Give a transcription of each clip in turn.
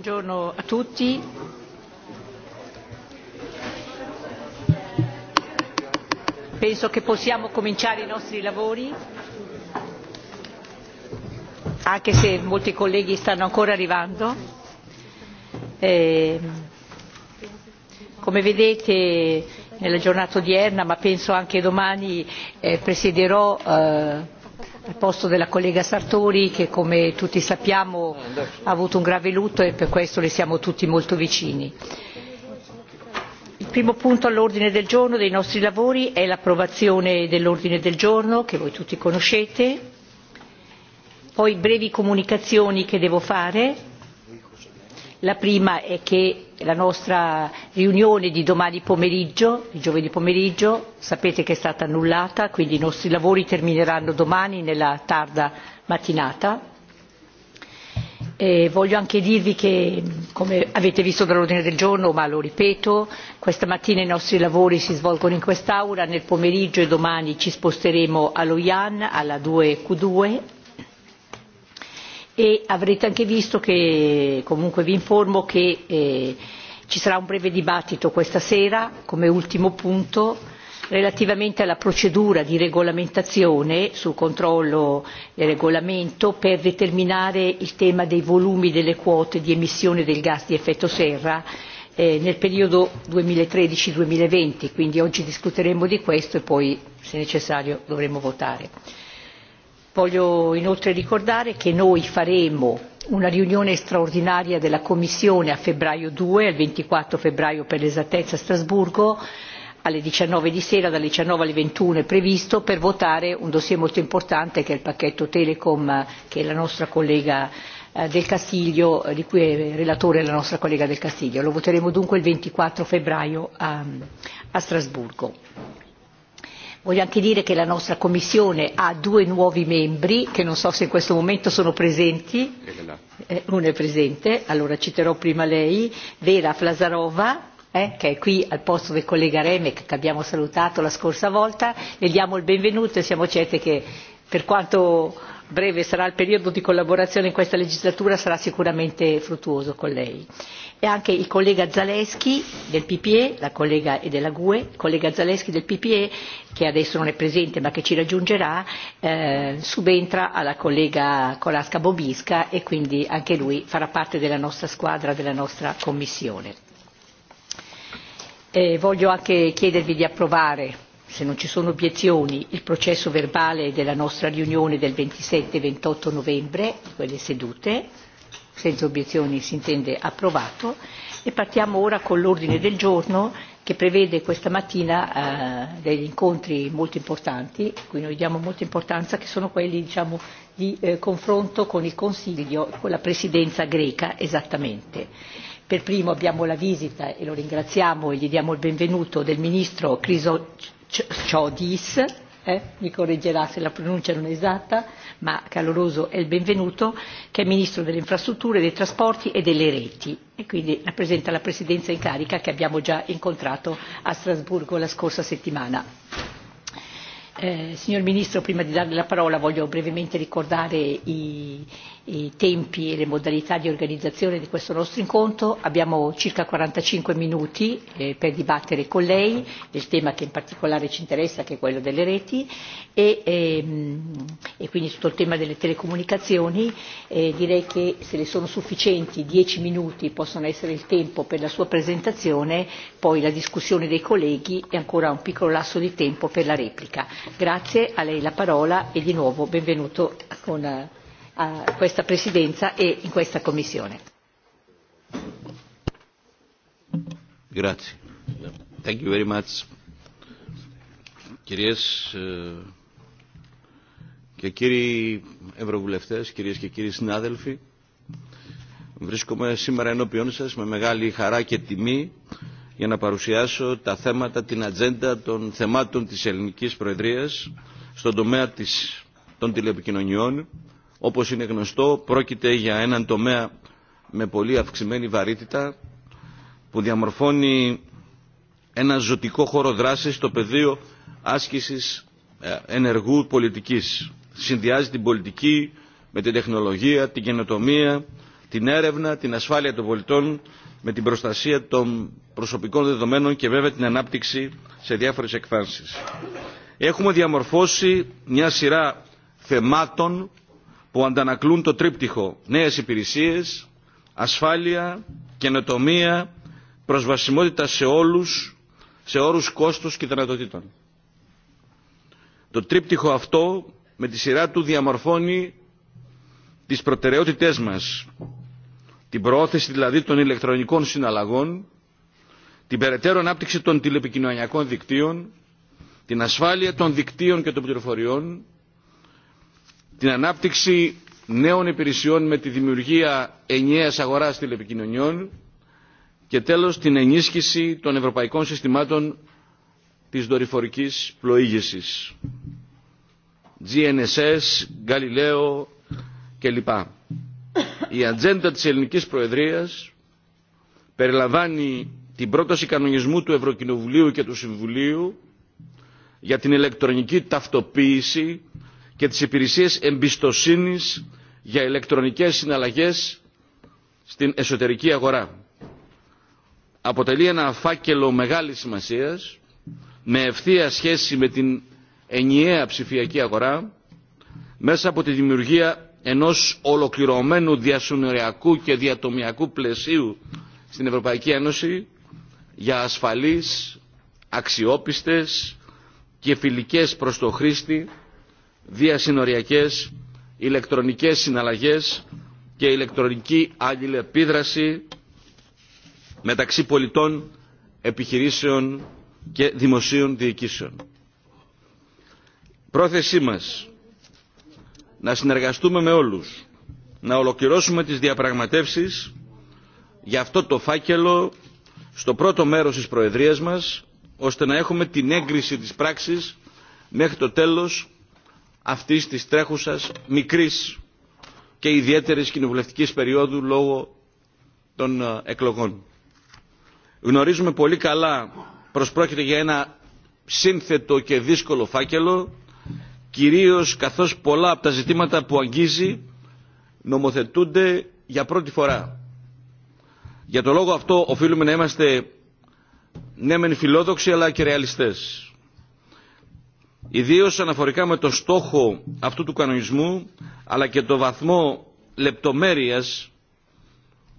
Buongiorno a tutti. Penso che possiamo cominciare i nostri lavori, anche se molti colleghi stanno ancora arrivando. Come vedete nella giornata odierna, ma penso anche domani, presiederò al posto della collega Sartori che come tutti sappiamo ha avuto un grave lutto e per questo le siamo tutti molto vicini. Il primo punto all'ordine del giorno dei nostri lavori è l'approvazione dell'ordine del giorno che voi tutti conoscete, poi brevi comunicazioni che devo fare la prima è che la nostra riunione di domani pomeriggio di giovedì pomeriggio sapete che è stata annullata quindi i nostri lavori termineranno domani nella tarda mattinata. voglio anche dirvi che come avete visto dall'ordine del giorno ma lo ripeto questa mattina i nostri lavori si svolgono in quest'aula nel pomeriggio e domani ci sposteremo allo IAN alla due q due e avrete anche visto che comunque vi informo che ci sarà un breve dibattito questa sera come ultimo punto relativamente alla procedura di regolamentazione sul controllo del regolamento per determinare il tema dei volumi delle quote di emissione del gas di effetto serra nel periodo duemilatredici duemilaventi quindi oggi discuteremo di questo e poi se necessario dovremo votare voglio inoltre ricordare che noi faremo una riunione straordinaria della commissione a febbraio due al ventiquattro febbraio per l'esattezza a strasburgo alle diciannove di sera dalle diciannove alle ventiuno è previsto per votare un dossier molto importante che è il pacchetto telecom che la nostra collega del Castiglio, di cui è relatore la nostra collega del Castiglio. Lo voteremo dunque il ventiquattro febbraio a Strasburgo Voglio anche dire che la nostra Commissione ha due nuovi membri che non so se in questo momento sono presenti. Uno è presente, allora citerò prima lei, Vera Flasarova, eh, che è qui al posto del collega Remek che abbiamo salutato la scorsa volta. Le diamo il benvenuto e siamo certi che per quanto breve sarà il periodo di collaborazione in questa legislatura sarà sicuramente fruttuoso con lei e anche il collega zaleski del ppe la collega e della gue il collega zaleski del ppe che adesso non è presente ma che ci raggiungerà subentra alla collega Kolaska bobiska e quindi anche lui farà parte della nostra squadra della nostra commissione. voglio anche chiedervi di approvare se non ci sono obiezioni, il processo verbale della nostra riunione del 27 e 28 novembre, di quelle sedute, senza obiezioni si intende approvato, e partiamo ora con l'ordine del giorno che prevede questa mattina eh, degli incontri molto importanti, cui noi diamo molta importanza, che sono quelli diciamo, di eh, confronto con il Consiglio, con la Presidenza greca esattamente. Per primo abbiamo la visita, e lo ringraziamo e gli diamo il benvenuto, del Ministro Criso Chodis, eh, mi correggerà se la pronuncia non è esatta, ma caloroso è il benvenuto, che è Ministro delle Infrastrutture, dei Trasporti e delle Reti e quindi rappresenta la Presidenza in carica che abbiamo già incontrato a Strasburgo la scorsa settimana. Eh, signor Ministro, prima di darle la parola voglio brevemente ricordare i, i tempi e le modalità di organizzazione di questo nostro incontro. Abbiamo circa 45 minuti eh, per dibattere con lei del tema che in particolare ci interessa, che è quello delle reti, e, ehm, e quindi tutto il tema delle telecomunicazioni. Eh, direi che se le sono sufficienti 10 minuti possono essere il tempo per la sua presentazione, poi la discussione dei colleghi e ancora un piccolo lasso di tempo per la replica. Grazie, a lei la parola e di nuovo benvenuto con a questa presidenza e in questa commissione. Grazie. Thank you very much. Κυρίες και κύριοι Ευρωβουλευτές, κυρίες και κύριοι συνάδελφοι, βρίσκομαι σήμερα ενώπιον σας με μεγάλη χαρά και τιμή για να παρουσιάσω τα θέματα, την ατζέντα των θεμάτων της ελληνικής προεδρίας στον τομέα της, των τηλεπικοινωνιών Όπως είναι γνωστό, πρόκειται για έναν τομέα με πολύ αυξημένη βαρύτητα που διαμορφώνει ένα ζωτικό χώρο δράσης στο πεδίο άσκησης ενεργού πολιτικής. Συνδυάζει την πολιτική με την τεχνολογία, την καινοτομία, την έρευνα, την ασφάλεια των πολιτών, με την προστασία των προσωπικών δεδομένων και βέβαια την ανάπτυξη σε διάφορες εκφάνσεις. Έχουμε διαμορφώσει μια σειρά θεμάτων που αντανακλούν το τρίπτυχο νέες υπηρεσίες, ασφάλεια, καινοτομία, προσβασιμότητα σε όλους, σε όρους κόστους και δυνατοτήτων. Το τρίπτυχο αυτό με τη σειρά του διαμορφώνει τις προτεραιότητές μας, την προώθηση δηλαδή των ηλεκτρονικών συναλλαγών, την περαιτέρω ανάπτυξη των τηλεπικοινωνιακών δικτύων, την ασφάλεια των δικτύων και των πληροφοριών, την ανάπτυξη νέων υπηρεσιών με τη δημιουργία ενιαίας αγοράς τηλεπικοινωνιών και τέλος την ενίσχυση των ευρωπαϊκών συστημάτων της δορυφορικής πλοήγησης. GNSS, Galileo κλπ. Η ατζέντα της ελληνικής προεδρίας περιλαμβάνει την πρόταση κανονισμού του Ευρωκοινοβουλίου και του Συμβουλίου για την ηλεκτρονική ταυτοποίηση και τις υπηρεσίες εμπιστοσύνης για ηλεκτρονικές συναλλαγές στην εσωτερική αγορά. Αποτελεί ένα φάκελο μεγάλης σημασίας με ευθεία σχέση με την ενιαία ψηφιακή αγορά μέσα από τη δημιουργία ενός ολοκληρωμένου διασυνοριακού και διατομιακού πλαισίου στην Ευρωπαϊκή Ένωση για ασφαλείς, αξιόπιστες και φιλικές προς το χρήστη διασυνοριακές ηλεκτρονικές συναλλαγές και ηλεκτρονική αλληλεπίδραση μεταξύ πολιτών, επιχειρήσεων και δημοσίων διοικήσεων. Πρόθεσή μας να συνεργαστούμε με όλους, να ολοκληρώσουμε τις διαπραγματεύσεις για αυτό το φάκελο στο πρώτο μέρος της Προεδρίας μας, ώστε να έχουμε την έγκριση της πράξης μέχρι το τέλος αυτής της τρέχουσας μικρής και ιδιαίτερης κοινοβουλευτικής περίοδου λόγω των εκλογών. Γνωρίζουμε πολύ καλά πως πρόκειται για ένα σύνθετο και δύσκολο φάκελο, κυρίως καθώς πολλά από τα ζητήματα που αγγίζει νομοθετούνται για πρώτη φορά. Για το λόγο αυτό οφείλουμε να είμαστε ναι μεν φιλόδοξοι αλλά και ρεαλιστές ιδίως αναφορικά με το στόχο αυτού του κανονισμού αλλά και το βαθμό λεπτομέρειας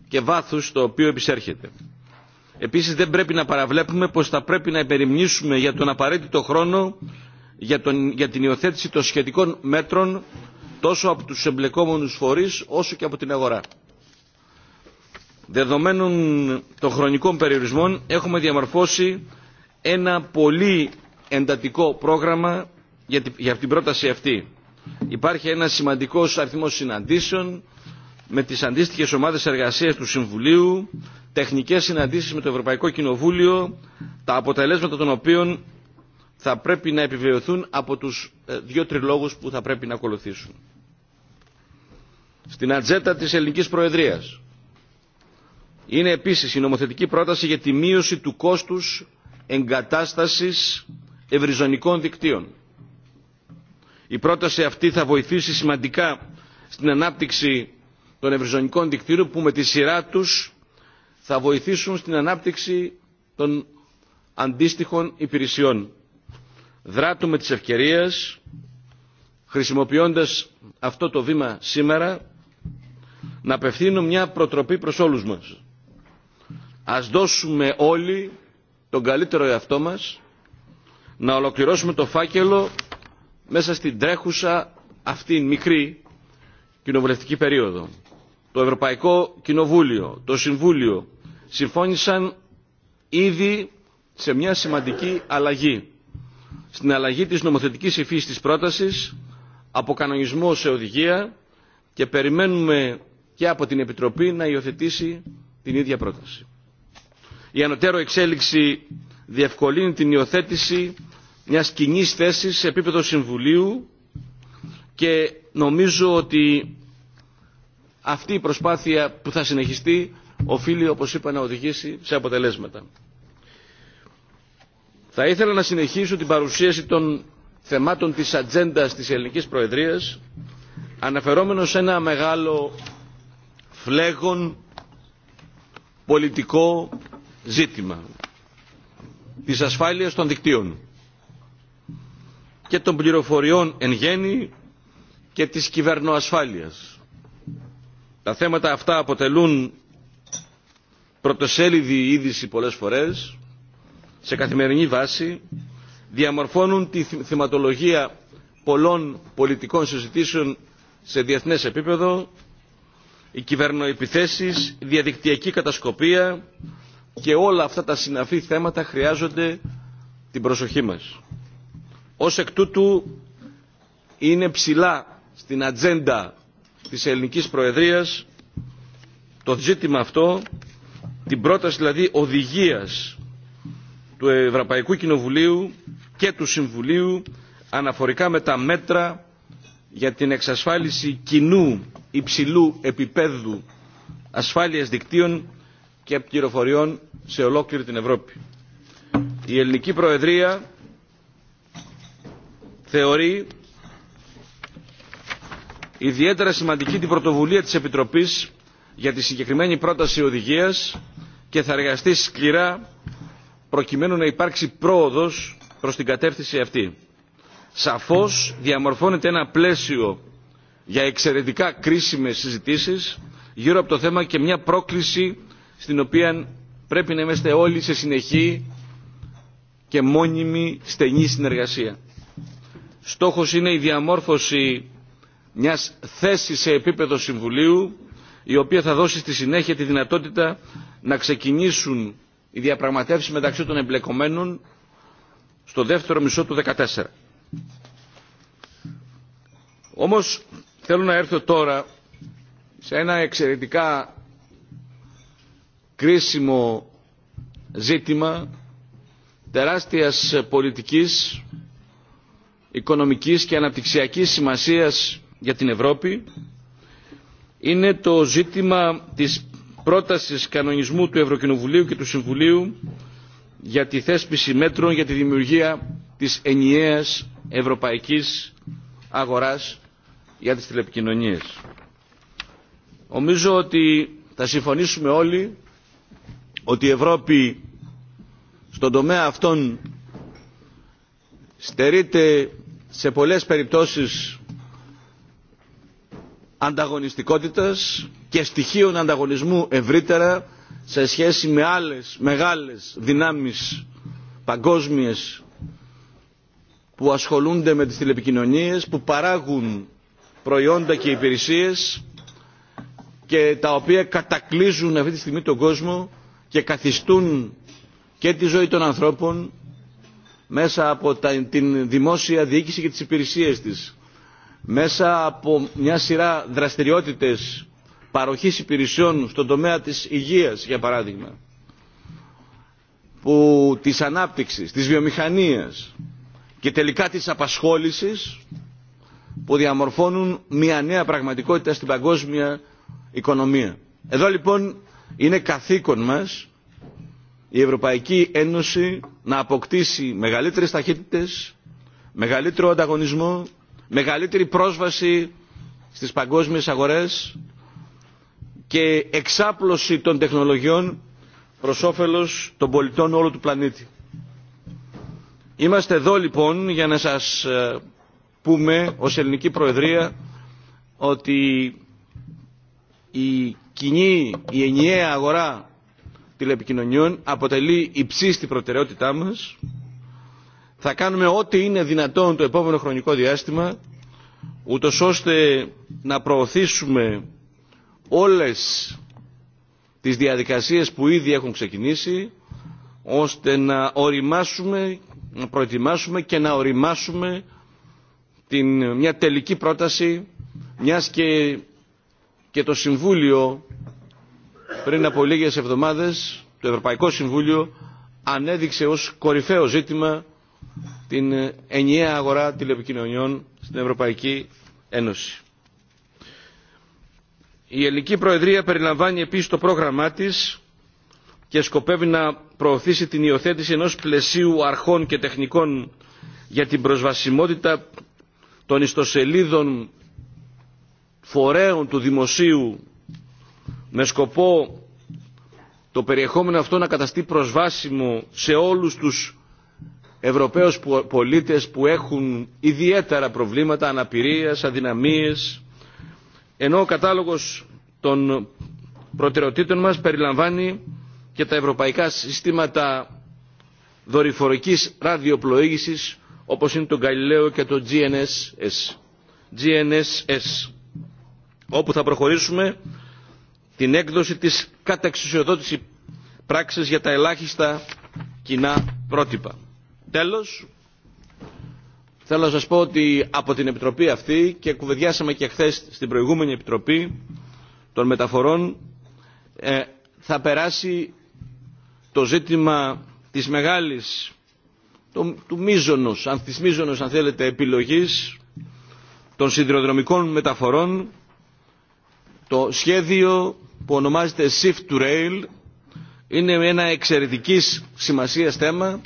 και βάθους το οποίο επισέρχεται. Επίσης δεν πρέπει να παραβλέπουμε πως θα πρέπει να υπερημνήσουμε για τον απαραίτητο χρόνο για, τον, για την υιοθέτηση των σχετικών μέτρων τόσο από τους εμπλεκόμενους φορείς όσο και από την αγορά. Δεδομένων των χρονικών περιορισμών έχουμε διαμορφώσει ένα πολύ εντατικό πρόγραμμα για, την πρόταση αυτή. Υπάρχει ένα σημαντικό αριθμό συναντήσεων με τις αντίστοιχες ομάδες εργασίας του Συμβουλίου, τεχνικές συναντήσεις με το Ευρωπαϊκό Κοινοβούλιο, τα αποτελέσματα των οποίων θα πρέπει να επιβεβαιωθούν από τους δύο τριλόγους που θα πρέπει να ακολουθήσουν. Στην ατζέτα της ελληνικής προεδρίας είναι επίσης η νομοθετική πρόταση για τη μείωση του κόστους εγκατάστασης ευρυζωνικών δικτύων. Η πρόταση αυτή θα βοηθήσει σημαντικά στην ανάπτυξη των ευρυζωνικών δικτύων που με τη σειρά τους θα βοηθήσουν στην ανάπτυξη των αντίστοιχων υπηρεσιών. Δράτουμε τις ευκαιρίες, χρησιμοποιώντας αυτό το βήμα σήμερα, να απευθύνουμε μια προτροπή προς όλους μας. Ας δώσουμε όλοι τον καλύτερο εαυτό μας να ολοκληρώσουμε το φάκελο μέσα στην τρέχουσα αυτή μικρή κοινοβουλευτική περίοδο. Το Ευρωπαϊκό Κοινοβούλιο, το Συμβούλιο συμφώνησαν ήδη σε μια σημαντική αλλαγή. Στην αλλαγή της νομοθετικής υφής της πρότασης από κανονισμό σε οδηγία και περιμένουμε και από την Επιτροπή να υιοθετήσει την ίδια πρόταση. Η ανωτέρω εξέλιξη διευκολύνει την υιοθέτηση Μια κοινή θέση σε επίπεδο Συμβουλίου και νομίζω ότι αυτή η προσπάθεια που θα συνεχιστεί οφείλει, όπως είπα, να οδηγήσει σε αποτελέσματα. Θα ήθελα να συνεχίσω την παρουσίαση των θεμάτων της ατζέντα της ελληνικής προεδρίας αναφερόμενο σε ένα μεγάλο φλέγον πολιτικό ζήτημα της ασφάλειας των δικτύων και των πληροφοριών εν γέννη και της κυβερνοασφάλειας. Τα θέματα αυτά αποτελούν πρωτοσέλιδη είδηση πολλές φορές, σε καθημερινή βάση, διαμορφώνουν τη θυματολογία πολλών πολιτικών συζητήσεων σε διεθνές επίπεδο, οι κυβερνοεπιθέσεις, η διαδικτυακή κατασκοπία και όλα αυτά τα συναφή θέματα χρειάζονται την προσοχή μας. Ως εκ τούτου είναι ψηλά στην ατζέντα της ελληνικής προεδρίας το ζήτημα αυτό, την πρόταση δηλαδή οδηγίας του Ευρωπαϊκού Κοινοβουλίου και του Συμβουλίου αναφορικά με τα μέτρα για την εξασφάλιση κοινού υψηλού επίπεδου ασφάλειας δικτύων και πληροφοριών σε ολόκληρη την Ευρώπη. Η ελληνική προεδρία θεωρεί ιδιαίτερα σημαντική την πρωτοβουλία της Επιτροπής για τη συγκεκριμένη πρόταση οδηγίας και θα εργαστεί σκληρά προκειμένου να υπάρξει πρόοδος προς την κατεύθυνση αυτή. Σαφώς διαμορφώνεται ένα πλαίσιο για εξαιρετικά κρίσιμες συζητήσεις γύρω από το θέμα και μια πρόκληση στην οποία πρέπει να είμαστε όλοι σε συνεχή και μόνιμη στενή συνεργασία. Στόχος είναι η διαμόρφωση μιας θέσης σε επίπεδο Συμβουλίου, η οποία θα δώσει στη συνέχεια τη δυνατότητα να ξεκινήσουν οι διαπραγματεύσεις μεταξύ των εμπλεκομένων στο δεύτερο μισό του 2014. Όμως θέλω να έρθω τώρα σε ένα εξαιρετικά κρίσιμο ζήτημα τεράστιας πολιτικής οικονομικής και αναπτυξιακής σημασίας για την Ευρώπη είναι το ζήτημα της πρότασης κανονισμού του Ευρωκοινοβουλίου και του Συμβουλίου για τη θέσπιση μέτρων για τη δημιουργία της ενιαίας ευρωπαϊκής αγοράς για τις τηλεπικοινωνίες. Νομίζω ότι θα συμφωνήσουμε όλοι ότι η Ευρώπη στον τομέα αυτών στερείται σε πολλές περιπτώσεις ανταγωνιστικότητας και στοιχείων ανταγωνισμού ευρύτερα σε σχέση με άλλες μεγάλες δυνάμεις παγκόσμιες που ασχολούνται με τις τηλεπικοινωνίες, που παράγουν προϊόντα και υπηρεσίες και τα οποία κατακλείζουν αυτή τη στιγμή τον κόσμο και καθιστούν και τη ζωή των ανθρώπων μέσα από την δημόσια διοίκηση και τις υπηρεσίες της, μέσα από μια σειρά δραστηριότητες παροχής υπηρεσιών στον τομέα της υγείας, για παράδειγμα, που, της ανάπτυξης, της βιομηχανίας και τελικά της απασχόλησης που διαμορφώνουν μια νέα πραγματικότητα στην παγκόσμια οικονομία. Εδώ λοιπόν είναι καθήκον μας η Ευρωπαϊκή Ένωση να αποκτήσει μεγαλύτερες ταχύτητες, μεγαλύτερο ανταγωνισμό, μεγαλύτερη πρόσβαση στις παγκόσμιες αγορές και εξάπλωση των τεχνολογιών προς όφελος των πολιτών όλου του πλανήτη. Είμαστε εδώ λοιπόν για να σας πούμε ως ελληνική προεδρία ότι η κοινή, η ενιαία αγορά τηλεπικοινωνιών αποτελεί υψίστη προτεραιότητά μας. Θα κάνουμε ό,τι είναι δυνατόν το επόμενο χρονικό διάστημα, ούτως ώστε να προωθήσουμε όλες τις διαδικασίες που ήδη έχουν ξεκινήσει, ώστε να οριμάσουμε, να προετοιμάσουμε και να οριμάσουμε την, μια τελική πρόταση, μιας και, και το Συμβούλιο πριν από λίγες εβδομάδες το Ευρωπαϊκό Συμβούλιο ανέδειξε ως κορυφαίο ζήτημα την ενιαία αγορά τηλεπικοινωνιών στην Ευρωπαϊκή Ένωση. Η Ελληνική Προεδρία περιλαμβάνει επίσης το πρόγραμμά της και σκοπεύει να προωθήσει την υιοθέτηση ενός πλαισίου αρχών και τεχνικών για την προσβασιμότητα των ιστοσελίδων φορέων του δημοσίου με σκοπό το περιεχόμενο αυτό να καταστεί προσβάσιμο σε όλους τους Ευρωπαίους πολίτες που έχουν ιδιαίτερα προβλήματα αναπηρίας, αδυναμίες ενώ ο κατάλογος των προτεραιοτήτων μας περιλαμβάνει και τα ευρωπαϊκά συστήματα δορυφορικής ραδιοπλοήγησης όπως είναι το Γκαλιλαίο και το GNSS, GNSS όπου θα προχωρήσουμε την έκδοση της καταξουσιοδότηση πράξης για τα ελάχιστα κοινά πρότυπα. Τέλος, θέλω να σας πω ότι από την Επιτροπή αυτή και κουβεντιάσαμε και χθε στην προηγούμενη Επιτροπή των Μεταφορών ε, θα περάσει το ζήτημα της μεγάλης το, του μίζωνος, αν, της μίζωνος αν θέλετε επιλογής των σιδηροδρομικών μεταφορών το σχέδιο που ονομάζεται Shift to Rail είναι ένα εξαιρετικής σημασίας θέμα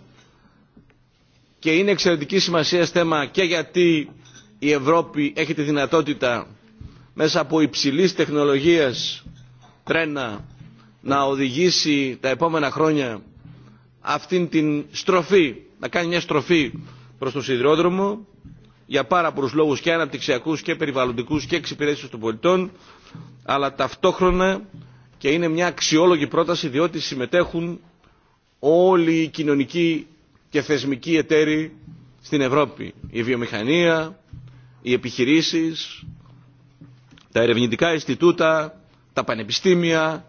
και είναι εξαιρετικής σημασίας θέμα και γιατί η Ευρώπη έχει τη δυνατότητα μέσα από υψηλής τεχνολογίας τρένα να οδηγήσει τα επόμενα χρόνια αυτήν την στροφή, να κάνει μια στροφή προς το σιδηρόδρομο για πάρα πολλούς λόγους και αναπτυξιακούς και περιβαλλοντικούς και εξυπηρέτησης των πολιτών αλλά ταυτόχρονα και είναι μια αξιόλογη πρόταση διότι συμμετέχουν όλοι οι κοινωνικοί και θεσμικοί εταίροι στην Ευρώπη. Η βιομηχανία, οι επιχειρήσεις, τα ερευνητικά Ιστιτούτα, τα πανεπιστήμια,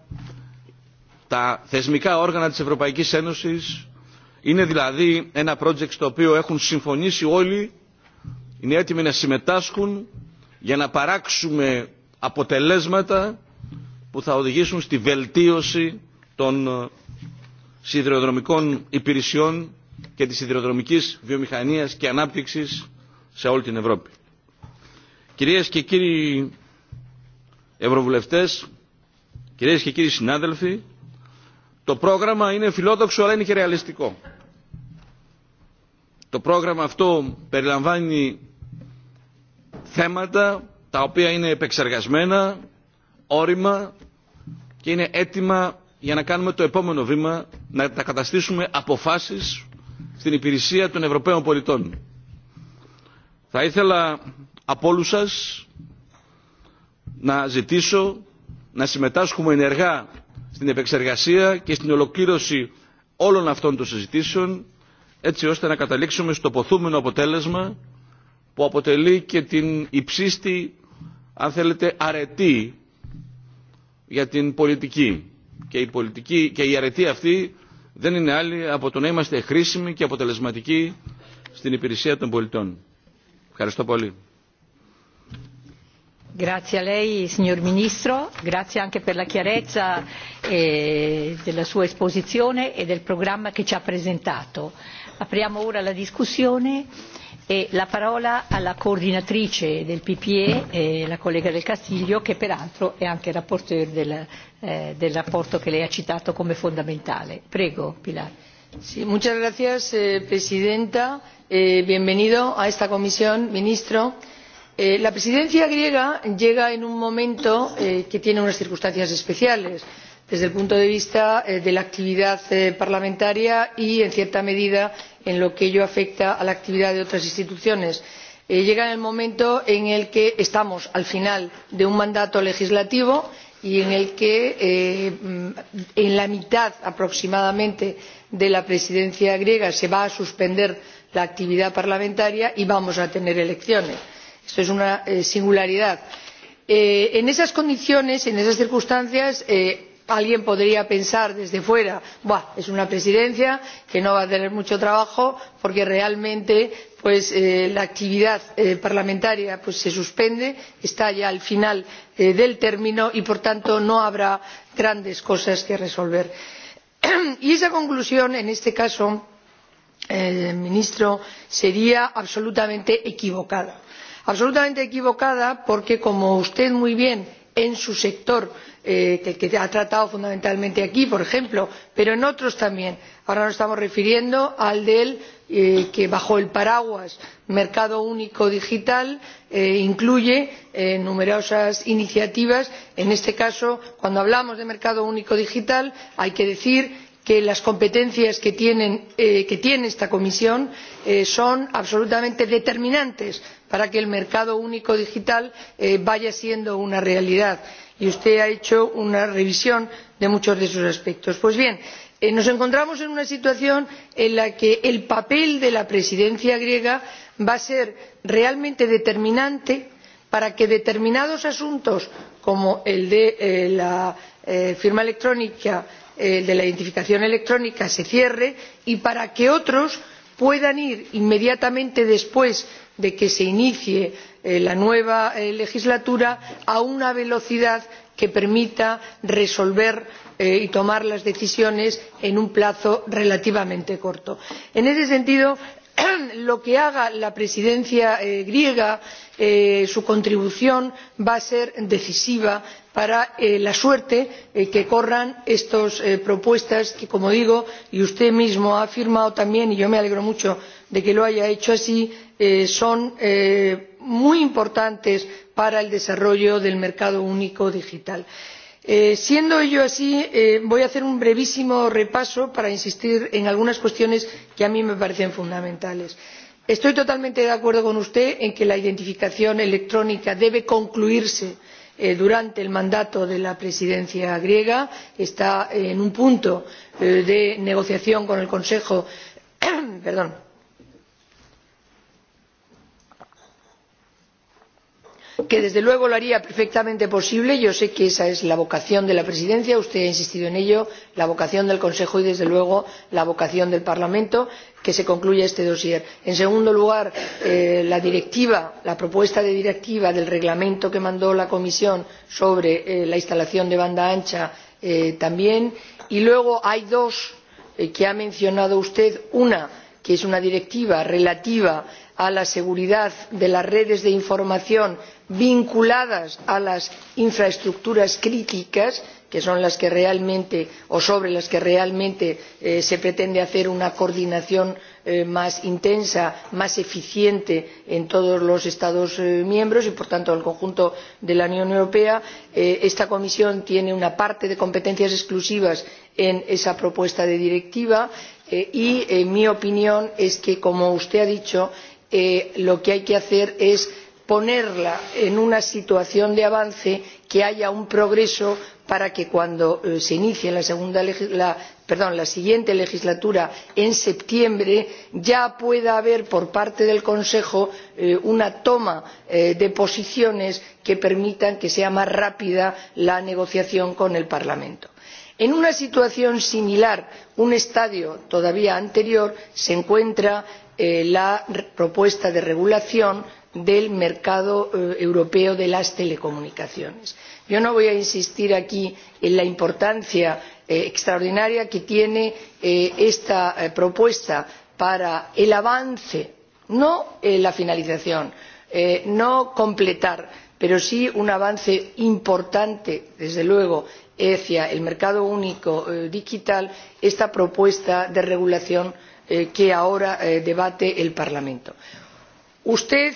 τα θεσμικά όργανα της Ευρωπαϊκής Ένωσης. Είναι δηλαδή ένα project στο οποίο έχουν συμφωνήσει όλοι, είναι έτοιμοι να συμμετάσχουν για να παράξουμε αποτελέσματα που θα οδηγήσουν στη βελτίωση των σιδηροδρομικών υπηρεσιών και της σιδηροδρομικής βιομηχανίας και ανάπτυξης σε όλη την Ευρώπη. Κυρίες και κύριοι Ευρωβουλευτές, κυρίες και κύριοι συνάδελφοι, το πρόγραμμα είναι φιλόδοξο αλλά είναι και ρεαλιστικό. Το πρόγραμμα αυτό περιλαμβάνει θέματα τα οποία είναι επεξεργασμένα, όριμα και είναι έτοιμα για να κάνουμε το επόμενο βήμα, να τα καταστήσουμε αποφάσεις στην υπηρεσία των Ευρωπαίων πολιτών. Θα ήθελα από όλους σας να ζητήσω να συμμετάσχουμε ενεργά στην επεξεργασία και στην ολοκλήρωση όλων αυτών των συζητήσεων έτσι ώστε να καταλήξουμε στο ποθούμενο αποτέλεσμα που αποτελεί και την υψίστη αν θέλετε, αρετή για την πολιτική. Και η, πολιτική, και η αρετή αυτή δεν είναι άλλη από το να είμαστε χρήσιμοι και αποτελεσματικοί στην υπηρεσία των πολιτών. Ευχαριστώ πολύ. Grazie a lei signor Ministro, grazie anche per la chiarezza eh, della sua esposizione e del programma che ci ha presentato. Apriamo ora la discussione e la parola alla coordinatrice del PPE, la collega del Castiglio, che peraltro è anche rapporteur del, rapporto che lei ha citato come fondamentale. Prego, Pilar. señora Presidenta. bienvenido a esta comisión, ministro. la presidencia griega llega en un momento que tiene unas circunstancias especiales desde el punto de vista de la actividad parlamentaria y en cierta medida en lo que ello afecta a la actividad de otras instituciones. llega el momento en el que estamos al final de un mandato legislativo y en el que en la mitad aproximadamente de la presidencia griega se va a suspender la actividad parlamentaria y vamos a tener elecciones. esto es una singularidad. en esas condiciones en esas circunstancias alguien podría pensar desde fuera es una presidencia que no va a tener mucho trabajo porque realmente la actividad parlamentaria se suspende está ya al final del término y por tanto no habrá grandes cosas que resolver. y esa conclusión en este caso señor ministro sería absolutamente equivocada absolutamente equivocada porque como usted muy bien en su sector que ha tratado fundamentalmente aquí por ejemplo pero en otros también. ahora nos estamos refiriendo al de que bajo el paraguas del mercado único digital incluye numerosas iniciativas. en este caso cuando hablamos de mercado único digital hay que decir que las competencias que tiene esta comisión son absolutamente determinantes para que el mercado único digital vaya siendo una realidad y usted ha hecho una revisión de muchos de esos aspectos. pues bien nos encontramos en una situación en la que el papel de la presidencia griega va a ser realmente determinante para que determinados asuntos como el de la firma electrónica el de la identificación electrónica se cierren y para que otros puedan ir inmediatamente después de de que se inicie la nueva legislatura a una velocidad que permita resolver y tomar las decisiones en un plazo relativamente corto. en ese sentido lo que haga la presidencia griega su contribución va a ser decisiva para la suerte que corran estas propuestas que como digo y usted mismo ha afirmado también y yo me alegro mucho de de que lo haya hecho así son muy importantes para el desarrollo del mercado único digital. siendo ello así voy a hacer un brevísimo repaso para insistir en algunas cuestiones que a mí me parecen fundamentales. estoy totalmente de acuerdo con usted en que la identificación electrónica debe concluirse durante el mandato de la presidencia griega está en un punto de negociación con el consejo que desde luego lo haría perfectamente posible yo sé que esa es la vocación de la presidencia usted ha insistido en ello la vocación del consejo y desde luego la vocación del parlamento que se concluya este dosier. en segundo lugar la propuesta de directiva del reglamento que mandó la comisión sobre la instalación de banda ancha también y luego hay dos que ha mencionado usted una que es una directiva relativa a a la seguridad de las redes de información vinculadas a las infraestructuras críticas que son las que realmente o sobre las que realmente se pretende hacer una coordinación más intensa más eficiente en todos los estados miembros y por tanto en el conjunto de la unión europea esta comisión tiene una parte de competencias exclusivas en esa propuesta de directiva y mi opinión es que como usted ha dicho lo que hay que hacer es ponerla en una situación de avance que haya un progreso para que cuando se inicie la siguiente legislatura en septiembre ya pueda haber por parte del consejo una toma de posiciones que permita que sea más rápida la negociación con el parlamento. en una situación similar un estadio todavía anterior se encuentra la propuesta de regulación del mercado europeo de las telecomunicaciones. yo no voy a insistir aquí en la importancia extraordinaria que tiene esta propuesta para el avance no la finalización no completar pero sí un avance importante desde luego hacia el mercado único digital esta propuesta de regulación que ahora debate el Parlamento. Usted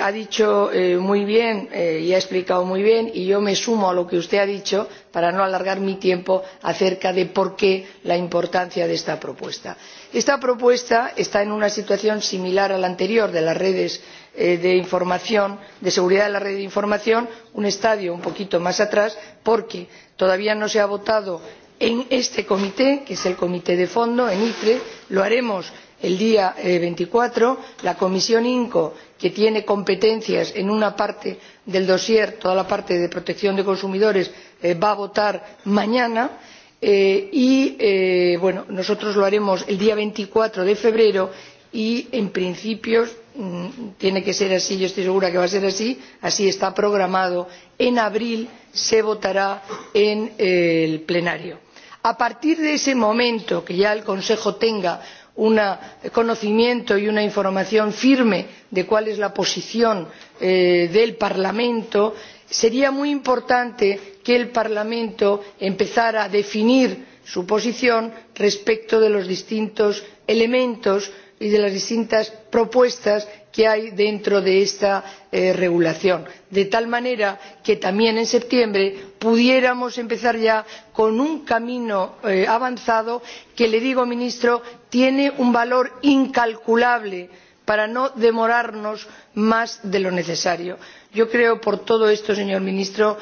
ha dicho muy bien y ha explicado muy bien, y yo me sumo a lo que usted ha dicho para no alargar mi tiempo acerca de por qué la importancia de esta propuesta. Esta propuesta está en una situación similar a la anterior de las redes de información, de seguridad de la red de información, un estadio un poquito más atrás, porque todavía no se ha votado en este comité que es el comité de fondo en itre lo haremos el día veinticuatro la comisión imco que tiene competencias en una parte del dosier toda la parte de protección de consumidores va a votar mañana y nosotros lo haremos el día veinticuatro de febrero y en principio tiene que ser así yo estoy segura de que va a ser así así está programado en abril se votará en el pleno a partir de ese momento en que ya el consejo tenga un conocimiento y una información firme de cuál es la posición del parlamento sería muy importante que el parlamento empezara a definir su posición respecto de los distintos elementos y de las distintas propuestas que hay dentro de esta regulación de tal manera que también en septiembre pudiéramos empezar ya con un camino avanzado que le digo ministro tiene un valor incalculable para no demorarnos más de lo necesario. yo creo por todo esto señor ministro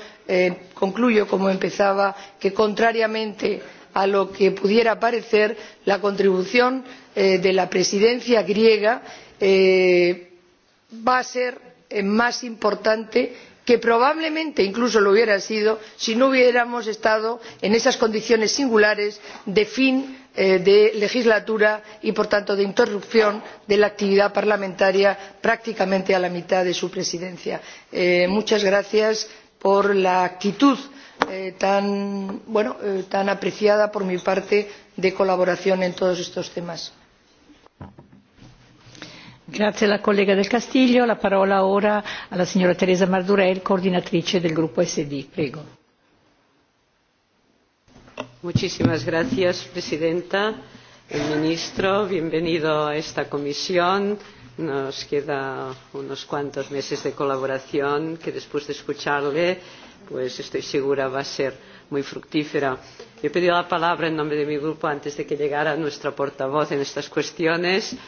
concluyo como empezaba que contrariamente a lo que pudiera parecer la contribución de la presidencia griega va a ser más importante que probablemente incluso lo hubiera sido si no hubiéramos estado en esas condiciones singulares de fin de legislatura y por tanto de interrupción de la actividad parlamentaria prácticamente a la mitad de su presidencia. muchas gracias por la actitud tan apreciada por mi parte de colaboración en todos estos temas grazie alla collega del castillo la parola ora alla signora teresa madurell coordinatrice del gruppo sd. señora presidenta señor ministro bienvenido a esta comisión. nos quedan unos cuantos meses de colaboración que después de escucharle pues estoy segura va a ser muy fructífera. he pedido la palabra en nombre de mi grupo antes de que llegara nuestra portavoz en estas cuestiones y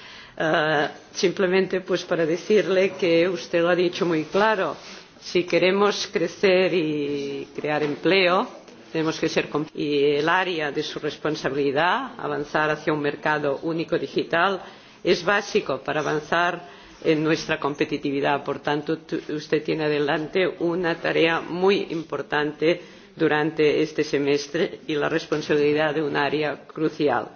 simplemente para decirle que usted lo ha dicho muy claro si queremos crecer y crear empleo tenemos que ser y el área de su responsabilidad avanzar hacia un mercado único digital es básico para avanzar en nuestra competitividad. Por tanto, usted tiene adelante una tarea muy importante durante este semestre y la responsabilidad de un área crucial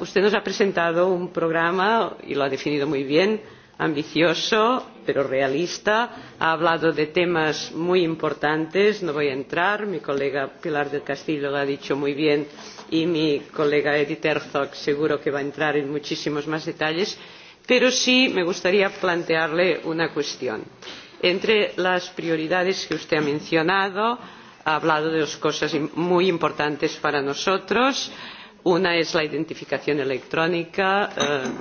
usted nos ha presentado un programa y lo ha definido muy bien ambicioso pero realista ha hablado de temas muy importantes no voy a entrar mi colega pilar del castillo lo ha dicho muy bien y mi colega edith herzog seguro que va a entrar en muchísimos más detalles pero sí me gustaría plantearle una cuestión entre las prioridades que usted ha mencionado ha hablado de dos cosas muy importantes para nosotros y Una es la identificación electrónica.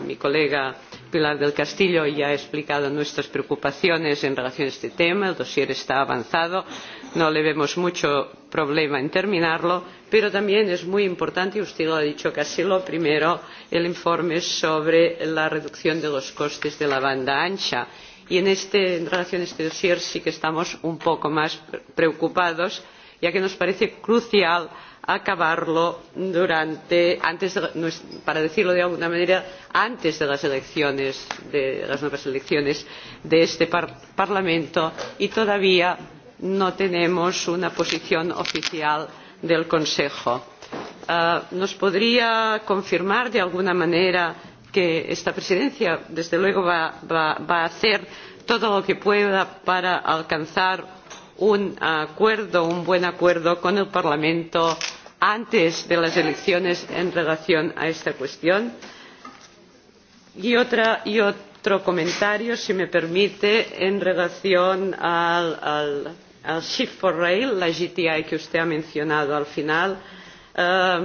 mi colega Pilar del Castillo ya ha explicado nuestras preocupaciones en relación a este tema. El dossier está avanzado. No le vemos mucho problema en terminarlo, pero también es muy importante, y usted lo ha dicho casi lo primero, el informe sobre la reducción de los costes de la banda ancha. Y en, este, en relación a este dossier sí que estamos un poco más preocupados, ya que nos parece crucial acabarlo para decirlo de alguna manera antes de las elecciones de las nuevas elecciones de este parlamento y todavía no tenemos una posición oficial del consejo. nos podría confirmar de alguna manera que esta presidencia desde luego va a hacer todo lo que pueda para alcanzar un acuerdo un buen acuerdo con el parlamento antes de las elecciones en relación con esta cuestión. y otro comentario si me permite en relación con el shift for rail la gti que usted ha mencionado al final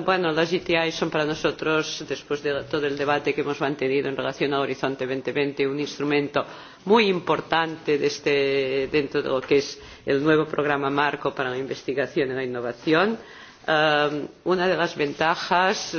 bueno, las iti son para nosotros, después de todo el debate que hemos mantenido en relación a Horizonte dos mil veinte, un instrumento muy importante dentro de lo que es el nuevo programa marco para la investigación y la innovación. una de las ventajas,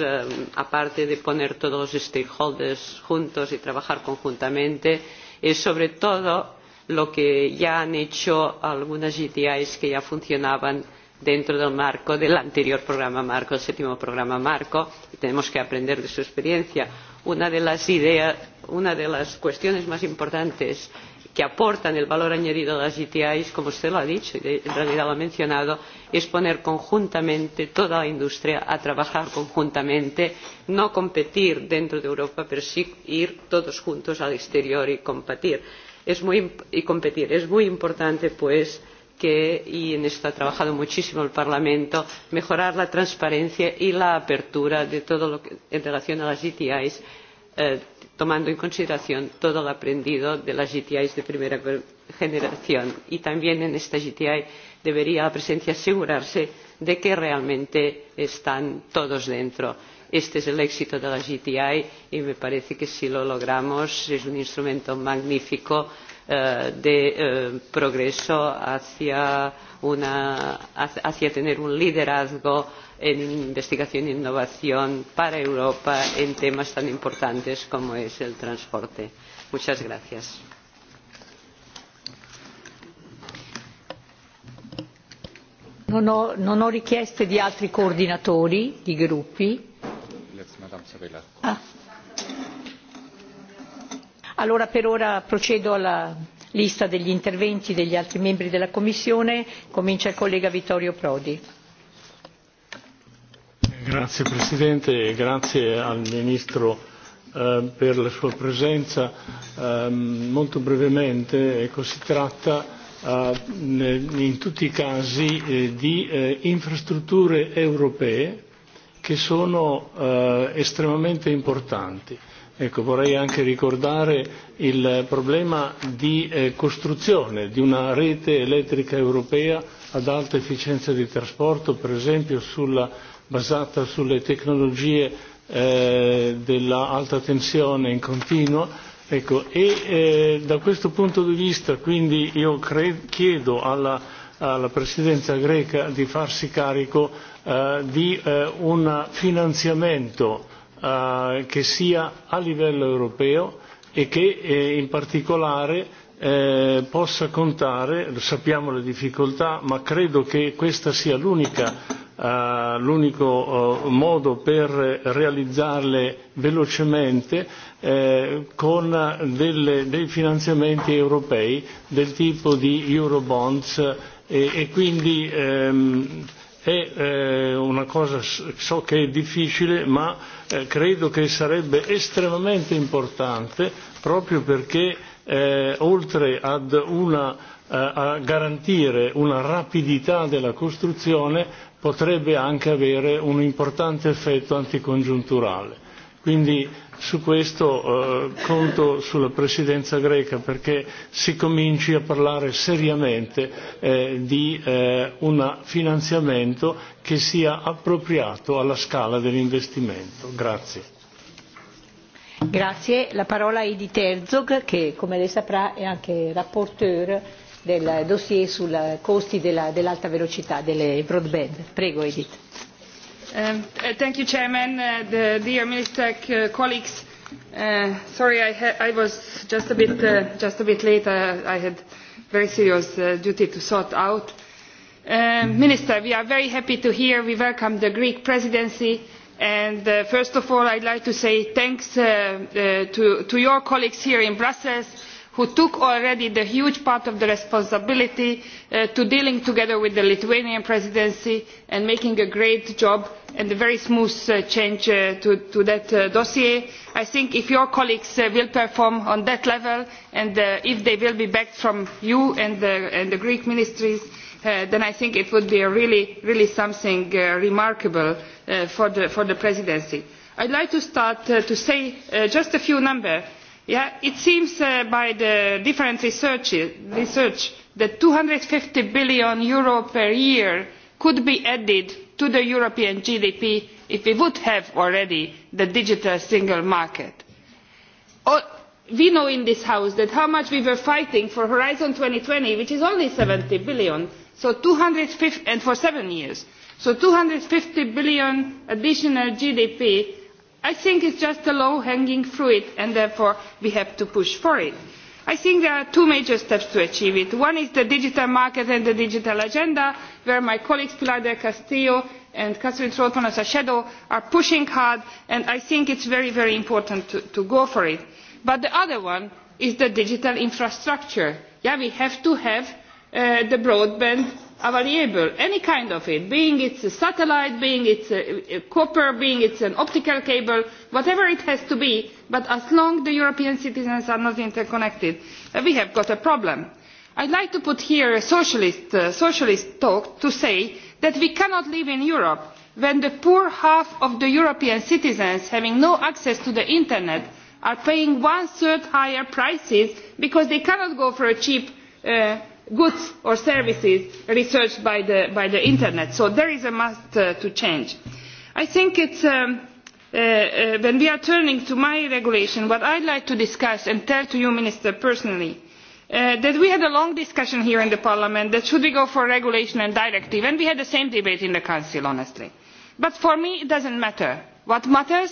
aparte de poner todos los stakeholders juntos y trabajar conjuntamente, es sobre todo lo que ya han hecho algunas GTI que ya funcionaban dentro del marco del anterior programa marco, el séptimo programa marco, y tenemos que aprender de su experiencia. Una de las ideas, una de las cuestiones más importantes que aportan el valor añadido a las ITI, como usted lo ha dicho y en realidad lo ha mencionado, es poner conjuntamente toda la industria a trabajar conjuntamente, no competir dentro de Europa, pero sí ir todos juntos al exterior y competir. Es muy, y competir. Es muy importante, pues, que y en esto ha trabajado muchísimo el parlamento mejorar la transparencia y la apertura de todo lo que, en relación a las iti tomando en consideración todo lo aprendido de las iti de primera generación y también en estas iti debería la presidencia asegurarse de que realmente están todos dentro. este es el éxito de las iti y me parece que si lo logramos es un instrumento magnífico para de progreso hacia, una, hacia tener un liderazgo en investigación e innovación para Europa en temas tan importantes como es el transporte. Muchas gracias. Non ho, non ho richieste di altri coordinatori di gruppi. Ah allora per ora procedo alla lista degli interventi degli altri membri della commissione comincia il collega vittorio prodi grazie presidente grazie al ministro per la sua presenza molto brevemente si tratta in tutti i casi di infrastrutture europee che sono estremamente importanti Ecco, vorrei anche ricordare il problema di costruzione di una rete elettrica europea ad alta efficienza di trasporto, per esempio basata sulle tecnologie dell'alta tensione in continuo. Ecco, e da questo punto di vista quindi io chiedo alla alla presidenza greca di farsi carico di un finanziamento che sia a livello europeo e che in particolare possa contare, sappiamo le difficoltà, ma credo che questo sia l'unico modo per realizzarle velocemente con dei finanziamenti europei del tipo di Eurobonds e quindi è una cosa so che è difficile ma credo che sarebbe estremamente importante proprio perché oltre ad una a garantire una rapidità della costruzione potrebbe anche avere un importante effetto anticongiunturale. Quindi su questo conto sulla presidenza greca perché si cominci a parlare seriamente di un finanziamento che sia appropriato alla scala dell'investimento. La parola a Edith Herzog che come lei saprà è anche rapporteur del dossier sui costi dell'alta velocità, delle broadband. Prego Edith dear minister colleagues sorry i was just a bit late i had a very serious duty to sort out. minister we are very happy to hear we welcome the greek presidency and first of all i would like to say thanks to your colleagues here in brussels who took already the huge part of the responsibility to dealing together with the lithuanian presidency and making a great job and a very smooth change to that dossier. i think if your colleagues will perform on that level and if they will be backed from you and the greek ministries then i think it would be really something remarkable for the presidency. i would like to start to say just a few numbers it seems by the different research that EUR two hundred and fifty billion per year could be added to the european gdp if we would have already the digital single market. we know in this house how much we were fighting for horizon two thousand and twenty which is only eur seventy billion and for seven years so two hundred and fifty billion additional gdp i think it is just a low hanging fruit and therefore we have to push for it. i think there are two major steps to achieve it. one is the digital market and the digital agenda where my colleagues pilar del castillo and catherine trautmann as a shadow are pushing hard and i think it is very important to go for it. but the other one is the digital infrastructure. we have to have the broadband a variable any kind of it be it a satellite be it copper be it an optical cable whatever it has to be but as long as european citizens are not interconnected we have got a problem. i would like to put here a socialist talk to say that we cannot live in europe when the poor half of the european citizens having no access to the internet are paying one third higher prices because they cannot go for a cheap goods or services researched by the internet so there is a must to change. i think when we are turning to my regulation what i would like to discuss and tell to you minister personally is that we had a long discussion here in parliament about whether we should go for a regulation and directive and we had the same debate in the council honestly but for me it does not matter. what matters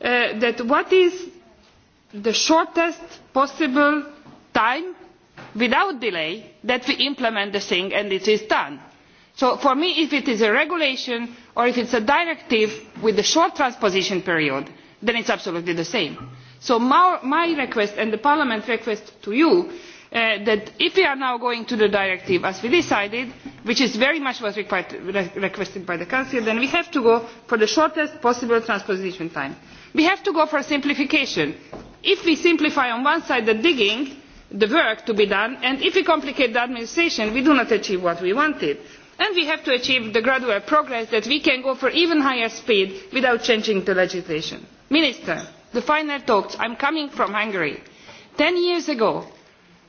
is what is the shortest possible time without delay that we implement the thing and it is done. so for me if it is a regulation or if it is a directive with a short transposition period then it is absolutely the same. so my request and parliament's request to you is that if we are now going to the directive as we decided which is very much what was requested by the council then we have to go for the shortest possible transposition time. we have to go for simplification. if we simplify on one side the digging the work to be done and if we complicate the administration we do not achieve what we wanted and we have to achieve the gradual progress that we can go for even higher speed without changing the legislation. minister the final thoughts i am coming from hungary ten years ago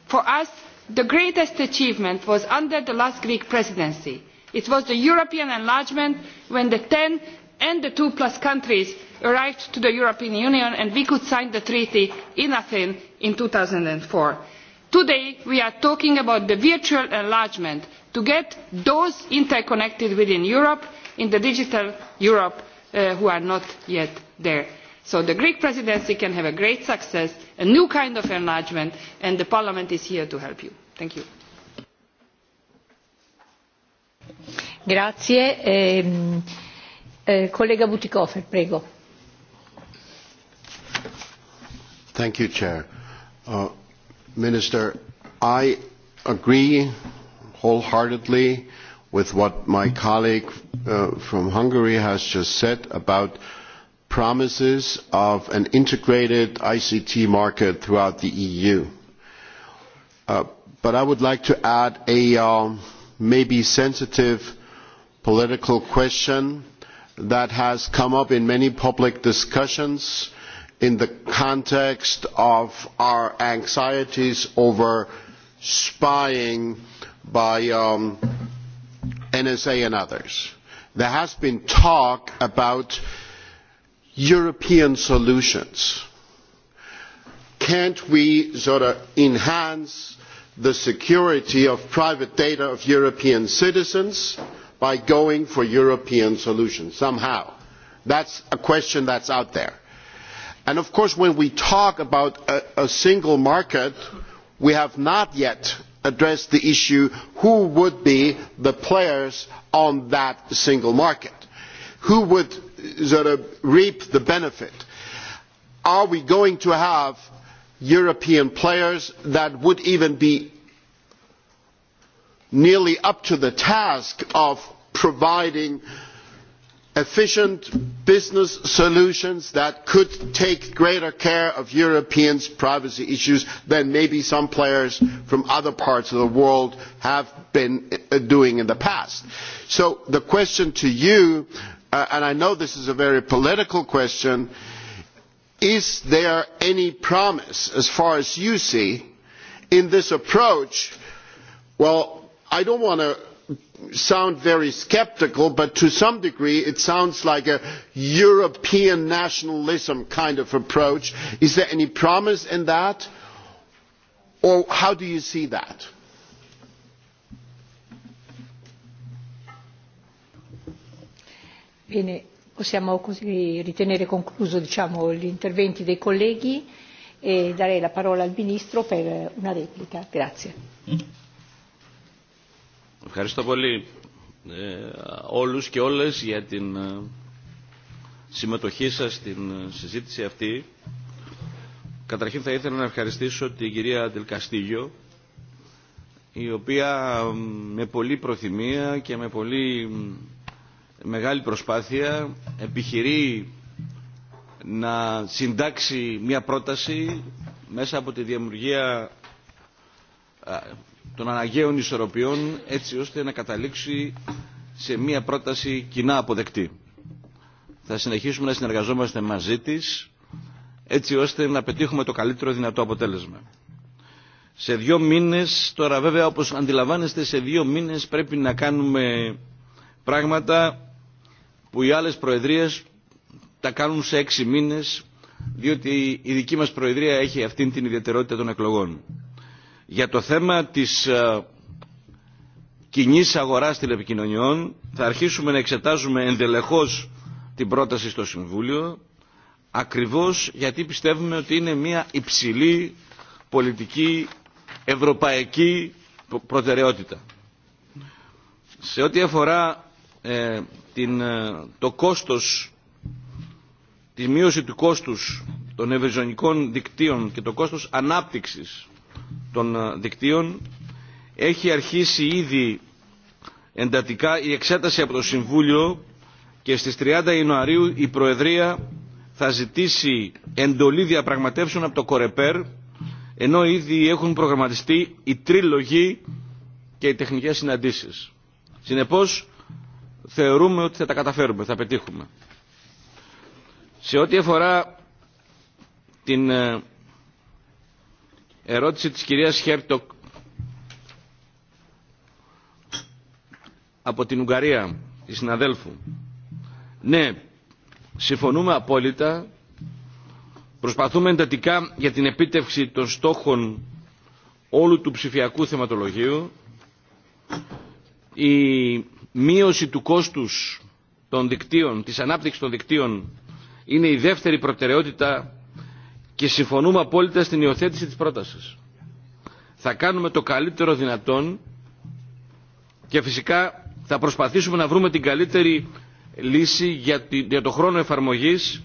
for us the greatest achievement was under the last greek presidency it was the european enlargement when the ten and the two plus countries arrived in the european union and we could sign the treaty in athens in two thousand and four today we are talking about the virtual enlargement to get those interconnected within europe in the digital europe who are not yet there. so the greek presidency can have a great success a new kind of enlargement and parliament is here to help you. thank you. Minister, I agree wholeheartedly with what my colleague from Hungary has just said about promises of an integrated ICT market throughout the EU. but I would like to add a maybe sensitive political question that has come up in many public discussions in the context of our anxieties over spying by NSA and others. There has been talk about European solutions. Can't we sort of enhance the security of private data of European citizens by going for European solutions somehow? That's a question that's out there of course when we talk about a single market we have not yet addressed the issue of who would be the players on that single market who would reap the benefit. are we going to have european players that would even be nearly up to the task of providing efficient business solutions that could take greater care of europeans' privacy issues than maybe some players from other parts of the world have been doing in the past. so the question to you and i know this is a very political question is there any promise as far as you see in this approach? well i do not want to sound very sceptical but to some degree it sounds like a european nationalism kind of approach. is there any promise in that or how do you see that? Bene, possiamo così ritenere concluso diciamo, gli interventi dei colleghi e darei la parola al Ministro per una replica. Grazie. Ευχαριστώ πολύ ε, όλους και όλες για την συμμετοχή σας στην συζήτηση αυτή. Καταρχήν θα ήθελα να ευχαριστήσω την κυρία Τελκαστίγιο η οποία με πολύ προθυμία και με πολύ μεγάλη προσπάθεια επιχειρεί να συντάξει μια πρόταση μέσα από τη δημιουργία των αναγκαίων ισορροπιών έτσι ώστε να καταλήξει σε μια πρόταση κοινά αποδεκτή. Θα συνεχίσουμε να συνεργαζόμαστε μαζί της έτσι ώστε να πετύχουμε το καλύτερο δυνατό αποτέλεσμα. Σε δύο μήνες, τώρα βέβαια όπως αντιλαμβάνεστε, σε δύο μήνες πρέπει να κάνουμε πράγματα που οι άλλες προεδρίες τα κάνουν σε έξι μήνες, διότι η δική μας προεδρία έχει αυτήν την ιδιαιτερότητα των εκλογών. Για το θέμα της κοινή αγοράς τηλεπικοινωνιών θα αρχίσουμε να εξετάζουμε εντελεχώς την πρόταση στο Συμβούλιο ακριβώς γιατί πιστεύουμε ότι είναι μια υψηλή πολιτική ευρωπαϊκή προτεραιότητα. Σε ό,τι αφορά ε, την, το κόστος, τη μείωση του κόστους των ευρυζωνικών δικτύων και το κόστος ανάπτυξης των δικτύων. Έχει αρχίσει ήδη εντατικά η εξέταση από το Συμβούλιο και στις 30 Ιανουαρίου η Προεδρία θα ζητήσει εντολή διαπραγματεύσεων από το Κορεπέρ ενώ ήδη έχουν προγραμματιστεί οι τρίλογοι και οι τεχνικές συναντήσεις. Συνεπώς θεωρούμε ότι θα τα καταφέρουμε, θα πετύχουμε. Σε ό,τι αφορά την Ερώτηση της κυρίας Χέρτοκ από την Ουγγαρία, η συναδέλφου. Ναι, συμφωνούμε απόλυτα. Προσπαθούμε εντατικά για την επίτευξη των στόχων όλου του ψηφιακού θεματολογίου. Η μείωση του κόστους των δικτύων, της ανάπτυξης των δικτύων είναι η δεύτερη προτεραιότητα και συμφωνούμε απόλυτα στην υιοθέτηση της πρότασης. Θα κάνουμε το καλύτερο δυνατόν και φυσικά θα προσπαθήσουμε να βρούμε την καλύτερη λύση για, για το χρόνο εφαρμογής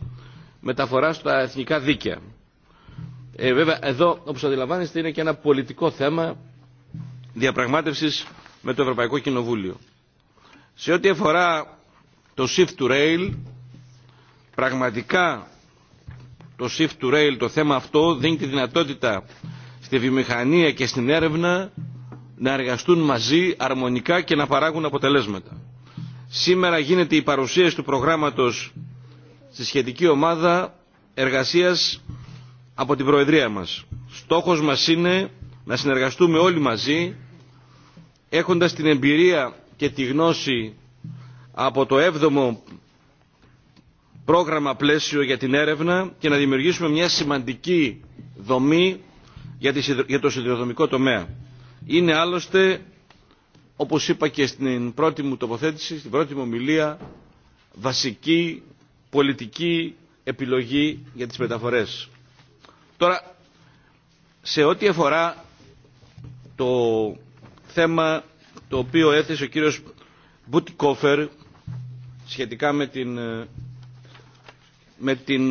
μεταφοράς στα εθνικά δίκαια. Ε, βέβαια εδώ όπως αντιλαμβάνεστε είναι και ένα πολιτικό θέμα διαπραγμάτευσης με το Ευρωπαϊκό Κοινοβούλιο. Σε ό,τι αφορά το shift to rail, πραγματικά το shift to rail, το θέμα αυτό δίνει τη δυνατότητα στη βιομηχανία και στην έρευνα να εργαστούν μαζί αρμονικά και να παράγουν αποτελέσματα. Σήμερα γίνεται η παρουσίαση του προγράμματος στη σχετική ομάδα εργασίας από την Προεδρία μας. Στόχος μας είναι να συνεργαστούμε όλοι μαζί έχοντας την εμπειρία και τη γνώση από το 7ο πρόγραμμα πλαίσιο για την έρευνα και να δημιουργήσουμε μια σημαντική δομή για το σιδηροδρομικό τομέα. Είναι άλλωστε, όπως είπα και στην πρώτη μου τοποθέτηση, στην πρώτη μου ομιλία, βασική πολιτική επιλογή για τις μεταφορές. Τώρα, σε ό,τι αφορά το θέμα το οποίο έθεσε ο κύριος Μπουτικόφερ σχετικά με την με, την,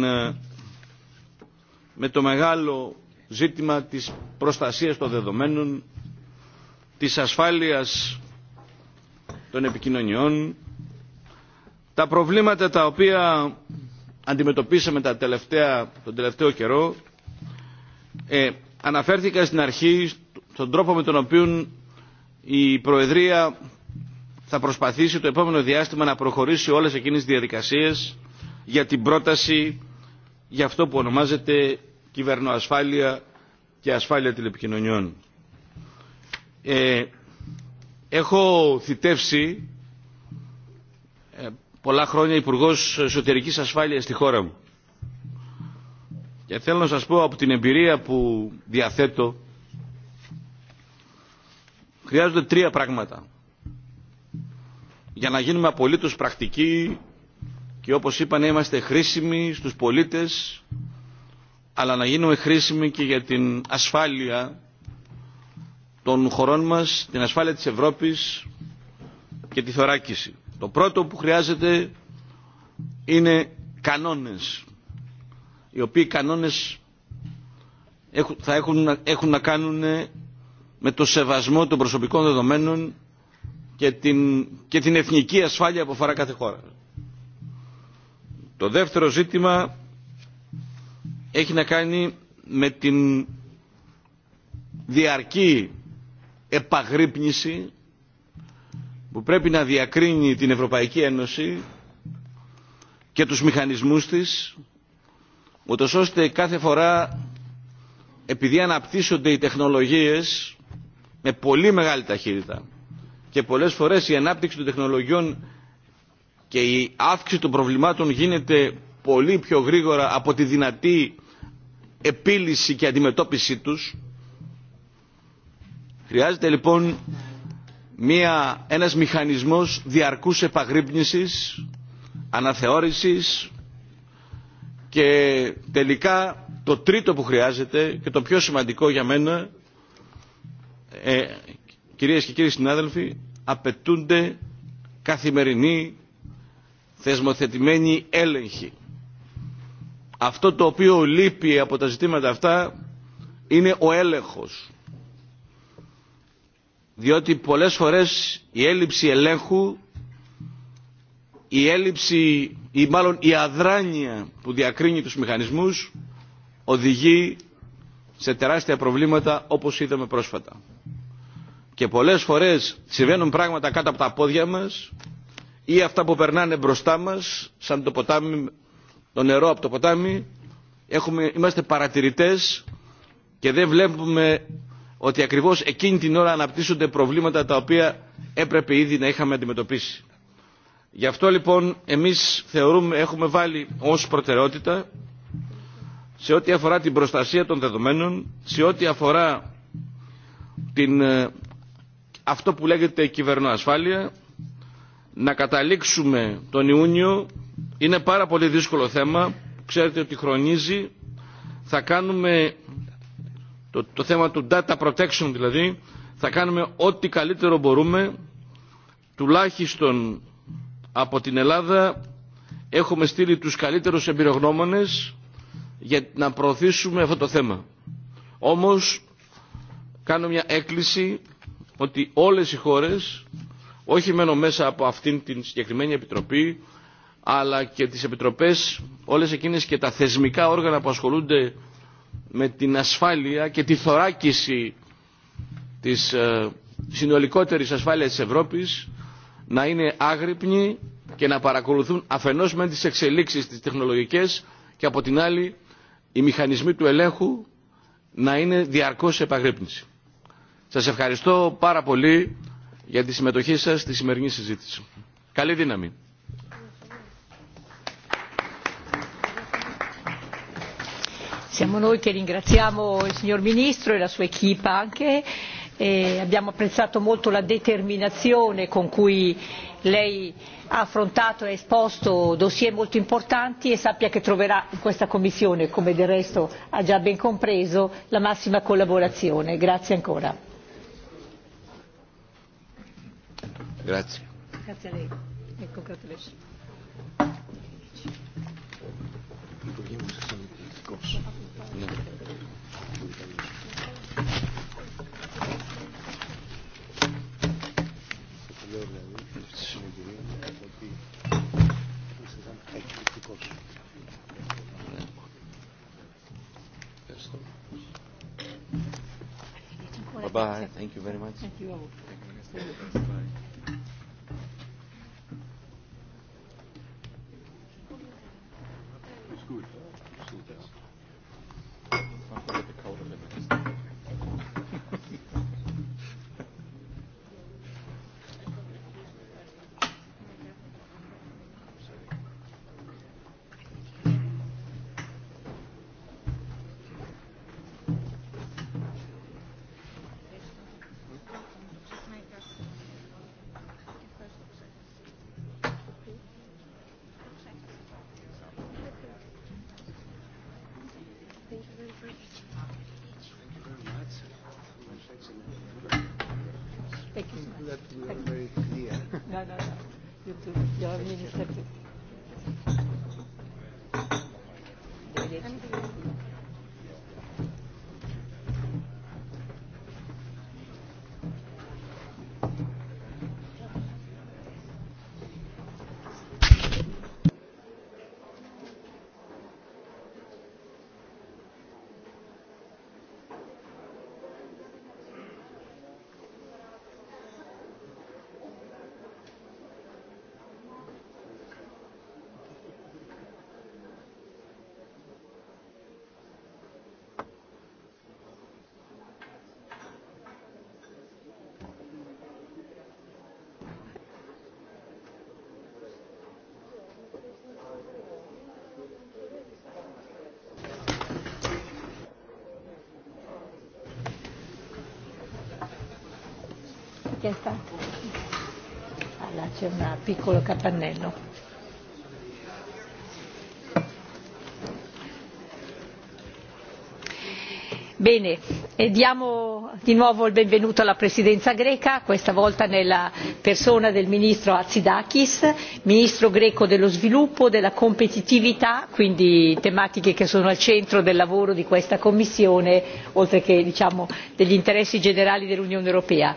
με το μεγάλο ζήτημα της προστασίας των δεδομένων, της ασφάλειας των επικοινωνιών, τα προβλήματα τα οποία αντιμετωπίσαμε τα τελευταία, τον τελευταίο καιρό ε, αναφέρθηκα στην αρχή στον τρόπο με τον οποίο η Προεδρία θα προσπαθήσει το επόμενο διάστημα να προχωρήσει όλες εκείνες τις διαδικασίες για την πρόταση για αυτό που ονομάζεται κυβερνοασφάλεια και ασφάλεια τηλεπικοινωνιών. Ε, έχω θητεύσει ε, πολλά χρόνια υπουργό Εσωτερικής Ασφάλειας στη χώρα μου. Και θέλω να σας πω από την εμπειρία που διαθέτω χρειάζονται τρία πράγματα για να γίνουμε απολύτως πρακτικοί και όπως είπα να είμαστε χρήσιμοι στους πολίτες αλλά να γίνουμε χρήσιμοι και για την ασφάλεια των χωρών μας, την ασφάλεια της Ευρώπης και τη θωράκιση. Το πρώτο που χρειάζεται είναι κανόνες, οι οποίοι κανόνες θα έχουν, έχουν να κάνουν με το σεβασμό των προσωπικών δεδομένων και την, και την εθνική ασφάλεια που αφορά κάθε χώρα. Το δεύτερο ζήτημα έχει να κάνει με την διαρκή επαγρύπνηση που πρέπει να διακρίνει την Ευρωπαϊκή Ένωση και τους μηχανισμούς της ούτως ώστε κάθε φορά επειδή αναπτύσσονται οι τεχνολογίες με πολύ μεγάλη ταχύτητα και πολλές φορές η ανάπτυξη των τεχνολογιών και η αύξηση των προβλημάτων γίνεται πολύ πιο γρήγορα από τη δυνατή επίλυση και αντιμετώπιση τους. Χρειάζεται λοιπόν μια, ένας μηχανισμός διαρκούς επαγρύπνησης, αναθεώρησης και τελικά το τρίτο που χρειάζεται και το πιο σημαντικό για μένα ε, κυρίες και κύριοι συνάδελφοι απαιτούνται καθημερινοί θεσμοθετημένοι έλεγχοι. Αυτό το οποίο λείπει από τα ζητήματα αυτά είναι ο έλεγχος. Διότι πολλές φορές η έλλειψη ελέγχου, η έλλειψη ή μάλλον η αδράνεια που διακρίνει τους μηχανισμούς οδηγεί σε τεράστια προβλήματα όπως είδαμε πρόσφατα. Και πολλές φορές συμβαίνουν πράγματα κάτω από τα πόδια μας ή αυτά που περνάνε μπροστά μας, σαν το, ποτάμι, το νερό από το ποτάμι, έχουμε, είμαστε παρατηρητές και δεν βλέπουμε ότι ακριβώς εκείνη την ώρα αναπτύσσονται προβλήματα τα οποία έπρεπε ήδη να είχαμε αντιμετωπίσει. Γι' αυτό λοιπόν εμείς θεωρούμε, έχουμε βάλει ως προτεραιότητα σε ό,τι αφορά την προστασία των δεδομένων, σε ό,τι αφορά την, αυτό που λέγεται κυβερνοασφάλεια, να καταλήξουμε τον Ιούνιο είναι πάρα πολύ δύσκολο θέμα. Ξέρετε ότι χρονίζει. Θα κάνουμε το, το θέμα του data protection δηλαδή. Θα κάνουμε ό,τι καλύτερο μπορούμε. Τουλάχιστον από την Ελλάδα έχουμε στείλει τους καλύτερους εμπειρογνώμονες για να προωθήσουμε αυτό το θέμα. Όμως κάνω μια έκκληση ότι όλες οι χώρες όχι μένω μέσα από αυτήν την συγκεκριμένη επιτροπή, αλλά και τις επιτροπές, όλες εκείνες και τα θεσμικά όργανα που ασχολούνται με την ασφάλεια και τη θωράκιση της συνολικότερης ασφάλειας της Ευρώπης, να είναι άγρυπνοι και να παρακολουθούν αφενός με τις εξελίξεις τις τεχνολογικές και από την άλλη οι μηχανισμοί του ελέγχου να είναι διαρκώς επαγρύπνηση. Σας ευχαριστώ πάρα πολύ για τη συμμετοχή σας στη σημερινή συζήτηση. Καλή δύναμη. Siamo noi che ringraziamo il signor Ministro e la sua equipa anche. E abbiamo apprezzato molto la determinazione con cui lei ha affrontato e esposto dossier molto importanti e sappia che troverà in questa commissione come del resto ha già ben compreso la massima collaborazione. grazie ancora. Grazie. Grazie a lei e congratulations. Bye. Thank you very much. Thank you all. gut. che è stato? Allora c'è un piccolo capannello. Bene, e diamo di nuovo il benvenuto alla presidenza greca questa volta nella persona del ministro hatzidakis ministro greco dello sviluppo della competitività quindi tematiche che sono al centro del lavoro di questa commissione oltre che diciamo degli interessi generali dell'unione europea.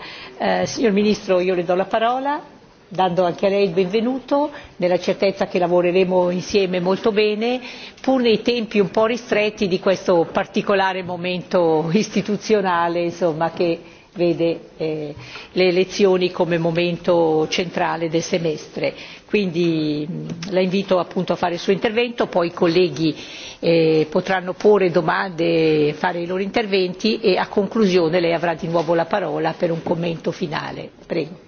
signor ministro io le do la parola dando anche a lei il benvenuto nella certezza che lavoreremo insieme molto bene pur nei tempi un po' ristretti di questo particolare momento istituzionale insomma, che vede le elezioni come momento centrale del semestre. Quindi la invito appunto a fare il suo intervento, poi i colleghi potranno porre domande, fare i loro interventi e a conclusione lei avrà di nuovo la parola per un commento finale. Prego.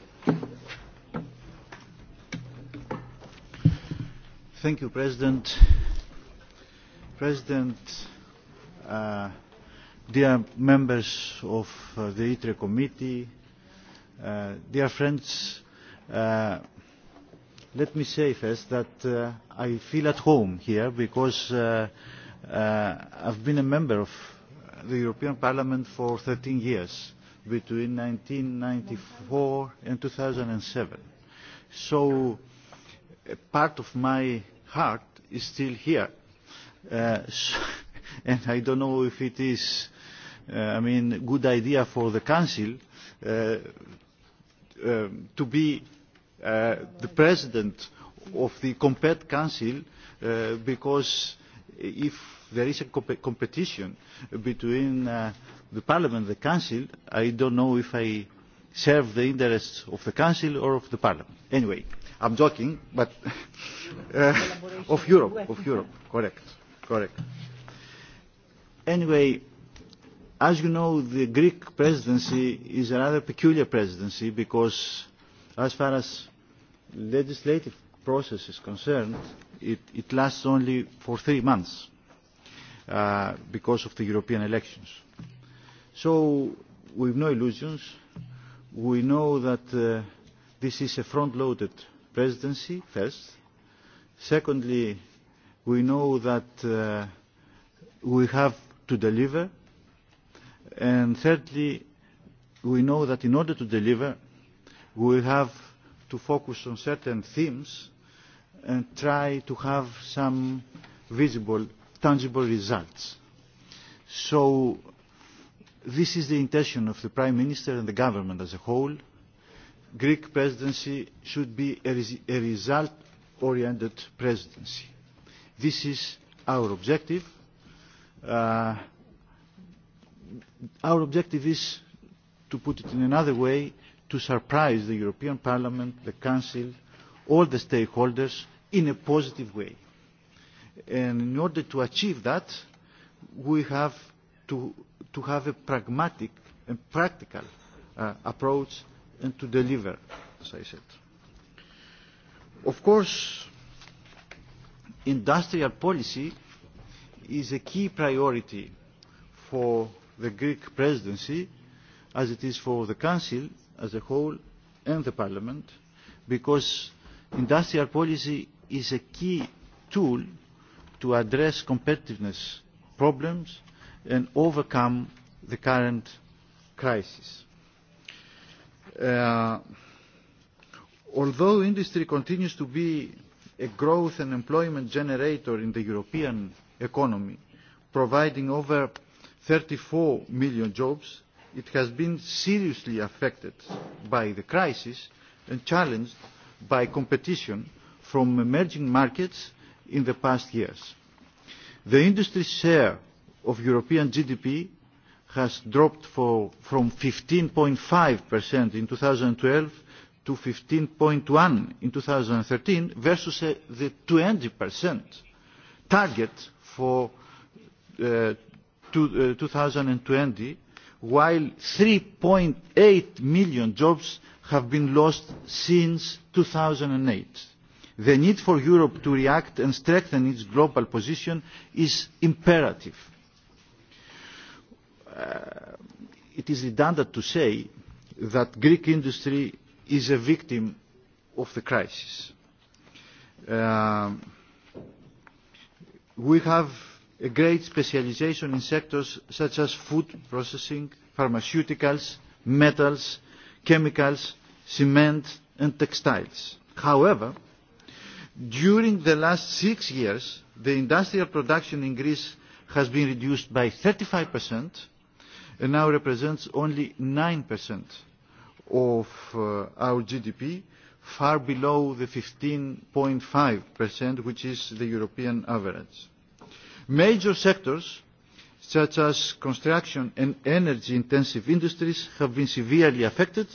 Thank you, President. President, uh, dear members of uh, the ITRE committee, uh, dear friends, uh, let me say first that uh, I feel at home here because uh, uh, I've been a member of the European Parliament for 13 years, between 1994 and 2007. So a part of my heart is still here. Uh, and I don't know if it is, uh, I mean, a good idea for the Council uh, um, to be uh, the President of the Compet Council uh, because if there is a comp competition between uh, the Parliament and the Council, I don't know if I serve the interests of the Council or of the Parliament. Anyway, I'm joking, but uh, of Europe, of Europe, correct, correct. Anyway, as you know, the Greek presidency is a rather peculiar presidency because, as far as legislative process is concerned, it, it lasts only for three months uh, because of the European elections. So we have no illusions. We know that uh, this is a front-loaded presidency first. Secondly, we know that we have to deliver. And thirdly, we know that in order to deliver, we have to focus on certain themes and try to have some visible, tangible results. So this is the intention of the Prime Minister and the government as a whole Greek presidency should be a, res a result-oriented presidency. This is our objective. Uh, our objective is, to put it in another way, to surprise the European Parliament, the Council, all the stakeholders in a positive way. And in order to achieve that, we have to, to have a pragmatic and practical uh, approach and to deliver, as I said. Of course, industrial policy is a key priority for the Greek presidency, as it is for the Council as a whole and the Parliament, because industrial policy is a key tool to address competitiveness problems and overcome the current crisis although industry continues to be a growth and employment generator in the European economy, providing over 34 million jobs, it has been seriously affected by the crisis and challenged by competition from emerging markets in the past years. The industry share of European GDP has dropped for, from 15.5% in 2012 to 15.1% in 2013 versus uh, the 20% target for uh, to, uh, 2020, while 3.8 million jobs have been lost since 2008. The need for Europe to react and strengthen its global position is imperative it is redundant to say that Greek industry is a victim of the crisis. we have a great specialization in sectors such as food processing, pharmaceuticals, metals, chemicals, cement and textiles. However, during the last six years, the industrial production in Greece has been reduced by 35 percent and now represents only 9% of our GDP, far below the 15.5%, which is the European average. Major sectors such as construction and energy-intensive industries have been severely affected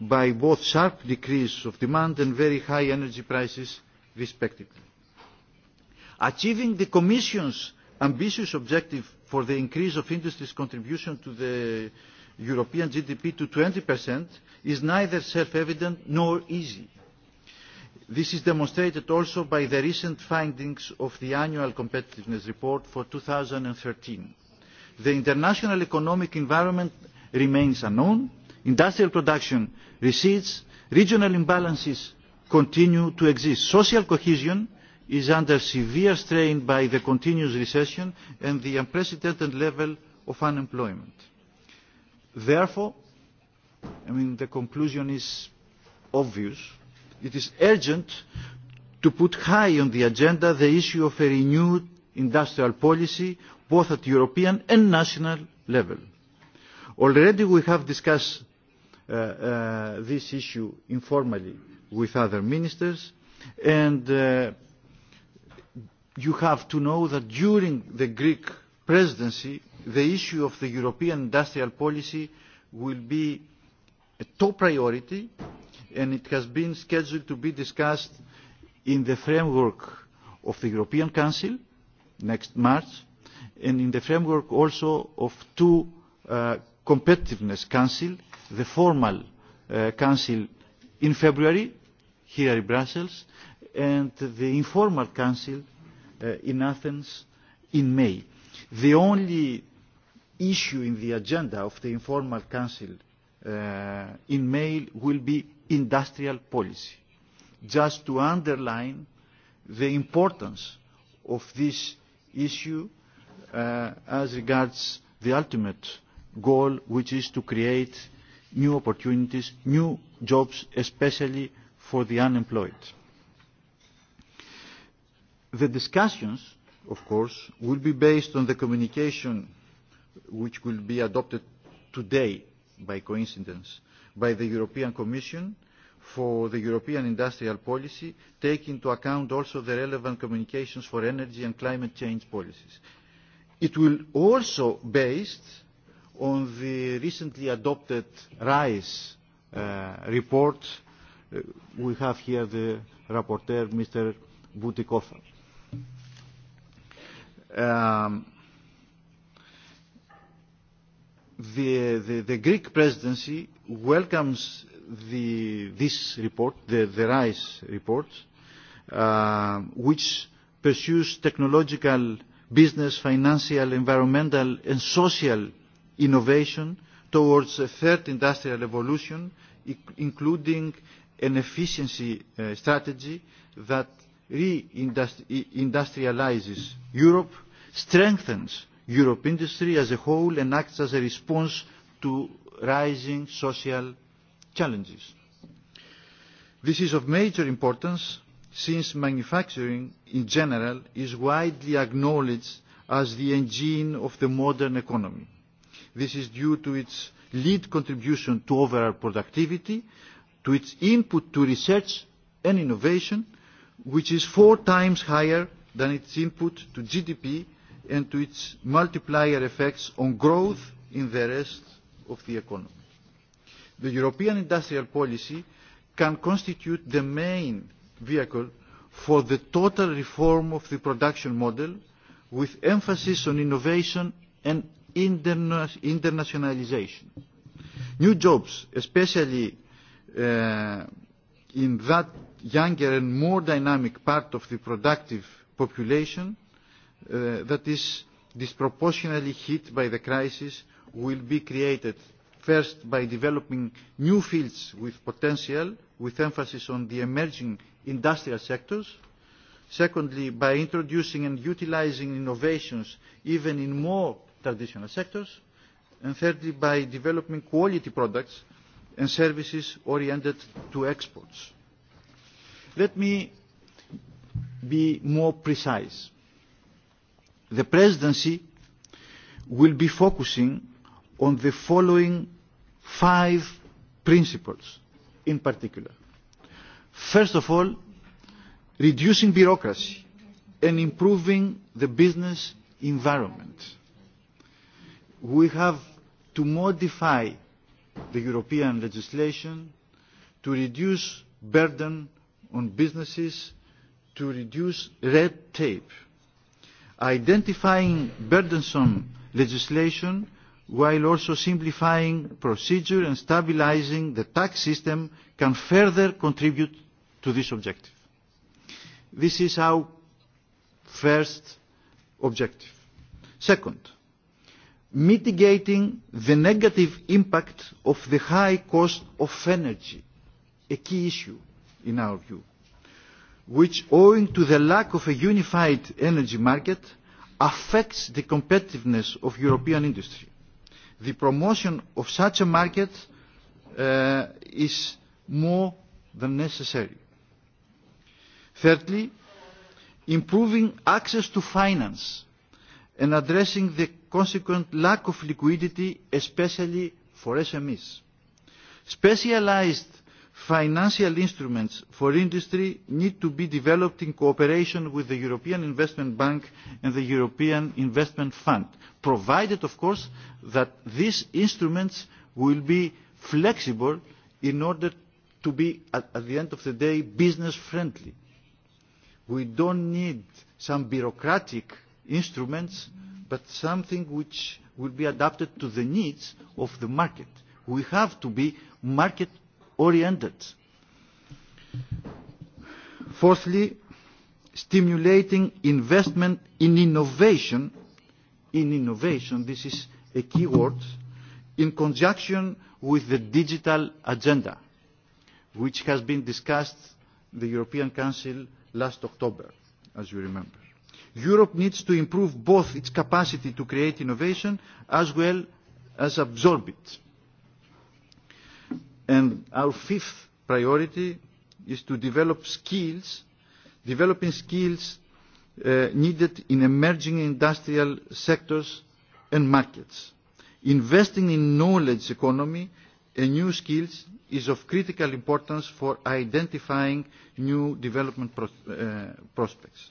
by both sharp decrease of demand and very high energy prices, respectively. Achieving the Commission's ambitious objective for the increase of industry's contribution to the European GDP to 20% is neither self-evident nor easy. This is demonstrated also by the recent findings of the annual competitiveness report for 2013. The international economic environment remains unknown, industrial production recedes, regional imbalances continue to exist. Social cohesion is under severe strain by the continuous recession and the unprecedented level of unemployment. Therefore, I mean, the conclusion is obvious. It is urgent to put high on the agenda the issue of a renewed industrial policy, both at European and national level. Already we have discussed uh, uh, this issue informally with other ministers, and you have to know that during the Greek presidency, the issue of the European industrial policy will be a top priority, and it has been scheduled to be discussed in the framework of the European Council next March, and in the framework also of two uh, competitiveness council, the formal uh, council in February here in Brussels, and the informal council uh, in Athens in May. The only issue in the agenda of the informal council uh, in May will be industrial policy, just to underline the importance of this issue uh, as regards the ultimate goal, which is to create new opportunities, new jobs, especially for the unemployed The discussions, of course, will be based on the communication which will be adopted today, by coincidence, by the European Commission for the European industrial policy, taking into account also the relevant communications for energy and climate change policies. It will also be based on the recently adopted RISE uh, report. Uh, we have here the rapporteur, Mr. Butikoffer Um, the, the, the Greek presidency welcomes the, this report, the, the RISE report, uh, which pursues technological, business, financial, environmental and social innovation towards a third industrial revolution, including an efficiency uh, strategy that re-industrializes Europe strengthens Europe industry as a whole and acts as a response to rising social challenges. This is of major importance since manufacturing in general is widely acknowledged as the engine of the modern economy. This is due to its lead contribution to overall productivity, to its input to research and innovation, which is four times higher than its input to GDP and to its multiplier effects on growth in the rest of the economy. The European industrial policy can constitute the main vehicle for the total reform of the production model with emphasis on innovation and internationalization. New jobs, especially uh, in that younger and more dynamic part of the productive population, that is disproportionately hit by the crisis will be created first by developing new fields with potential with emphasis on the emerging industrial sectors secondly by introducing and utilising innovations even in more traditional sectors and thirdly by developing quality products and services oriented to exports. Let me be more precise The presidency will be focusing on the following five principles in particular. First of all, reducing bureaucracy and improving the business environment. We have to modify the European legislation to reduce burden on businesses, to reduce red tape identifying burdensome legislation while also simplifying procedure and stabilising the tax system can further contribute to this objective. This is our first objective. Second, mitigating the negative impact of the high cost of energy, a key issue in our view which, owing to the lack of a unified energy market, affects the competitiveness of European industry. The promotion of such a market uh, is more than necessary. Thirdly, improving access to finance and addressing the consequent lack of liquidity, especially for SMEs. Specialized financial instruments for industry need to be developed in cooperation with the European Investment Bank and the European Investment Fund, provided, of course, that these instruments will be flexible in order to be, at, at the end of the day, business friendly. We don't need some bureaucratic instruments, but something which will be adapted to the needs of the market. We have to be market oriented. Fourthly, stimulating investment in innovation. In innovation, this is a key word, in conjunction with the digital agenda, which has been discussed in the European Council last October, as you remember. Europe needs to improve both its capacity to create innovation as well as absorb it And our fifth priority is to develop skills, developing skills uh, needed in emerging industrial sectors and markets. Investing in knowledge economy and new skills is of critical importance for identifying new development pro uh, prospects.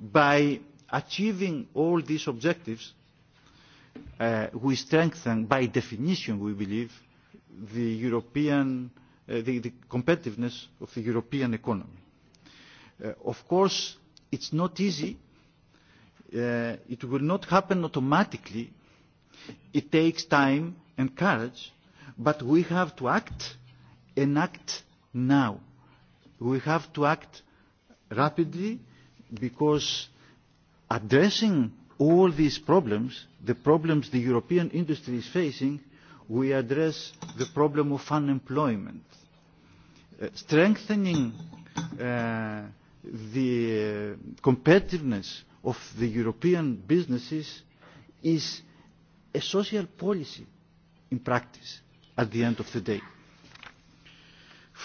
By achieving all these objectives, uh, we strengthen, by definition, we believe, the European, uh, the, the competitiveness of the European economy. Uh, of course, it's not easy. Uh, it will not happen automatically. It takes time and courage, but we have to act and act now. We have to act rapidly because addressing all these problems, the problems the European industry is facing, we address the problem of unemployment. Uh, strengthening uh, the uh, competitiveness of the European businesses is a social policy in practice at the end of the day.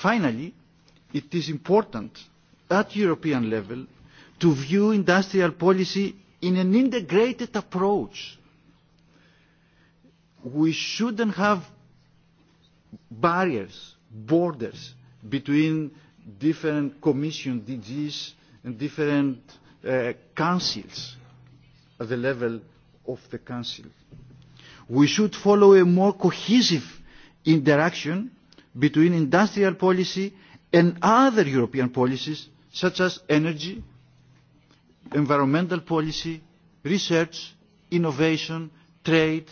Finally, it is important at European level to view industrial policy in an integrated approach we shouldn't have barriers, borders between different commission DGs and different uh, councils at the level of the council. We should follow a more cohesive interaction between industrial policy and other European policies such as energy, environmental policy, research, innovation, trade,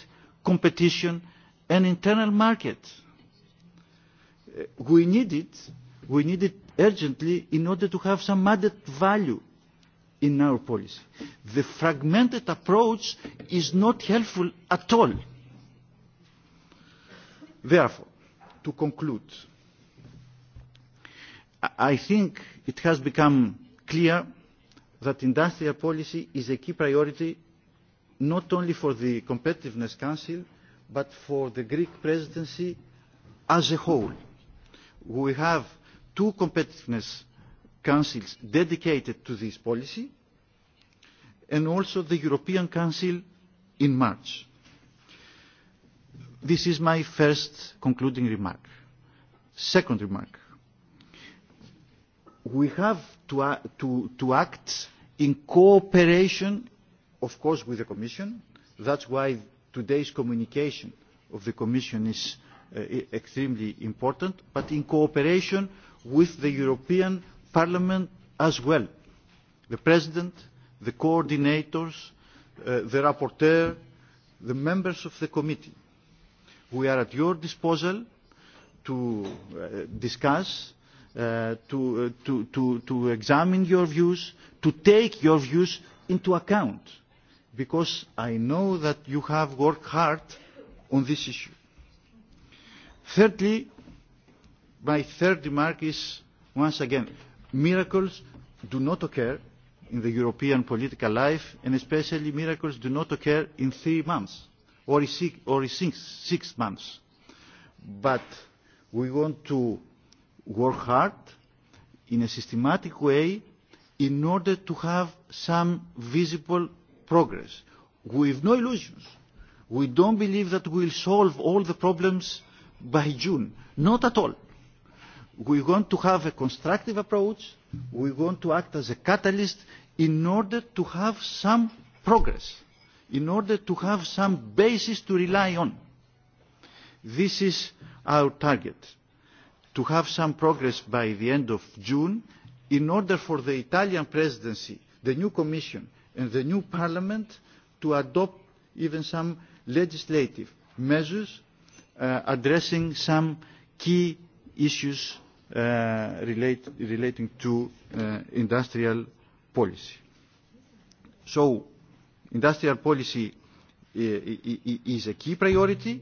competition, and internal market. We need it, we need it urgently in order to have some added value in our policy. The fragmented approach is not helpful at all. Therefore, to conclude, I think it has become clear that industrial policy is a key priority not only for the Competitiveness Council, but for the Greek presidency as a whole. We have two competitiveness councils dedicated to this policy, and also the European Council in March. This is my first concluding remark. Second remark. We have to, to, to act in cooperation of course with the Commission. That is why today's communication of the Commission is uh, extremely important, but in cooperation with the European Parliament as well. The President, the coordinators, uh, the rapporteur, the members of the committee. We are at your disposal to uh, discuss, uh, to, uh, to, to, to examine your views, to take your views into account because I know that you have worked hard on this issue. Thirdly, my third remark is, once again, miracles do not occur in the European political life, and especially miracles do not occur in three months or in six, or in six, six months. But we want to work hard in a systematic way in order to have some visible progress. We have no illusions. We don't believe that we will solve all the problems by June. Not at all. We want to have a constructive approach. We want to act as a catalyst in order to have some progress, in order to have some basis to rely on. This is our target, to have some progress by the end of June in order for the Italian presidency, the new Commission, and the new parliament to adopt even some legislative measures uh, addressing some key issues uh, relate, relating to uh, industrial policy. So industrial policy is a key priority.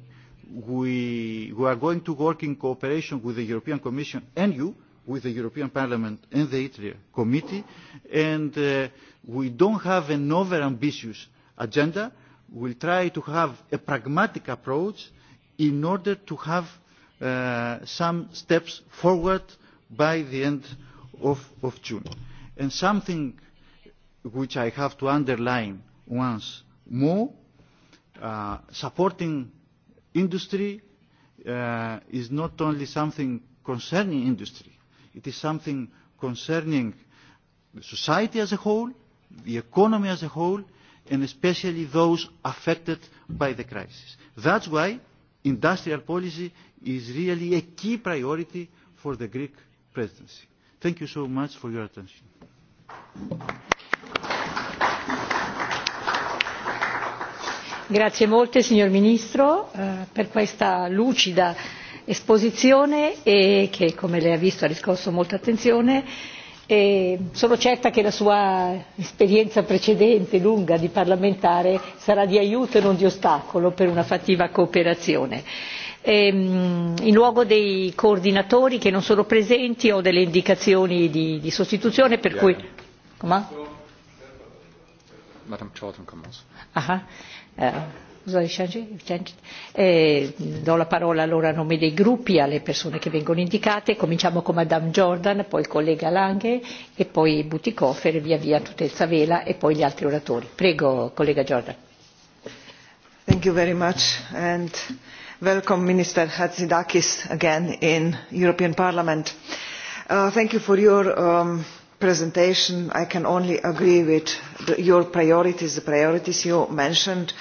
We, we are going to work in cooperation with the European Commission and you with the European Parliament and the ITRE committee, and uh, we don't have an over-ambitious agenda. We'll try to have a pragmatic approach in order to have uh, some steps forward by the end of, of June. And something which I have to underline once more, uh, supporting industry uh, is not only something concerning industry, It is something concerning society as a whole, the economy as a whole, and especially those affected by the crisis. That's why industrial policy is really a key priority for the Greek presidency. Thank you so much for your attention. Grazie molte signor Ministro eh, per questa lucida esposizione e che, come lei ha visto, ha riscosso molta attenzione. E sono certa che la sua esperienza precedente, lunga, di parlamentare sarà di aiuto e non di ostacolo per una fattiva cooperazione in luogo dei coordinatori che non sono presenti ho delle indicazioni di, di sostituzione per cui Come? Ah, eh, vous avez Eh, do la parola allora a nome dei gruppi alle persone che vengono indicate. Cominciamo con Madame Jordan, poi il collega Lange e poi Butikofer e via via Tutezza Vela e poi gli altri oratori. Prego, collega Jordan. Thank you very much and welcome Minister Hatzidakis again in European Parliament. Uh, thank you for your um, presentation. I can only agree with the, your priorities, the priorities you mentioned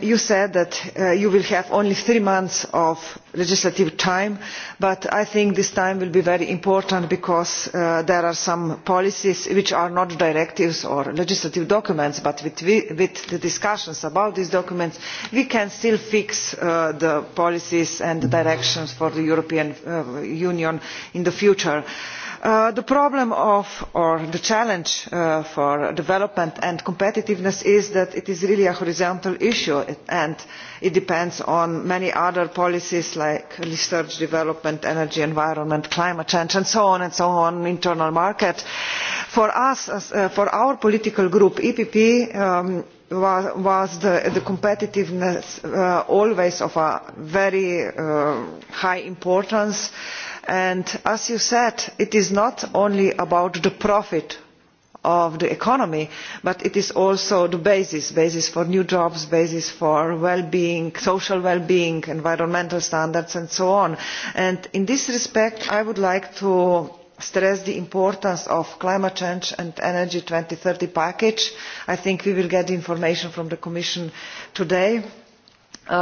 you said that you will have only three months of legislative time but i think this time will be very important because there are some policies which are not directives or legislative documents but with the discussions about these documents we can still fix the policies and directions for the european union in the future the problem or the challenge for development and competitiveness is that it is really a horizontal issue and it depends on many other policies like research development energy environment climate change and so on and so on the internal market. for us for our political group the epp was the competitiveness always of a very high importance and and as you said it is not only about the profit of the economy but it is also the basis basis for new jobs basis for well being social well being environmental standards and so on and in this respect i would like to stress the importance of the climate change and energy two thousand and thirty package. i think we will get information from the commission today we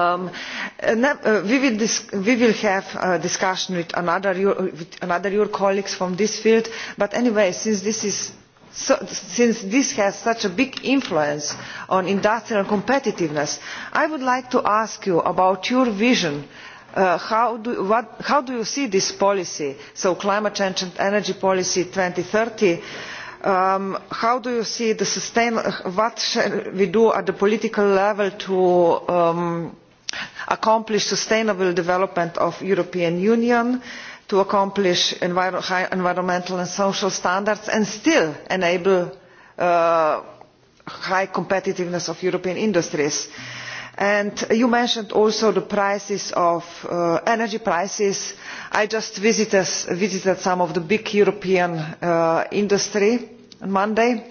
will have a discussion with another your colleagues from this field but anyway since this since this has such a big influence on industrial competitiveness i would like to ask you about your vision how do you see this policy so climate change and energy policy two thousand and thirty how do you see the sustainable what shall we do at the political level to accomplish sustainable development of the european union to accomplish high environmental and social standards and still enable high competitiveness of european industries? you mentioned also the prices of energy prices. i just visited some of the big european industry on monday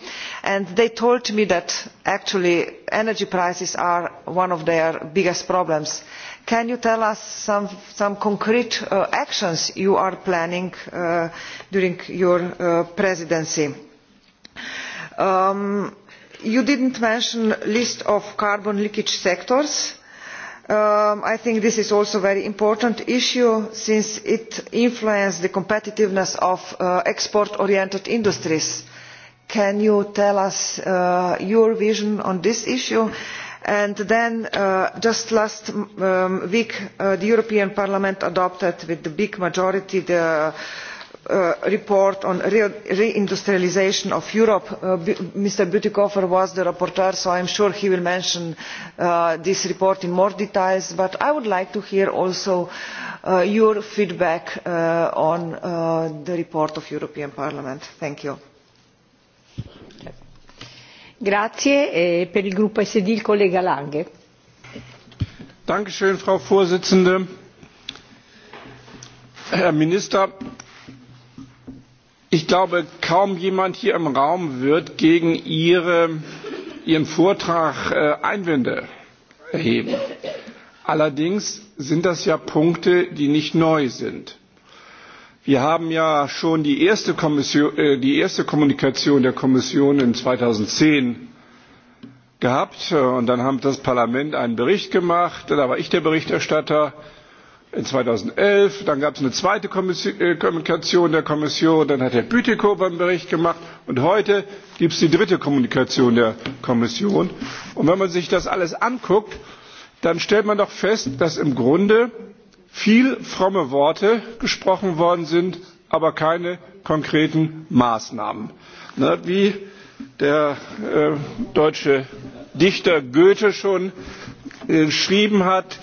and they told me that actually energy prices are one of their biggest problems. can you tell us some concrete actions you are planning during your presidency? you did not mention a list of carbon leakage sectors i think this is also a very important issue since it influences the competitiveness of export oriented industries can you tell us your vision on this issue? and then just last week the european parliament adopted with a big majority the report on reindustrialisation of europe. mr Butikofer was the rapporteur so i am sure he will mention this report in more details, but i would like to hear also your feedback on the report of the european parliament. thank you frau präsidentin herr minister! ich glaube kaum jemand hier im raum wird gegen ihren vortrag einwände erheben. allerdings sind das ja punkte die nicht neu sind. Wir haben ja schon die erste, Kommission, die erste Kommunikation der Kommission in 2010 gehabt und dann hat das Parlament einen Bericht gemacht, da war ich der Berichterstatter in 2011, dann gab es eine zweite Kommunikation der Kommission, dann hat Herr Bütikofer einen Bericht gemacht und heute gibt es die dritte Kommunikation der Kommission. Und wenn man sich das alles anguckt, dann stellt man doch fest, dass im Grunde viel fromme Worte gesprochen worden sind, aber keine konkreten Maßnahmen. Wie der deutsche Dichter Goethe schon geschrieben hat,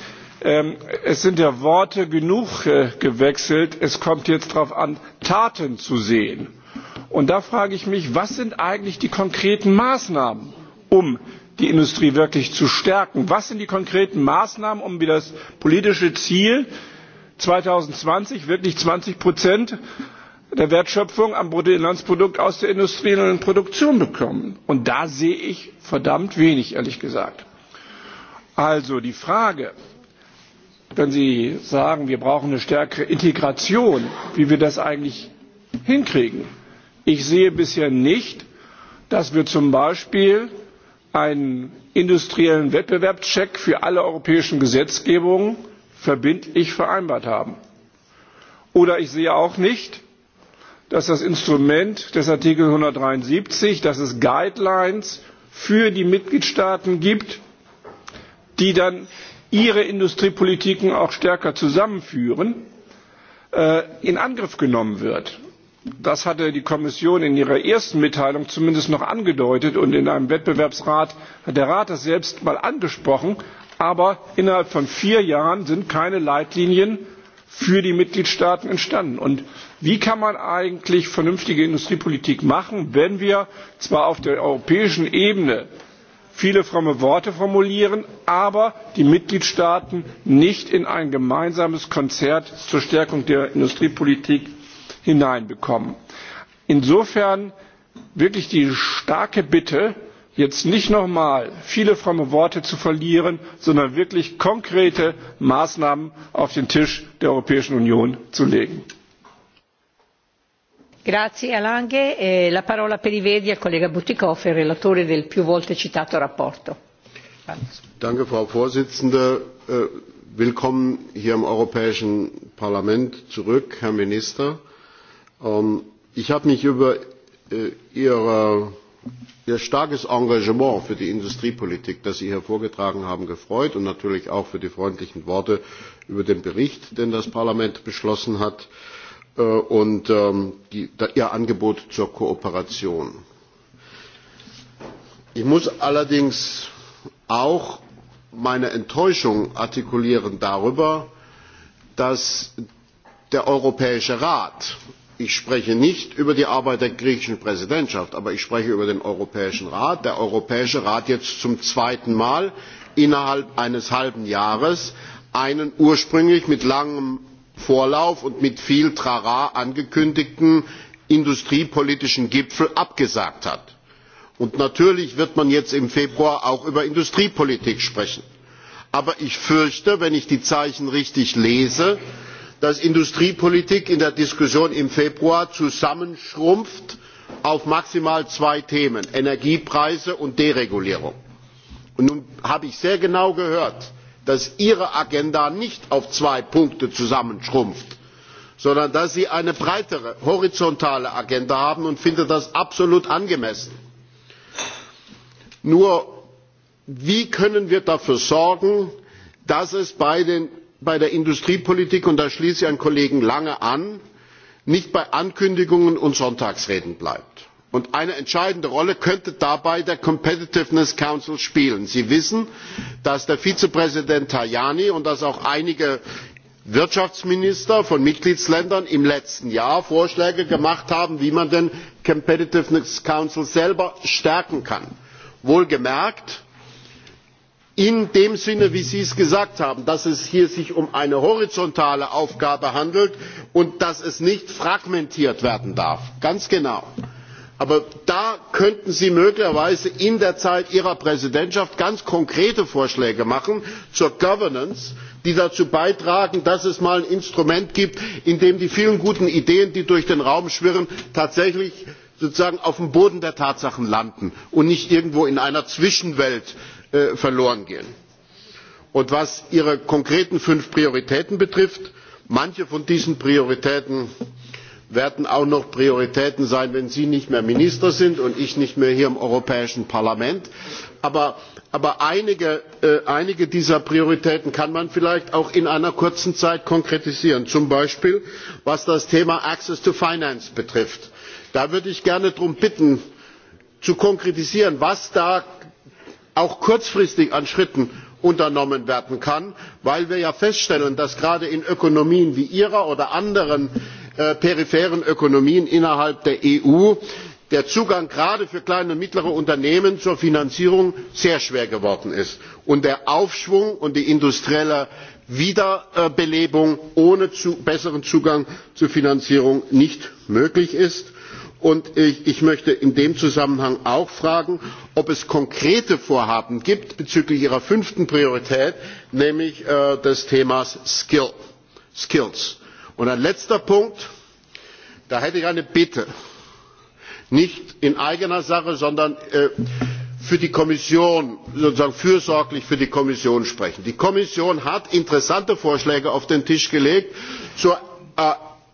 es sind ja Worte genug gewechselt, es kommt jetzt darauf an, Taten zu sehen. Und da frage ich mich, was sind eigentlich die konkreten Maßnahmen, um die industrie wirklich zu stärken. was sind die konkreten maßnahmen um das politische ziel zweitausendzwanzig wirklich zwanzig der wertschöpfung am bruttoinlandsprodukt aus der industriellen produktion zu bekommen? und da sehe ich verdammt wenig ehrlich gesagt. also die frage wenn sie sagen wir brauchen eine stärkere integration wie wir das eigentlich hinkriegen ich sehe bisher nicht dass wir zum beispiel einen industriellen Wettbewerbscheck für alle europäischen Gesetzgebungen verbindlich vereinbart haben. Oder ich sehe auch nicht, dass das Instrument des Artikel 173, dass es Guidelines für die Mitgliedstaaten gibt, die dann ihre Industriepolitiken auch stärker zusammenführen, in Angriff genommen wird das hatte die kommission in ihrer ersten mitteilung zumindest noch angedeutet und in einem wettbewerbsrat hat der rat das selbst einmal angesprochen aber innerhalb von vier jahren sind keine leitlinien für die mitgliedstaaten entstanden. wie kann man eigentlich vernünftige industriepolitik machen wenn wir zwar auf der europäischen ebene viele fromme worte formulieren aber die mitgliedstaaten nicht in ein gemeinsames konzert zur stärkung der industriepolitik hineinbekommen. Insofern wirklich die starke Bitte, jetzt nicht noch einmal viele fromme Worte zu verlieren, sondern wirklich konkrete Maßnahmen auf den Tisch der Europäischen Union zu legen. Grazie Alange. La parola per i Verdi al collega Butikoff, il relatore del più volte citato rapporto. Danke, Frau Vorsitzende. Willkommen hier im Europäischen Parlament zurück, Herr Minister ich habe mich über ihr starkes engagement für die industriepolitik das sie hier vorgetragen haben gefreut und natürlich auch für die freundlichen worte über den bericht den das parlament beschlossen hat und ihr angebot zur kooperation. ich muss allerdings auch meine enttäuschung artikulieren darüber dass der europäische rat ich spreche nicht über die arbeit der griechischen präsidentschaft aber ich spreche über den europäischen rat der europäische rat jetzt zum zweiten mal innerhalb eines halben jahres einen ursprünglich mit langem vorlauf und mit viel trara angekündigten industriepolitischen gipfel abgesagt hat. und natürlich wird man jetzt im februar auch über industriepolitik sprechen. aber ich fürchte wenn ich die zeichen richtig lese dass industriepolitik in der diskussion im februar zusammenschrumpft auf maximal zwei themen energiepreise und deregulierung. nun habe ich sehr genau gehört dass ihre agenda nicht auf zwei punkte zusammenschrumpft sondern dass sie eine breitere horizontale agenda haben und finde das absolut angemessen. nur wie können wir dafür sorgen dass es bei den bei der industriepolitik und da schließe ich an kollegen lange an nicht bei ankündigungen und sonntagsreden bleibt. eine entscheidende rolle könnte dabei der competitiveness council spielen. sie wissen dass der vizepräsident tajani und dass auch einige wirtschaftsminister von mitgliedstaaten im letzten jahr vorschläge gemacht haben wie man den competitiveness council selber stärken kann wohlgemerkt in dem sinne wie sie es gesagt haben dass es sich hier um eine horizontale aufgabe handelt und dass es nicht fragmentiert werden darf ganz genau. aber da könnten sie möglicherweise in der zeit ihrer präsidentschaft ganz konkrete vorschläge machen zur governance die dazu beitragen dass es mal ein instrument gibt in dem die vielen guten ideen die durch den raum schwirren tatsächlich sozusagen auf dem boden der tatsachen landen und nicht irgendwo in einer zwischenwelt verloren gehen. was ihre konkreten fünf prioritäten betrifft manche von diesen prioritäten werden auch noch prioritäten sein wenn sie nicht mehr minister sind und ich nicht mehr hier im europäischen parlament aber einige dieser prioritäten kann man vielleicht auch in einer kurzen zeit konkretisieren zum beispiel was das thema access to finance betrifft. da würde ich gerne darum bitten zu konkretisieren was da auch kurzfristig an schritten unternommen werden kann weil wir ja feststellen dass gerade in ökonomien wie ihrer oder anderen peripheren ökonomien innerhalb der eu der zugang gerade für kleine und mittlere unternehmen zur finanzierung sehr schwer geworden ist und der aufschwung und die industrielle wiederbelebung ohne besseren zugang zu finanzierung nicht möglich sind und ich möchte in dem zusammenhang auch fragen ob es konkrete vorhaben gibt bezüglich ihrer fünften priorität nämlich des themas skills. Und ein letzter punkt da hätte ich eine bitte nicht in eigener sache sondern für die kommission sozusagen fürsorglich für die kommission sprechen. die kommission hat interessante vorschläge auf den tisch gelegt zur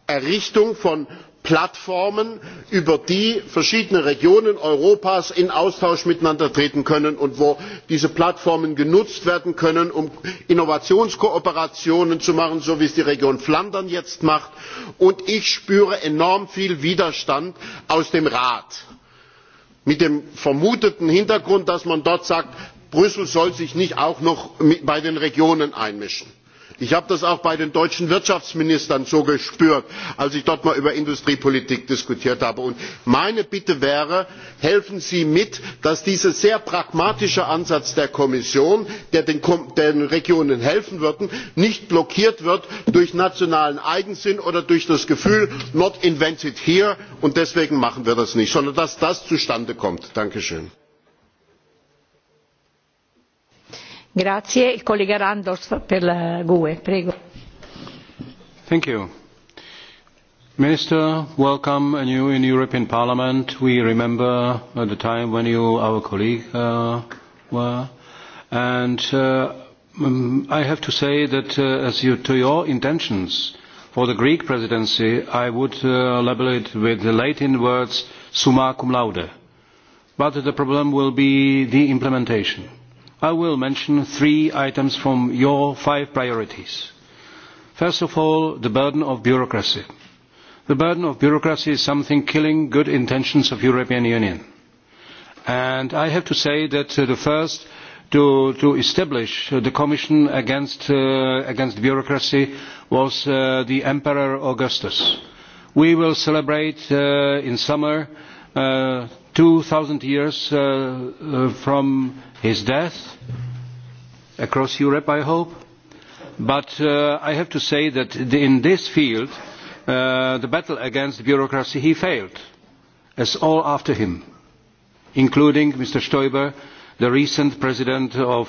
errichtung von plattformen über die verschiedene regionen europas in austausch miteinander treten können und wo diese plattformen genutzt werden können um innovationskooperationen zu machen so wie es die region flandern jetzt macht. und ich spüre enorm viel widerstand aus dem rat mit dem vermuteten hintergrund dass man dort sagt brüssel soll sich nicht auch noch bei den regionen einmischen ich habe das auch bei den deutschen wirtschaftsministern so gespürt als ich dort mal über industriepolitik diskutiert habe. meine bitte wäre helfen sie mit dass dieser sehr pragmatische ansatz der kommission der den regionen helfen würde, nicht blockiert wird durch nationalen eigensinn oder durch das gefühl not invented here und deswegen machen wir das nicht sondern dass das zustande kommt. danke schön. Minister, welcome anew in the European Parliament. We remember at the time when you, our colleague, were. And I have to say that as to your intentions for the Greek presidency, I would uh, label it with the Latin words summa cum laude. But the problem will be the implementation I will mention three items from your five priorities. First of all, the burden of bureaucracy. The burden of bureaucracy is something killing good intentions of the European Union. And I have to say that the first to, establish the Commission against, bureaucracy was the Emperor Augustus. We will celebrate in summer two thousand years from his death across Europe, I hope. But I have to say that in this field, the battle against bureaucracy, he failed, as all after him, including Mr. Stoiber, the recent president of,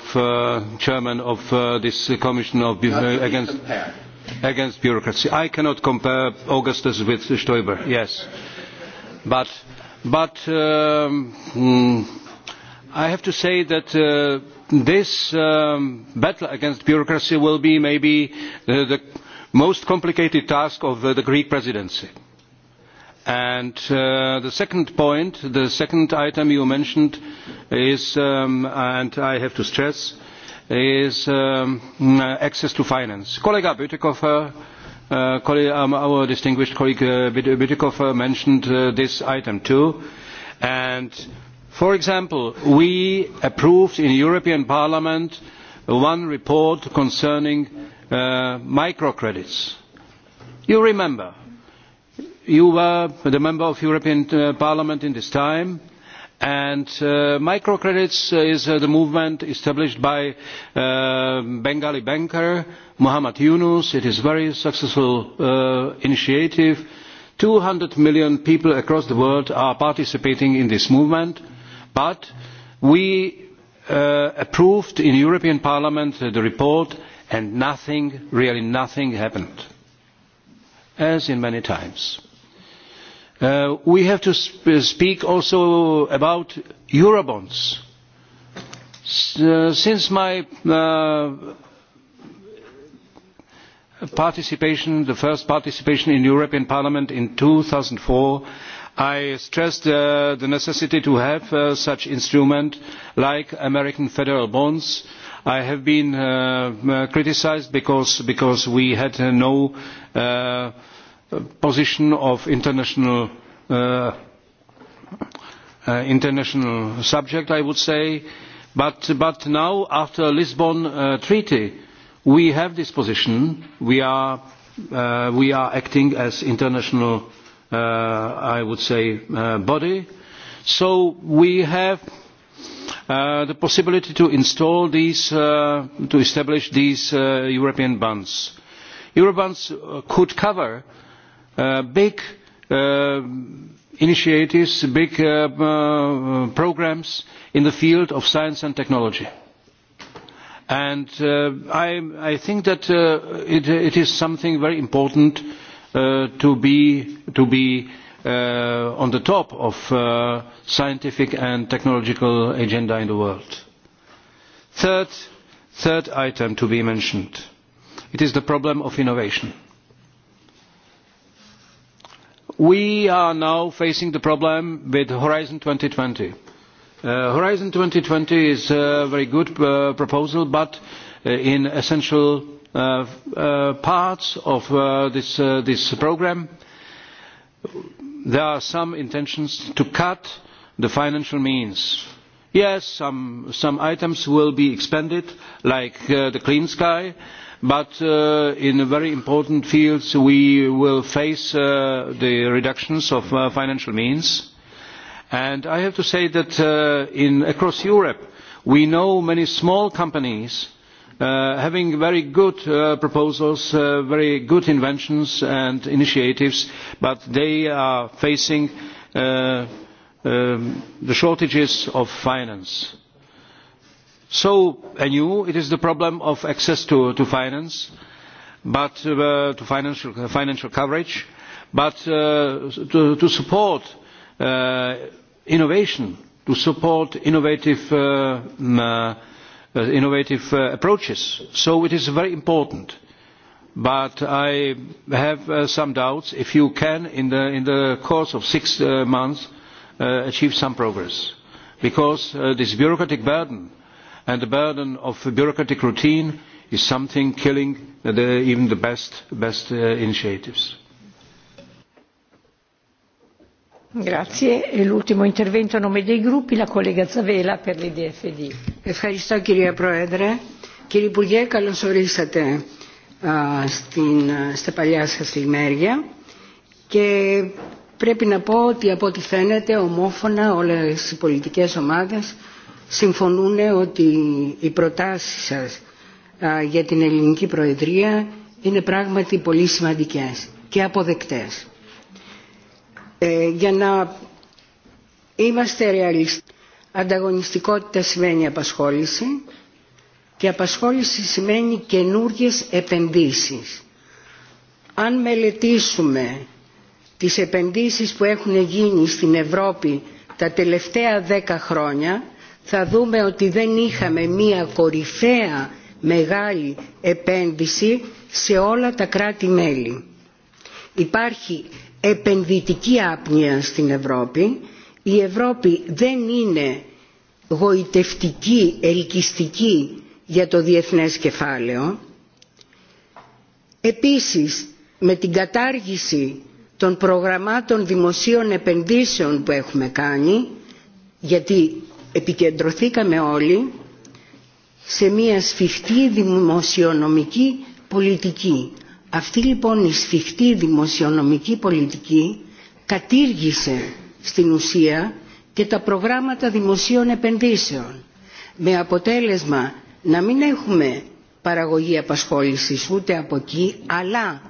chairman of this commission of, against, against bureaucracy. I cannot compare Augustus with Stoiber, yes. But But I have to say that this battle against bureaucracy will be maybe the most complicated task of the Greek presidency. And the second point, the second item you mentioned is, and I have to stress, is access to finance. Colleague Bütikofer our distinguished colleague Bidikov mentioned this item too. And for example, we approved in the European Parliament one report concerning microcredits. You remember, you were the member of the European Parliament in this time, and microcredits is the movement established by a Bengali banker Mohammed Yunus is his very successful initiative. Two hundred million people across the world are participating in this movement, but we approved in European Parliament the report and nothing, really nothing happened, as in many times. we have to sp speak also about Eurobonds. since my uh, participation the first participation in the european parliament in two thousand and four i stressed the necessity to have such an instrument like american federal bonds. i have been criticised because we had no position of international subject i would say but now after the lisbon treaty we have this position. We are, uh, we are acting as international, uh, I would say, uh, body. So we have uh, the possibility to install these, uh, to establish these uh, European bonds. Eurobonds could cover uh, big uh, initiatives, big uh, uh, programs in the field of science and technology And I, I think that it, it is something very important to be, to be on the top of the scientific and technological agenda in the world. Third, third item to be mentioned. It is the problem of innovation. We are now facing the problem with Horizon twenty thousand Horizon twenty is a very good proposal, but in essential parts of this, programme there are some intentions to cut the financial means. Yes, some, items will be expanded, like the clean sky, but in very important fields we will face the reductions of financial means And I have to say that across Europe, we know many small companies having very good proposals, very good inventions and initiatives, but they are facing the shortages of finance. So, anew, it is the problem of access to, finance, but to financial, coverage, but to, support uh, innovation, to support innovative, innovative approaches. So it is very important. But I have some doubts if you can, in the, in the course of six months, achieve some progress. Because this bureaucratic burden and the burden of bureaucratic routine is something killing even the best, best initiatives Ευχαριστώ κυρία Πρόεδρε. Κύριε Υπουργέ, καλώς ορίσατε στην, στα παλιά σας λιμέρια και πρέπει να πω ότι από ό,τι φαίνεται ομόφωνα όλες οι πολιτικές ομάδες συμφωνούν ότι οι προτάσεις σας α, για την ελληνική προεδρία είναι πράγματι πολύ σημαντικές και αποδεκτές για να είμαστε ρεαλιστές. Ανταγωνιστικότητα σημαίνει απασχόληση και απασχόληση σημαίνει καινούργιες επενδύσεις. Αν μελετήσουμε τις επενδύσεις που έχουν γίνει στην Ευρώπη τα τελευταία δέκα χρόνια θα δούμε ότι δεν είχαμε μία κορυφαία μεγάλη επένδυση σε όλα τα κράτη-μέλη. Υπάρχει επενδυτική άπνοια στην Ευρώπη. Η Ευρώπη δεν είναι γοητευτική, ελκυστική για το διεθνές κεφάλαιο. Επίσης, με την κατάργηση των προγραμμάτων δημοσίων επενδύσεων που έχουμε κάνει, γιατί επικεντρωθήκαμε όλοι σε μια σφιχτή δημοσιονομική πολιτική Αυτή λοιπόν η σφιχτή δημοσιονομική πολιτική κατήργησε στην ουσία και τα προγράμματα δημοσίων επενδύσεων με αποτέλεσμα να μην έχουμε παραγωγή απασχόλησης ούτε από εκεί αλλά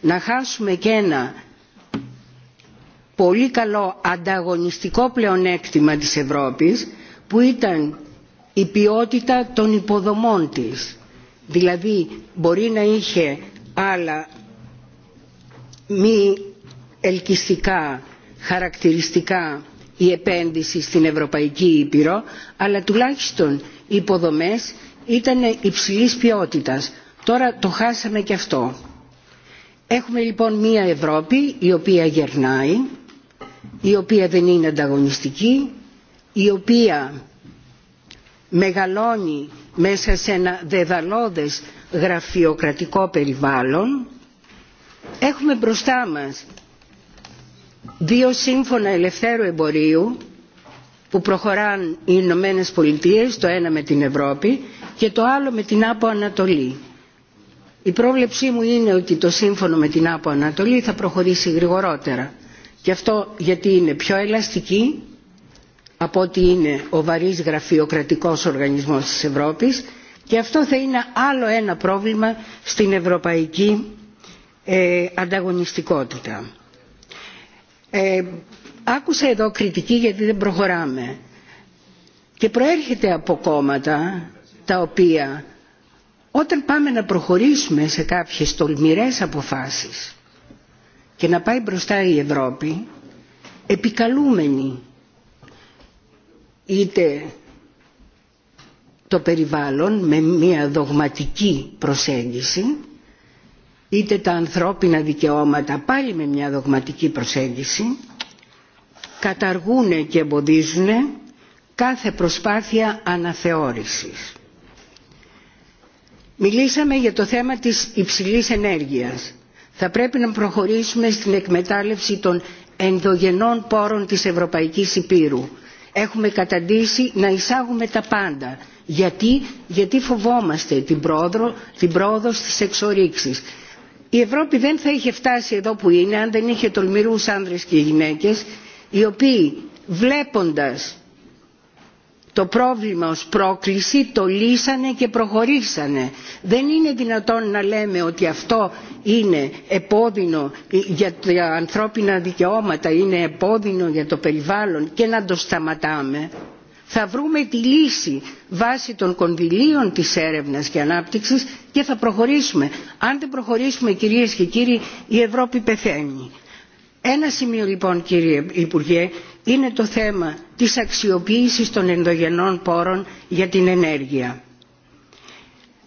να χάσουμε και ένα πολύ καλό ανταγωνιστικό πλεονέκτημα της Ευρώπης που ήταν η ποιότητα των υποδομών της. Δηλαδή μπορεί να είχε άλλα μη ελκυστικά χαρακτηριστικά η επένδυση στην Ευρωπαϊκή Ήπειρο, αλλά τουλάχιστον οι υποδομές ήταν υψηλής ποιότητας. Τώρα το χάσαμε και αυτό. Έχουμε λοιπόν μία Ευρώπη η οποία γερνάει, η οποία δεν είναι ανταγωνιστική, η οποία μεγαλώνει μέσα σε ένα δεδαλώδες γραφειοκρατικό περιβάλλον έχουμε μπροστά μας δύο σύμφωνα ελευθέρου εμπορίου που προχωράν οι Ηνωμένε Πολιτείε, το ένα με την Ευρώπη και το άλλο με την Άπο Ανατολή. Η πρόβλεψή μου είναι ότι το σύμφωνο με την Άπο Ανατολή θα προχωρήσει γρηγορότερα. Και αυτό γιατί είναι πιο ελαστική από ότι είναι ο βαρύς γραφειοκρατικός οργανισμός της Ευρώπης Και αυτό θα είναι άλλο ένα πρόβλημα στην ευρωπαϊκή ε, ανταγωνιστικότητα. Ε, άκουσα εδώ κριτική γιατί δεν προχωράμε. Και προέρχεται από κόμματα τα οποία όταν πάμε να προχωρήσουμε σε κάποιες τολμηρές αποφάσεις και να πάει μπροστά η Ευρώπη επικαλούμενοι είτε το περιβάλλον με μια δογματική προσέγγιση είτε τα ανθρώπινα δικαιώματα πάλι με μια δογματική προσέγγιση καταργούν και εμποδίζουν κάθε προσπάθεια αναθεώρησης. Μιλήσαμε για το θέμα της υψηλής ενέργειας. Θα πρέπει να προχωρήσουμε στην εκμετάλλευση των ενδογενών πόρων της Ευρωπαϊκής Υπήρου. Έχουμε καταντήσει να εισάγουμε τα πάντα Γιατί, γιατί φοβόμαστε την πρόοδο, την πρόοδο στις εξορίξεις. Η Ευρώπη δεν θα είχε φτάσει εδώ που είναι αν δεν είχε τολμηρούς άνδρες και γυναίκες οι οποίοι βλέποντας το πρόβλημα ως πρόκληση το λύσανε και προχωρήσανε. Δεν είναι δυνατόν να λέμε ότι αυτό είναι επώδυνο για τα ανθρώπινα δικαιώματα, είναι επώδυνο για το περιβάλλον και να το σταματάμε θα βρούμε τη λύση βάσει των κονδυλίων της έρευνας και ανάπτυξης και θα προχωρήσουμε. Αν δεν προχωρήσουμε κυρίες και κύριοι η Ευρώπη πεθαίνει. Ένα σημείο λοιπόν κύριε Υπουργέ είναι το θέμα της αξιοποίησης των ενδογενών πόρων για την ενέργεια.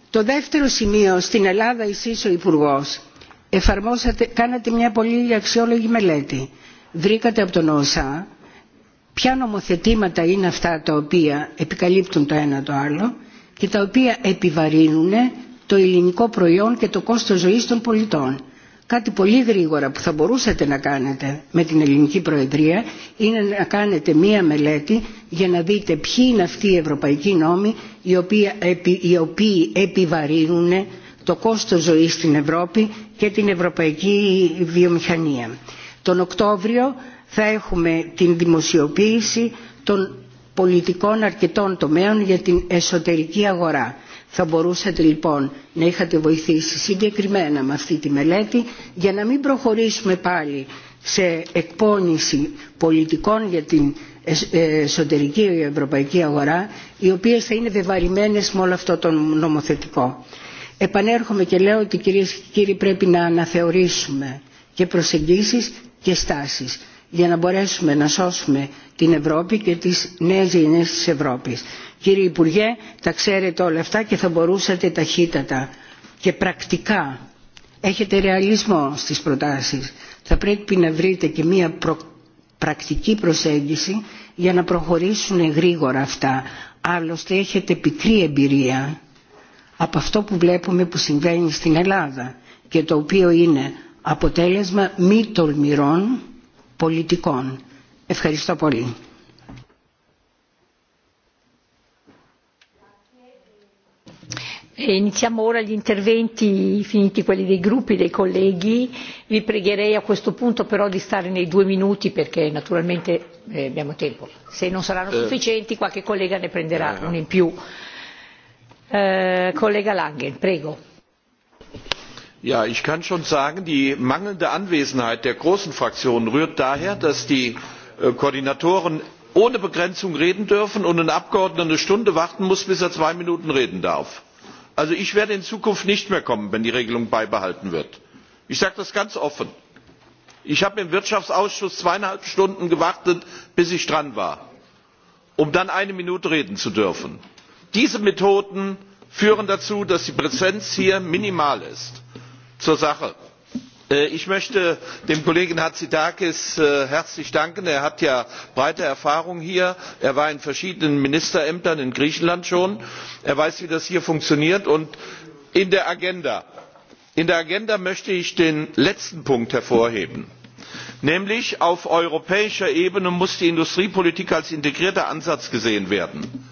Το δεύτερο σημείο στην Ελλάδα εσείς ο Υπουργός εφαρμόσατε, κάνατε μια πολύ αξιόλογη μελέτη. Βρήκατε από τον ΟΣΑ ποια νομοθετήματα είναι αυτά τα οποία επικαλύπτουν το ένα το άλλο και τα οποία επιβαρύνουν το ελληνικό προϊόν και το κόστος ζωής των πολιτών. Κάτι πολύ γρήγορα που θα μπορούσατε να κάνετε με την ελληνική προεδρία είναι να κάνετε μία μελέτη για να δείτε ποιοι είναι αυτοί οι ευρωπαϊκοί νόμοι οι οποίοι, οι οποίοι επιβαρύνουν το κόστος ζωής στην Ευρώπη και την ευρωπαϊκή βιομηχανία. Τον Οκτώβριο θα έχουμε την δημοσιοποίηση των πολιτικών αρκετών τομέων για την εσωτερική αγορά. Θα μπορούσατε λοιπόν να είχατε βοηθήσει συγκεκριμένα με αυτή τη μελέτη για να μην προχωρήσουμε πάλι σε εκπόνηση πολιτικών για την εσωτερική ευρωπαϊκή αγορά οι οποίες θα είναι βεβαρημένες με όλο αυτό το νομοθετικό. Επανέρχομαι και λέω ότι κυρίες και κύριοι πρέπει να αναθεωρήσουμε και προσεγγίσεις και στάσεις για να μπορέσουμε να σώσουμε την Ευρώπη και τις νέες γενιές της Ευρώπης. Κύριε Υπουργέ, τα ξέρετε όλα αυτά και θα μπορούσατε ταχύτατα και πρακτικά. Έχετε ρεαλισμό στις προτάσεις. Θα πρέπει να βρείτε και μία προ... πρακτική προσέγγιση για να προχωρήσουν γρήγορα αυτά. Άλλωστε έχετε πικρή εμπειρία από αυτό που βλέπουμε που συμβαίνει στην Ελλάδα και το οποίο είναι αποτέλεσμα μη τολμηρών πολιτικών. Ευχαριστώ πολύ. Iniziamo ora gli interventi, finiti quelli dei gruppi, dei colleghi. Vi pregherei a questo punto però di stare nei due minuti perché naturalmente eh, abbiamo tempo. Se non saranno sufficienti qualche collega ne prenderà uno in più. Eh, collega Langen, prego Ja, ich kann schon sagen, die mangelnde Anwesenheit der großen Fraktionen rührt daher, dass die Koordinatoren ohne Begrenzung reden dürfen und ein Abgeordneter eine Stunde warten muss, bis er zwei Minuten reden darf. Also ich werde in Zukunft nicht mehr kommen, wenn die Regelung beibehalten wird. Ich sage das ganz offen. Ich habe im Wirtschaftsausschuss zweieinhalb Stunden gewartet, bis ich dran war, um dann eine Minute reden zu dürfen. Diese Methoden führen dazu, dass die Präsenz hier minimal ist zur sache ich möchte dem kollegen hatzidakis herzlich danken. er hat ja breite erfahrung hier er war in verschiedenen ministerämtern in griechenland schon er weiß wie das hier funktioniert. in der agenda möchte ich den letzten punkt hervorheben nämlich auf europäischer ebene muss die industriepolitik als integrierter ansatz gesehen werden.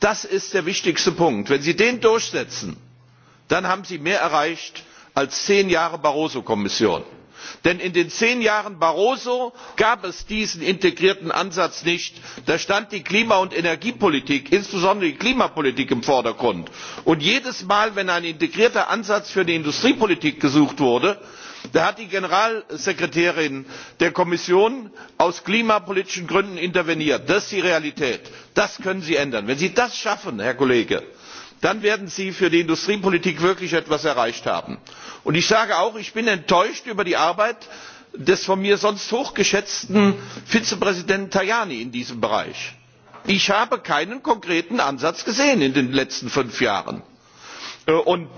das ist der wichtigste punkt. wenn sie den durchsetzen dann haben sie mehr erreicht als zehn jahre barroso kommission denn in den zehn jahren barroso gab es diesen integrierten ansatz nicht da stand die klima und energiepolitik insbesondere die klimapolitik im vordergrund. und jedes mal wenn ein integrierter ansatz für die industriepolitik gesucht wurde hat die generalsekretärin der kommission aus klimapolitischen gründen interveniert. das ist die realität. das können sie ändern. wenn sie das schaffen herr kollege dann werden sie für die industriepolitik wirklich etwas erreicht haben. ich sage auch ich bin enttäuscht über die arbeit des von mir sonst hochgeschätzten vizepräsidenten tajani in diesem bereich. ich habe keinen konkreten ansatz gesehen in den letzten fünf jahren. und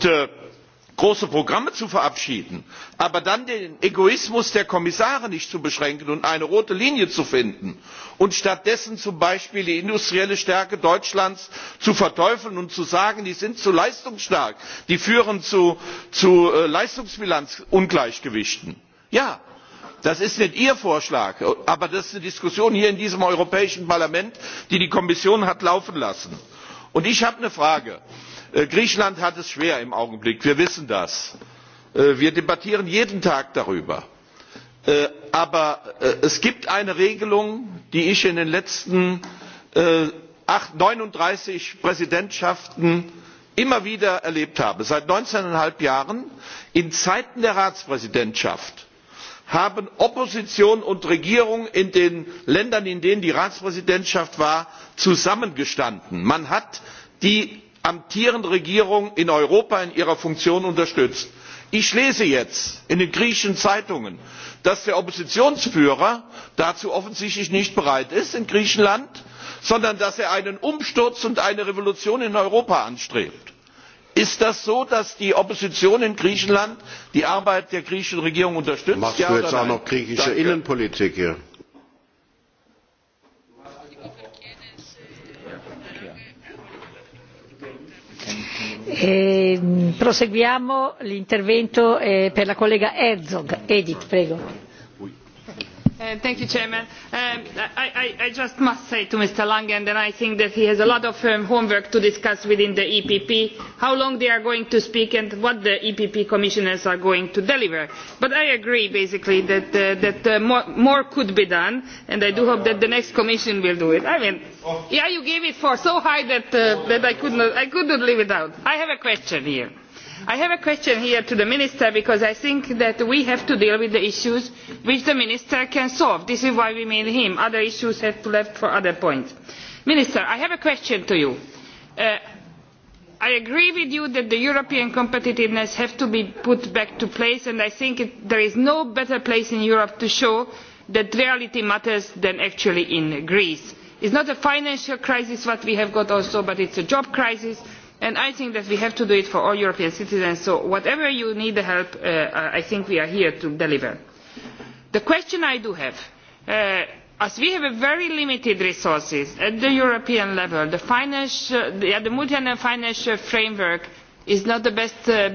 große programme zu verabschieden aber dann den egoismus der kommissare nicht zu beschränken und eine rote linie zu finden und stattdessen zum beispiel die industrielle stärke deutschlands zu verteufeln und zu sagen die sind zu leistungsstark die führen zu leistungsbilanzungleichgewichten. ja das ist nicht ihr vorschlag aber das ist eine diskussion hier in diesem europäischen parlament die die kommission hat laufen lassen. ich habe eine frage griechenland hat es schwer im augenblick wir wissen das. wir debattieren jeden tag darüber. aber es gibt eine regelung die ich in den letzten neununddreißig präsidentschaften immer wieder erlebt habe seit neunzehn jahren in zeiten der ratspräsidentschaft haben opposition und regierung in den ländern in denen die ratspräsidentschaft war zusammengestanden. man hat die amtierende regierung in europa in ihrer funktion unterstützt. ich lese jetzt in den griechischen zeitungen dass der oppositionsführer dazu offensichtlich nicht bereit ist in griechenland sondern dass er einen umsturz und eine revolution in europa anstrebt. ist das so dass die opposition in griechenland die arbeit der griechischen regierung unterstützt? machen sie jetzt auch noch griechische innenpolitik hier? proseguiamo l'intervento per la collega Herzog. prego i just must say to mr langen that i think that he has a lot of homework to discuss within the epp how long they are going to speak and what the epp commissioners are going to deliver but i agree basically that more could be done and i do hope that the next commission will do it. i mean you gave it so high that i could not live it out. i have a question here i have a question here to the minister because i think that we have to deal with the issues which the minister can solve. this is why we made him other issues have to be left for other points. minister i have a question to you. i agree with you that the european competitiveness has to be put back into place and i think there is no better place in europe to show that reality matters than actually in greece. it is not a financial crisis that we have got also but it is a job crisis and i think that we have to do it for all european citizens so whatever you need help i think we are here to deliver. the question i do have as we have very limited resources at the european level the multiannual financial framework is not the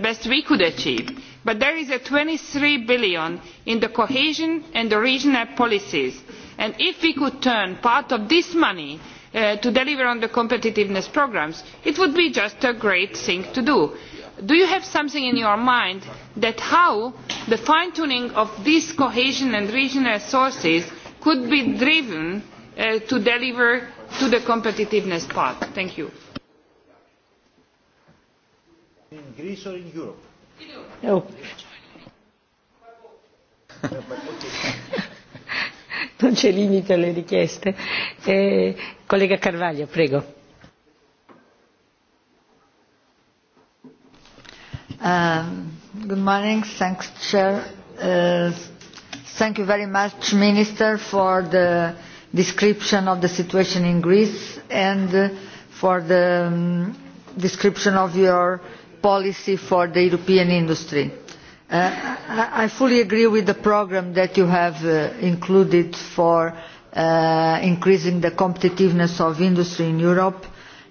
best we could achieve but there is eur twenty three billion in the cohesion and regional policies and if we could turn part of this money to deliver on the competitiveness programmes. it would be just a great thing to do. do you have something in your mind about how the fine tuning of these cohesion and regional sources could be driven to deliver to the competitiveness part? thank you. in greece or in europe? non c'è limite alle richieste. Eh, Колега Карвалио, Good morning. thank you very much, Minister, for the description of the situation in Greece and for the description of your policy for the European industry. I, I fully agree with the programme that you have included for increasing the competitiveness of industry in Europe,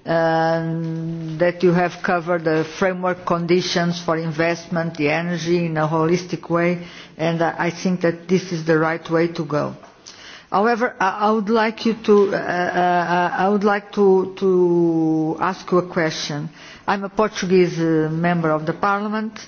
that you have covered the framework conditions for investment, the energy in a holistic way, and I think that this is the right way to go. However, I would like you to, I would like to, to ask you a question. I'm a Portuguese member of the parliament.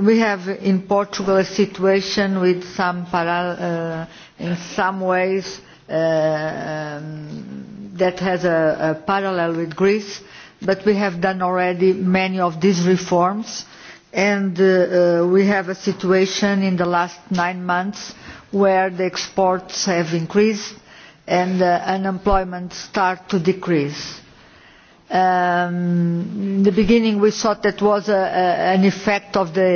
we have in Portugal a situation with some para, in some ways that has a a parallel with Greece, but we have done already many of these reforms, and uh we have a situation in the last nine months where the exports have increased and uh unemployment start to decrease. Um In the beginning, we thought that was a an effect of the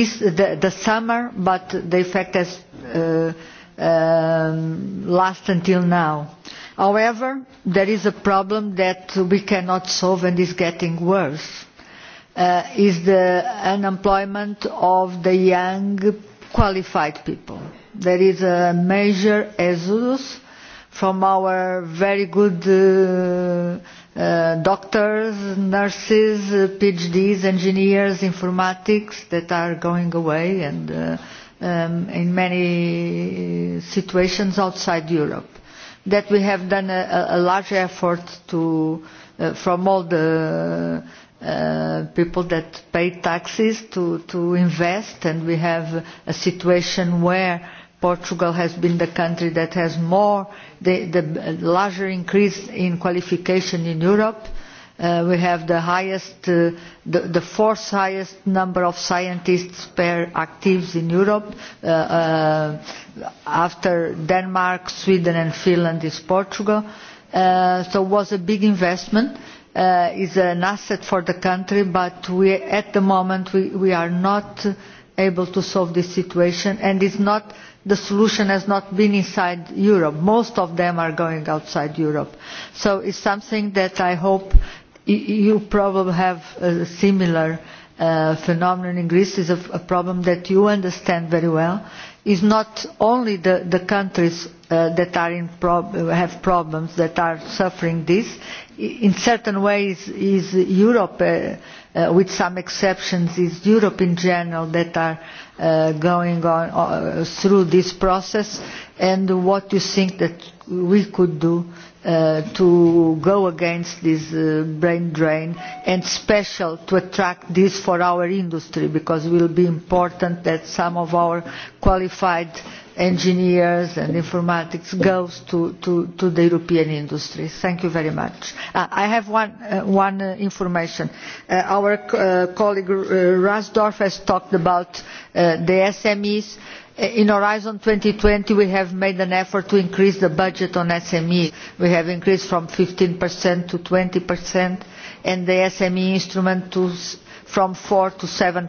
east the the summer, but the effect has uh um, last until now. However, there is a problem that we cannot solve and is getting worse. Uh, is the unemployment of the young qualified people. There is a major exodus from our very good uh, uh, doctors, nurses, PhDs, engineers, informatics that are going away and uh, um, in many situations outside Europe. That we have done a, a large effort to, uh, from all the uh, people that pay taxes to, to invest, and we have a situation where Portugal has been the country that has more, the, the larger increase in qualification in Europe we have the highest, the, fourth highest number of scientists per actives in Europe. after Denmark, Sweden and Finland is Portugal. so it was a big investment. Uh, is an asset for the country, but we, at the moment we, we are not able to solve this situation and it's not the solution has not been inside Europe. Most of them are going outside Europe. So it's something that I hope you probably have a similar uh, phenomenon in Greece is a, a problem that you understand very well. Is not only the, the countries uh, that are in prob- have problems that are suffering this. In certain ways, is Europe, uh, uh, with some exceptions, is Europe in general that are uh, going on uh, through this process, and what you think that we could do uh, uh, to go against this uh, brain drain and special to attract this for our industry because it will be important that some of our qualified engineers and informatics goes to, to, to the European industry. Thank you very much. Uh, I have one, uh, one uh, information. Uh, our uh, colleague uh, Rasdorf has talked about uh, the SMEs in horizon two thousand and twenty we have made an effort to increase the budget on smes. we have increased from fifteen to twenty and the sme instrument from four to seven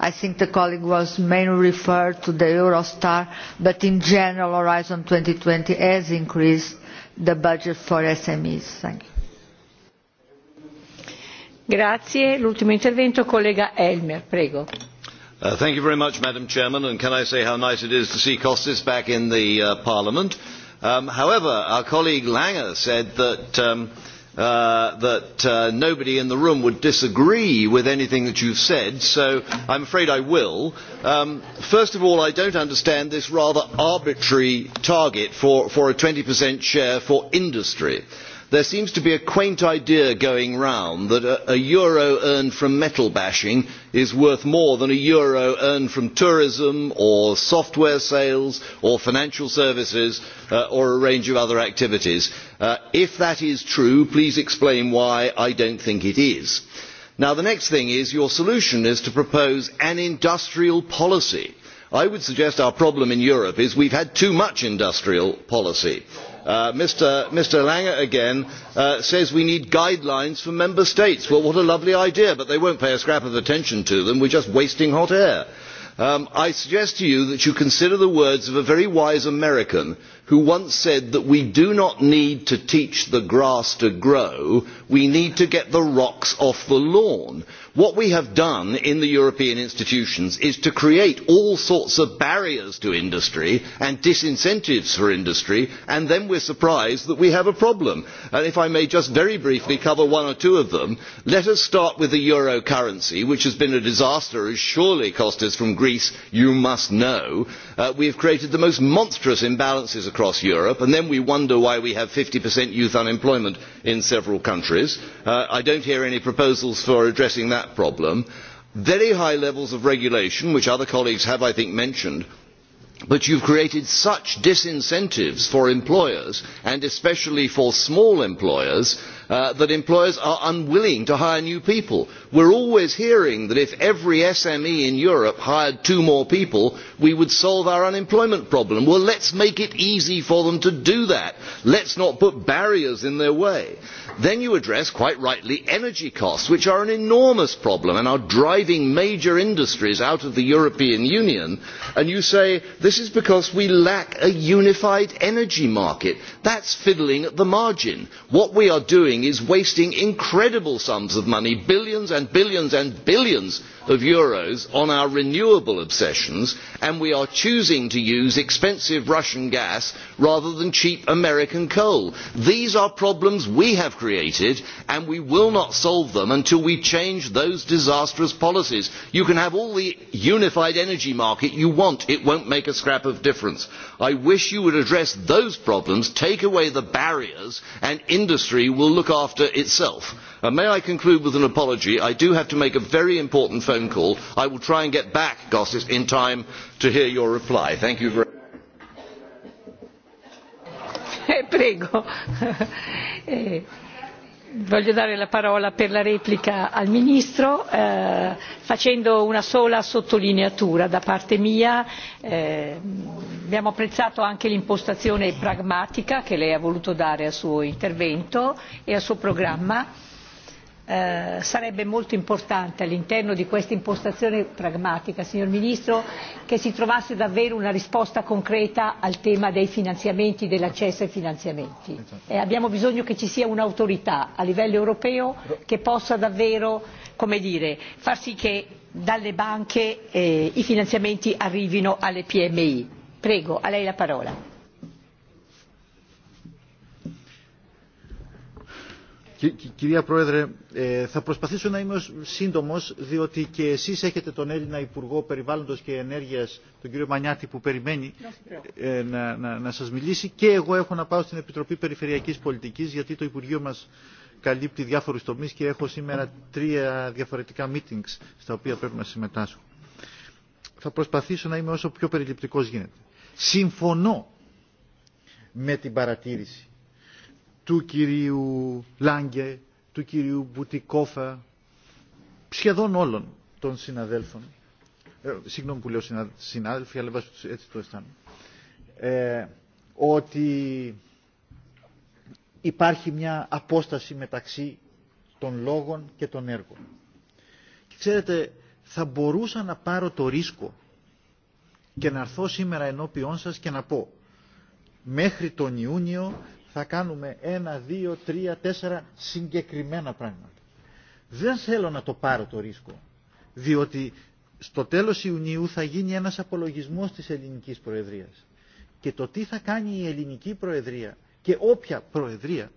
i think the colleague was mainly referred to the eurostar but in general horizon two thousand and twenty has increased the budget for smes. thank you. Grazie. L'ultimo intervento collega Elmer, prego madam president can i say how nice it is to see costas back in the parliament. however our colleague lange said that nobody in the room would disagree with anything that you have said so i am afraid i will. first of all i do not understand this rather arbitrary target for a twenty share for industry there seems to be a quaint idea going round that a euro earned from metal bashing is worth more than a euro earned from tourism or software sales or financial services or a range of other activities. if that is true please explain why i do not think it is. the next thing is your solution is to propose an industrial policy. i would suggest our problem in europe is that we have had too much industrial policy mr lange again says we need guidelines for member states. well what a lovely idea but they will not pay a scrap of attention to them we are just wasting hot air. i suggest to you that you consider the words of a very wise american who once said that we do not need to teach the grass to grow, we need to get the rocks off the lawn. What we have done in the European institutions is to create all sorts of barriers to industry and disincentives for industry, and then we are surprised that we have a problem. if I may just very briefly cover one or two of them, let us start with the euro currency, which has been a disaster, as surely Costas from Greece, you must know. we have created the most monstrous imbalances across europe and then we wonder why we have fifty youth unemployment in several countries. i do not hear any proposals for addressing that problem. very high levels of regulation which other colleagues have i think mentioned but you have created such disincentives for employers and especially for small employers that that employers are unwilling to hire new people. we are always hearing that if every sme in europe hired two more people we would solve our unemployment problem. well let us make it easy for them to do that. let us not put barriers in their way. then you address quite rightly energy costs which are an enormous problem and are driving major industries out of the european union and you say this is because we lack a unified energy market. that is fiddling at the margin. what we are doing doing is wasting incredible sums of money billions and billions and billions of euros on our renewable obsessions and we are choosing to use expensive russian gas rather than cheap american coal. these are problems we have created and we will not solve them until we change those disastrous policies. you can have all the unified energy market you want it will not make a scrap of difference. i wish you would address those problems take away the barriers and industry will look after itself may i conclude with an apology i do have to make a very important phone call. i will try and get back gossip in time to hear your reply. thank you very voglio dare la parola per la replica al ministro facendo una sola sottolineatura da parte mia abbiamo apprezzato anche l'impostazione pragmatica che lei ha voluto dare al suo intervento e al suo programma sarebbe molto importante all'interno di questa impostazione pragmatica signor ministro che si trovasse davvero una risposta concreta al tema dei finanziamenti dell'accesso ai finanziamenti e abbiamo bisogno che ci sia un'autorità a livello europeo che possa davvero far sì che dalle banche i finanziamenti arrivino alle pmi. prego a lei la parola. Κυρία Πρόεδρε, θα προσπαθήσω να είμαι σύντομος, διότι και εσείς έχετε τον Έλληνα Υπουργό Περιβάλλοντος και Ενέργειας, τον κύριο Μανιάτη, που περιμένει να, να, να σας μιλήσει και εγώ έχω να πάω στην Επιτροπή Περιφερειακής Πολιτικής, γιατί το Υπουργείο μας καλύπτει διάφορους τομείς και έχω σήμερα τρία διαφορετικά meetings στα οποία πρέπει να συμμετάσχω. Θα προσπαθήσω να είμαι όσο πιο περιληπτικός γίνεται. Συμφωνώ με την παρατήρηση του κυρίου Λάγκε, του κυρίου Μπουτικόφα, σχεδόν όλων των συναδέλφων. Ε, συγγνώμη που λέω συνάδελφοι, αλλά έτσι το αισθάνομαι. Ε, ότι υπάρχει μια απόσταση μεταξύ των λόγων και των έργων. Και ξέρετε, θα μπορούσα να πάρω το ρίσκο και να έρθω σήμερα ενώπιόν σας και να πω μέχρι τον Ιούνιο θα κάνουμε ένα, δύο, τρία, τέσσερα συγκεκριμένα πράγματα. Δεν θέλω να το πάρω το ρίσκο, διότι στο τέλος Ιουνίου θα γίνει ένας απολογισμός της ελληνικής προεδρίας. Και το τι θα κάνει η ελληνική προεδρία και όποια προεδρία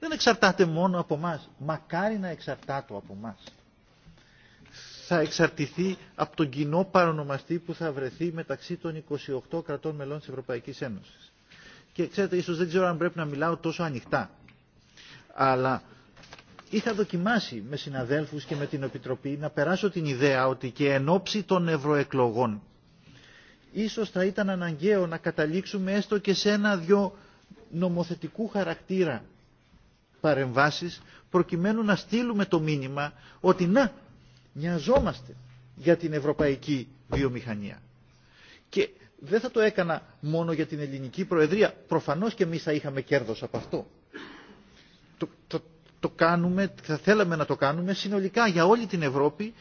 δεν εξαρτάται μόνο από μας, μακάρι να εξαρτάται από μας. Θα εξαρτηθεί από τον κοινό παρονομαστή που θα βρεθεί μεταξύ των 28 κρατών μελών της Ευρωπαϊκής Ένωσης και ξέρετε ίσως δεν ξέρω αν πρέπει να μιλάω τόσο ανοιχτά. Αλλά είχα δοκιμάσει με συναδέλφους και με την Επιτροπή να περάσω την ιδέα ότι και εν ώψη των ευρωεκλογών ίσως θα ήταν αναγκαίο να καταλήξουμε έστω και σε ένα-δυο νομοθετικού χαρακτήρα παρεμβάσεις προκειμένου να στείλουμε το μήνυμα ότι να, νοιαζόμαστε για την ευρωπαϊκή βιομηχανία. Και δεν θα το έκανα μόνο για την ελληνική προεδρία. Προφανώς και εμείς θα είχαμε κέρδος από αυτό. Το, το, το κάνουμε, θα θέλαμε να το κάνουμε συνολικά για όλη την Ευρώπη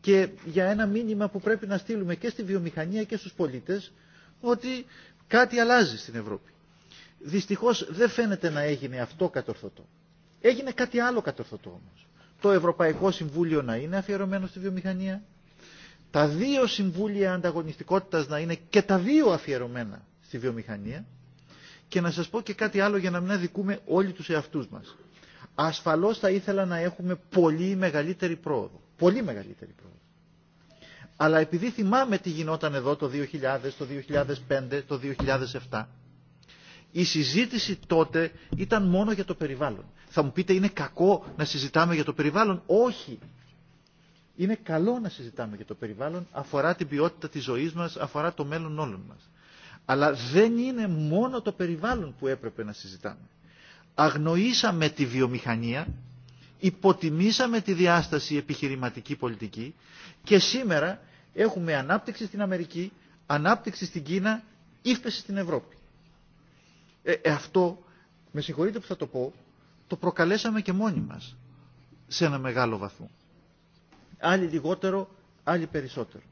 και για ένα μήνυμα που πρέπει να στείλουμε και στη βιομηχανία και στους πολίτες ότι κάτι αλλάζει στην Ευρώπη. Δυστυχώς δεν φαίνεται να έγινε αυτό κατορθωτό. Έγινε κάτι άλλο κατορθωτό όμως. Το Ευρωπαϊκό Συμβούλιο να είναι αφιερωμένο στη βιομηχανία, τα δύο συμβούλια ανταγωνιστικότητας να είναι και τα δύο αφιερωμένα στη βιομηχανία και να σας πω και κάτι άλλο για να μην αδικούμε όλοι τους εαυτούς μας. Ασφαλώς θα ήθελα να έχουμε πολύ μεγαλύτερη πρόοδο. Πολύ μεγαλύτερη πρόοδο. Αλλά επειδή θυμάμαι τι γινόταν εδώ το 2000, το 2005, το 2007, η συζήτηση τότε ήταν μόνο για το περιβάλλον. Θα μου πείτε είναι κακό να συζητάμε για το περιβάλλον. Όχι, Είναι καλό να συζητάμε για το περιβάλλον, αφορά την ποιότητα της ζωής μας, αφορά το μέλλον όλων μας. Αλλά δεν είναι μόνο το περιβάλλον που έπρεπε να συζητάμε. Αγνοήσαμε τη βιομηχανία, υποτιμήσαμε τη διάσταση επιχειρηματική πολιτική και σήμερα έχουμε ανάπτυξη στην Αμερική, ανάπτυξη στην Κίνα, ύφεση στην Ευρώπη. Ε, ε, αυτό, με συγχωρείτε που θα το πω, το προκαλέσαμε και μόνοι μας σε ένα μεγάλο βαθμό άλλοι λιγότερο, άλλοι περισσότερο.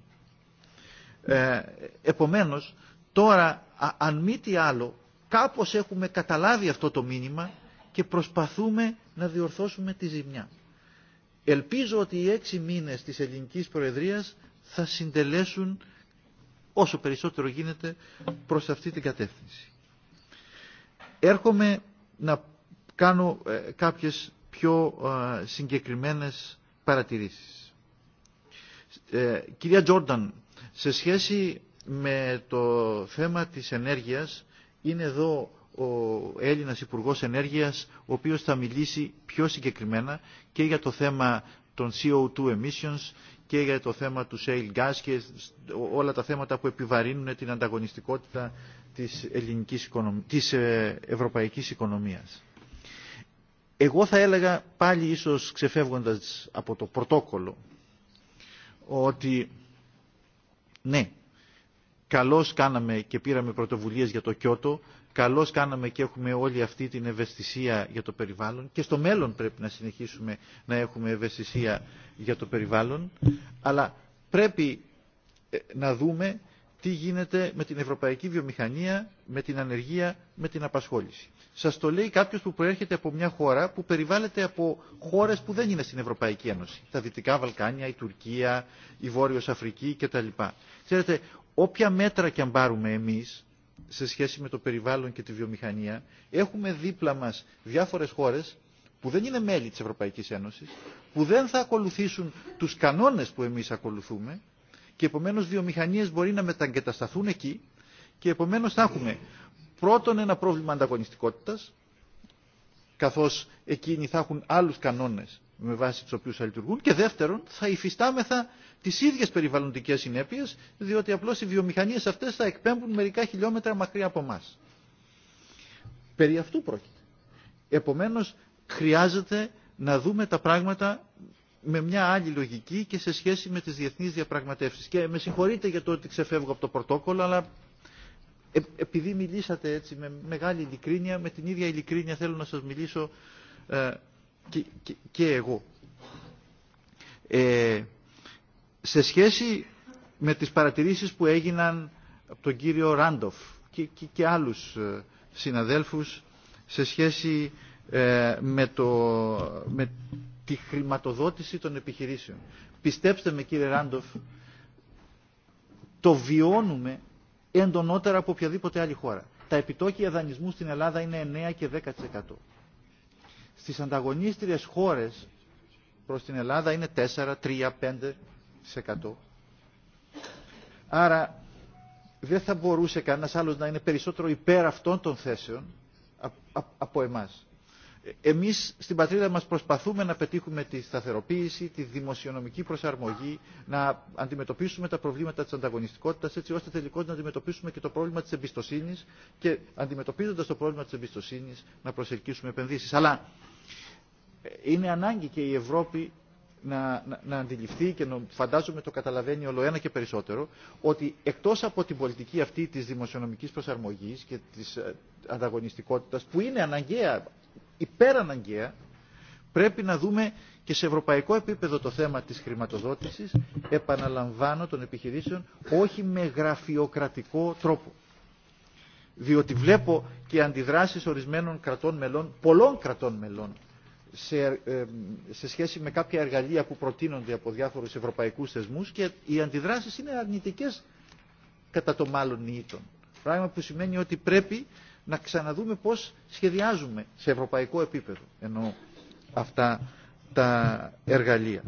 Ε, επομένως, τώρα, αν μη τι άλλο, κάπως έχουμε καταλάβει αυτό το μήνυμα και προσπαθούμε να διορθώσουμε τη ζημιά. Ελπίζω ότι οι έξι μήνες της ελληνικής προεδρίας θα συντελέσουν όσο περισσότερο γίνεται προς αυτή την κατεύθυνση. Έρχομαι να κάνω ε, κάποιες πιο ε, συγκεκριμένες παρατηρήσεις. Ε, κυρία Τζόρνταν, σε σχέση με το θέμα της ενέργειας, είναι εδώ ο Έλληνας Υπουργός Ενέργειας, ο οποίος θα μιλήσει πιο συγκεκριμένα και για το θέμα των CO2 emissions και για το θέμα του shale gas και όλα τα θέματα που επιβαρύνουν την ανταγωνιστικότητα της, ελληνικής οικονομ... της ευρωπαϊκής οικονομίας. Εγώ θα έλεγα πάλι ίσως ξεφεύγοντας από το πρωτόκολλο ότι ναι, καλώς κάναμε και πήραμε πρωτοβουλίες για το Κιώτο, καλώς κάναμε και έχουμε όλη αυτή την ευαισθησία για το περιβάλλον και στο μέλλον πρέπει να συνεχίσουμε να έχουμε ευαισθησία για το περιβάλλον, αλλά πρέπει να δούμε τι γίνεται με την ευρωπαϊκή βιομηχανία, με την ανεργία, με την απασχόληση. Σα το λέει κάποιο που προέρχεται από μια χώρα που περιβάλλεται από χώρε που δεν είναι στην Ευρωπαϊκή Ένωση. Τα Δυτικά Βαλκάνια, η Τουρκία, η Βόρειο Αφρική κτλ. Ξέρετε, όποια μέτρα και αν πάρουμε εμεί σε σχέση με το περιβάλλον και τη βιομηχανία, έχουμε δίπλα μα διάφορε χώρε που δεν είναι μέλη τη Ευρωπαϊκή Ένωση, που δεν θα ακολουθήσουν του κανόνε που εμεί ακολουθούμε και επομένω βιομηχανίε μπορεί να μεταγκατασταθούν εκεί και επομένω θα έχουμε Πρώτον ένα πρόβλημα ανταγωνιστικότητας, καθώς εκείνοι θα έχουν άλλους κανόνες με βάση τους οποίους θα λειτουργούν και δεύτερον θα υφιστάμεθα τις ίδιες περιβαλλοντικές συνέπειες διότι απλώς οι βιομηχανίες αυτές θα εκπέμπουν μερικά χιλιόμετρα μακριά από εμά. Περί αυτού πρόκειται. Επομένως χρειάζεται να δούμε τα πράγματα με μια άλλη λογική και σε σχέση με τις διεθνείς διαπραγματεύσεις. Και με συγχωρείτε για το ότι ξεφεύγω από το πρωτόκολλο, αλλά επειδή μιλήσατε έτσι με μεγάλη ειλικρίνεια, με την ίδια ειλικρίνεια θέλω να σας μιλήσω ε, και, και, και εγώ. Ε, σε σχέση με τις παρατηρήσεις που έγιναν από τον κύριο Ράντοφ και, και, και άλλους συναδέλφους σε σχέση ε, με, το, με τη χρηματοδότηση των επιχειρήσεων. Πιστέψτε με κύριε Ράντοφ, το βιώνουμε εντονότερα από οποιαδήποτε άλλη χώρα. Τα επιτόκια δανεισμού στην Ελλάδα είναι 9 και 10%. Στις ανταγωνίστριες χώρες προς την Ελλάδα είναι 4, 3, 5%. Άρα δεν θα μπορούσε κανένας άλλος να είναι περισσότερο υπέρ αυτών των θέσεων από εμάς. Εμείς στην πατρίδα μας προσπαθούμε να πετύχουμε τη σταθεροποίηση, τη δημοσιονομική προσαρμογή, να αντιμετωπίσουμε τα προβλήματα της ανταγωνιστικότητας έτσι ώστε τελικώς να αντιμετωπίσουμε και το πρόβλημα της εμπιστοσύνης και αντιμετωπίζοντας το πρόβλημα της εμπιστοσύνης να προσελκύσουμε επενδύσεις. Αλλά είναι ανάγκη και η Ευρώπη να, να, να αντιληφθεί και να, φαντάζομαι το καταλαβαίνει όλο ένα και περισσότερο ότι εκτός από την πολιτική αυτή της δημοσιονομικής προσαρμογής και της ανταγωνιστικότητας που είναι αναγκαία υπεραναγκαία πρέπει να δούμε και σε ευρωπαϊκό επίπεδο το θέμα της χρηματοδότησης, επαναλαμβάνω των επιχειρήσεων, όχι με γραφειοκρατικό τρόπο. Διότι βλέπω και αντιδράσεις ορισμένων κρατών μελών, πολλών κρατών μελών, σε, ε, σε σχέση με κάποια εργαλεία που προτείνονται από διάφορους ευρωπαϊκούς θεσμούς και οι αντιδράσεις είναι αρνητικές κατά το μάλλον νήτων. Πράγμα που σημαίνει ότι πρέπει να ξαναδούμε πώς σχεδιάζουμε σε ευρωπαϊκό επίπεδο ενώ αυτά τα εργαλεία.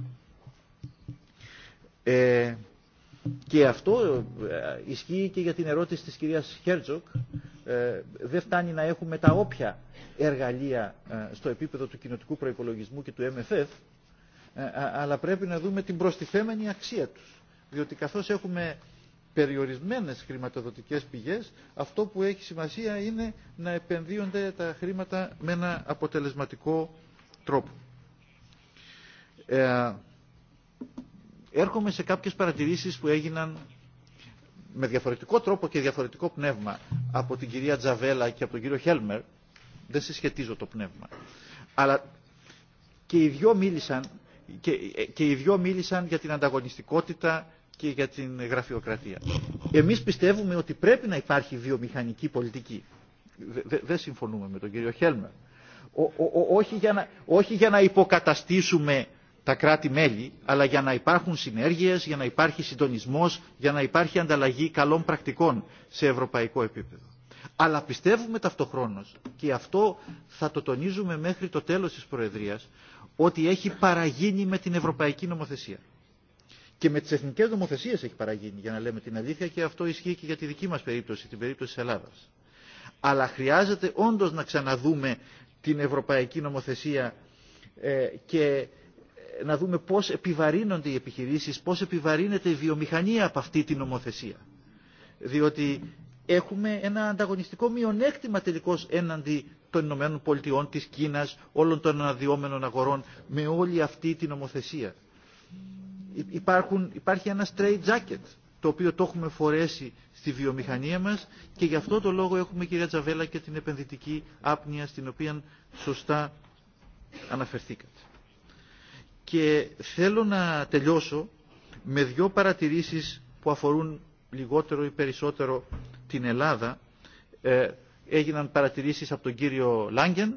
Ε, και αυτό ισχύει και για την ερώτηση της κυρίας Χέρτζοκ. Ε, δεν φτάνει να έχουμε τα όποια εργαλεία ε, στο επίπεδο του κοινοτικού προϋπολογισμού και του MFF, ε, αλλά πρέπει να δούμε την προστιθέμενη αξία τους. Διότι καθώς έχουμε περιορισμένες χρηματοδοτικές πηγές, αυτό που έχει σημασία είναι να επενδύονται τα χρήματα με ένα αποτελεσματικό τρόπο. Ε, έρχομαι σε κάποιες παρατηρήσεις που έγιναν με διαφορετικό τρόπο και διαφορετικό πνεύμα από την κυρία Τζαβέλα και από τον κύριο Χέλμερ. Δεν συσχετίζω το πνεύμα. Αλλά και οι δυο μίλησαν, και, και οι δυο μίλησαν για την ανταγωνιστικότητα και για την γραφειοκρατία. Εμείς πιστεύουμε ότι πρέπει να υπάρχει βιομηχανική πολιτική. Δεν συμφωνούμε με τον κύριο Χέλμερ. όχι, για να, όχι για να υποκαταστήσουμε τα κράτη-μέλη, αλλά για να υπάρχουν συνέργειες, για να υπάρχει συντονισμός, για να υπάρχει ανταλλαγή καλών πρακτικών σε ευρωπαϊκό επίπεδο. Αλλά πιστεύουμε ταυτοχρόνως, και αυτό θα το τονίζουμε μέχρι το τέλος της Προεδρίας, ότι έχει παραγίνει με την Ευρωπαϊκή Νομοθεσία. Και με τι εθνικέ νομοθεσίε έχει παραγίνει, για να λέμε την αλήθεια, και αυτό ισχύει και για τη δική μα περίπτωση, την περίπτωση τη Ελλάδα. Αλλά χρειάζεται όντω να ξαναδούμε την ευρωπαϊκή νομοθεσία ε, και να δούμε πώ επιβαρύνονται οι επιχειρήσει, πώ επιβαρύνεται η βιομηχανία από αυτή την νομοθεσία. Διότι έχουμε ένα ανταγωνιστικό μειονέκτημα τελικώ έναντι των Ηνωμένων Πολιτειών, τη Κίνα, όλων των αναδυόμενων αγορών με όλη αυτή την νομοθεσία υπάρχουν, υπάρχει ένα straight jacket το οποίο το έχουμε φορέσει στη βιομηχανία μας και γι' αυτό το λόγο έχουμε κυρία Τζαβέλα και την επενδυτική άπνοια στην οποία σωστά αναφερθήκατε. Και θέλω να τελειώσω με δύο παρατηρήσεις που αφορούν λιγότερο ή περισσότερο την Ελλάδα. Ε, έγιναν παρατηρήσεις από τον κύριο Λάγκεν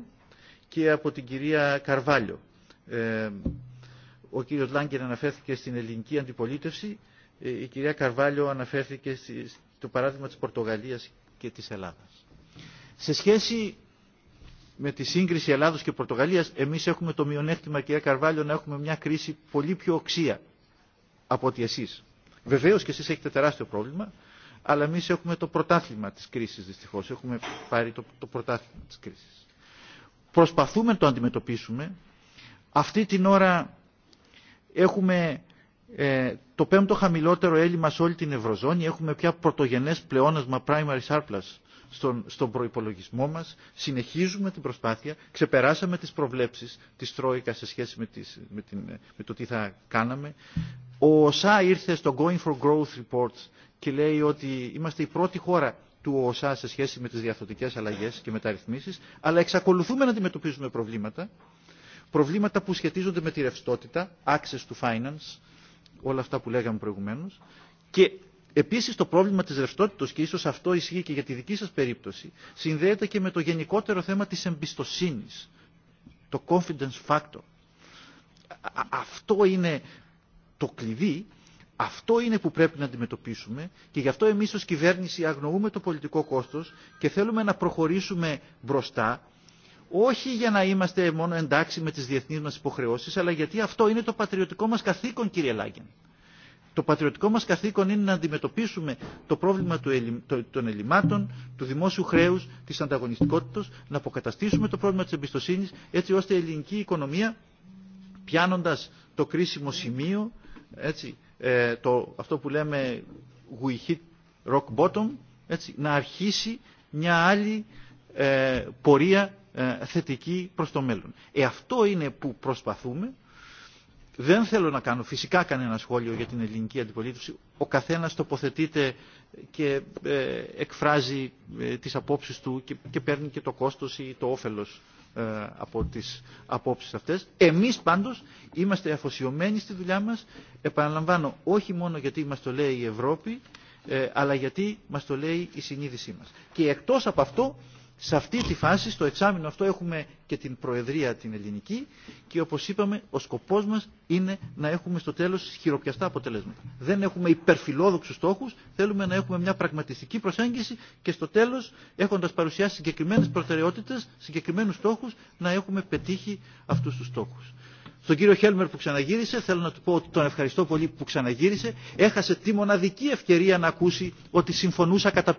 και από την κυρία Καρβάλιο. Ε, Ο κύριο Λάγκερ αναφέρθηκε στην ελληνική αντιπολίτευση, η κυρία Καρβάλιο αναφέρθηκε στο παράδειγμα της Πορτογαλίας και της Ελλάδας. Σε σχέση με τη σύγκριση Ελλάδος και Πορτογαλίας, εμείς έχουμε το μειονέκτημα, κυρία Καρβάλιο, να έχουμε μια κρίση πολύ πιο οξία από ότι εσείς. Βεβαίως και εσείς έχετε τεράστιο πρόβλημα, αλλά εμείς έχουμε το πρωτάθλημα της κρίσης δυστυχώς. Έχουμε πάρει το, το πρωτάθλημα της κρίσης. Προσπαθούμε να το αντιμετωπίσουμε. Αυτή την ώρα Έχουμε ε, το πέμπτο χαμηλότερο έλλειμμα σε όλη την Ευρωζώνη, έχουμε πια πρωτογενές πλεόνασμα primary surplus στον, στον προϋπολογισμό μας, συνεχίζουμε την προσπάθεια, ξεπεράσαμε τις προβλέψεις της Τρόικα σε σχέση με, τις, με, την, με το τι θα κάναμε. Ο ΟΣΑ ήρθε στο Going for Growth Report και λέει ότι είμαστε η πρώτη χώρα του ΩΣΑ σε σχέση με τις διαθωτικές αλλαγές και μεταρρυθμίσεις, αλλά εξακολουθούμε να αντιμετωπίζουμε προβλήματα προβλήματα που σχετίζονται με τη ρευστότητα, access to finance, όλα αυτά που λέγαμε προηγουμένως, και Επίσης το πρόβλημα της ρευστότητας, και ίσως αυτό ισχύει και για τη δική σας περίπτωση, συνδέεται και με το γενικότερο θέμα της εμπιστοσύνης, το confidence factor. Αυτό είναι το κλειδί, αυτό είναι που πρέπει να αντιμετωπίσουμε και γι' αυτό εμείς ως κυβέρνηση αγνοούμε το πολιτικό κόστος και θέλουμε να προχωρήσουμε μπροστά όχι για να είμαστε μόνο εντάξει με τις διεθνείς μας υποχρεώσεις, αλλά γιατί αυτό είναι το πατριωτικό μας καθήκον, κύριε Λάγκεν. Το πατριωτικό μας καθήκον είναι να αντιμετωπίσουμε το πρόβλημα των ελλημάτων, του δημόσιου χρέους, της ανταγωνιστικότητας, να αποκαταστήσουμε το πρόβλημα της εμπιστοσύνης, έτσι ώστε η ελληνική οικονομία, πιάνοντας το κρίσιμο σημείο, έτσι, ε, το, αυτό που λέμε we hit rock bottom, έτσι, να αρχίσει μια άλλη ε, πορεία θετική προς το μέλλον. Ε, αυτό είναι που προσπαθούμε. Δεν θέλω να κάνω φυσικά κανένα σχόλιο για την ελληνική αντιπολίτευση. Ο καθένας τοποθετείται και ε, εκφράζει ε, τις απόψεις του και, και παίρνει και το κόστος ή το όφελος ε, από τις απόψεις αυτές. Εμείς πάντως είμαστε αφοσιωμένοι στη δουλειά μας. Επαναλαμβάνω, όχι μόνο γιατί μας το λέει η Ευρώπη, ε, αλλά γιατί μας το λέει η συνείδησή μας. Και εκτός από αυτό, Σε αυτή τη φάση, στο εξάμεινο αυτό, έχουμε και την Προεδρία την ελληνική και όπως είπαμε, ο σκοπός μας είναι να έχουμε στο τέλος χειροπιαστά αποτελέσματα. Δεν έχουμε υπερφιλόδοξους στόχους, θέλουμε να έχουμε μια πραγματιστική προσέγγιση και στο τέλος, έχοντας παρουσιάσει συγκεκριμένες προτεραιότητες, συγκεκριμένους στόχους, να έχουμε πετύχει αυτούς τους στόχους. Τον κύριο Χέλμερ που ξαναγύρισε, θέλω να του πω ότι τον ευχαριστώ πολύ που ξαναγύρισε, έχασε τη μοναδική ευκαιρία να ακούσει ότι συμφωνούσα κατά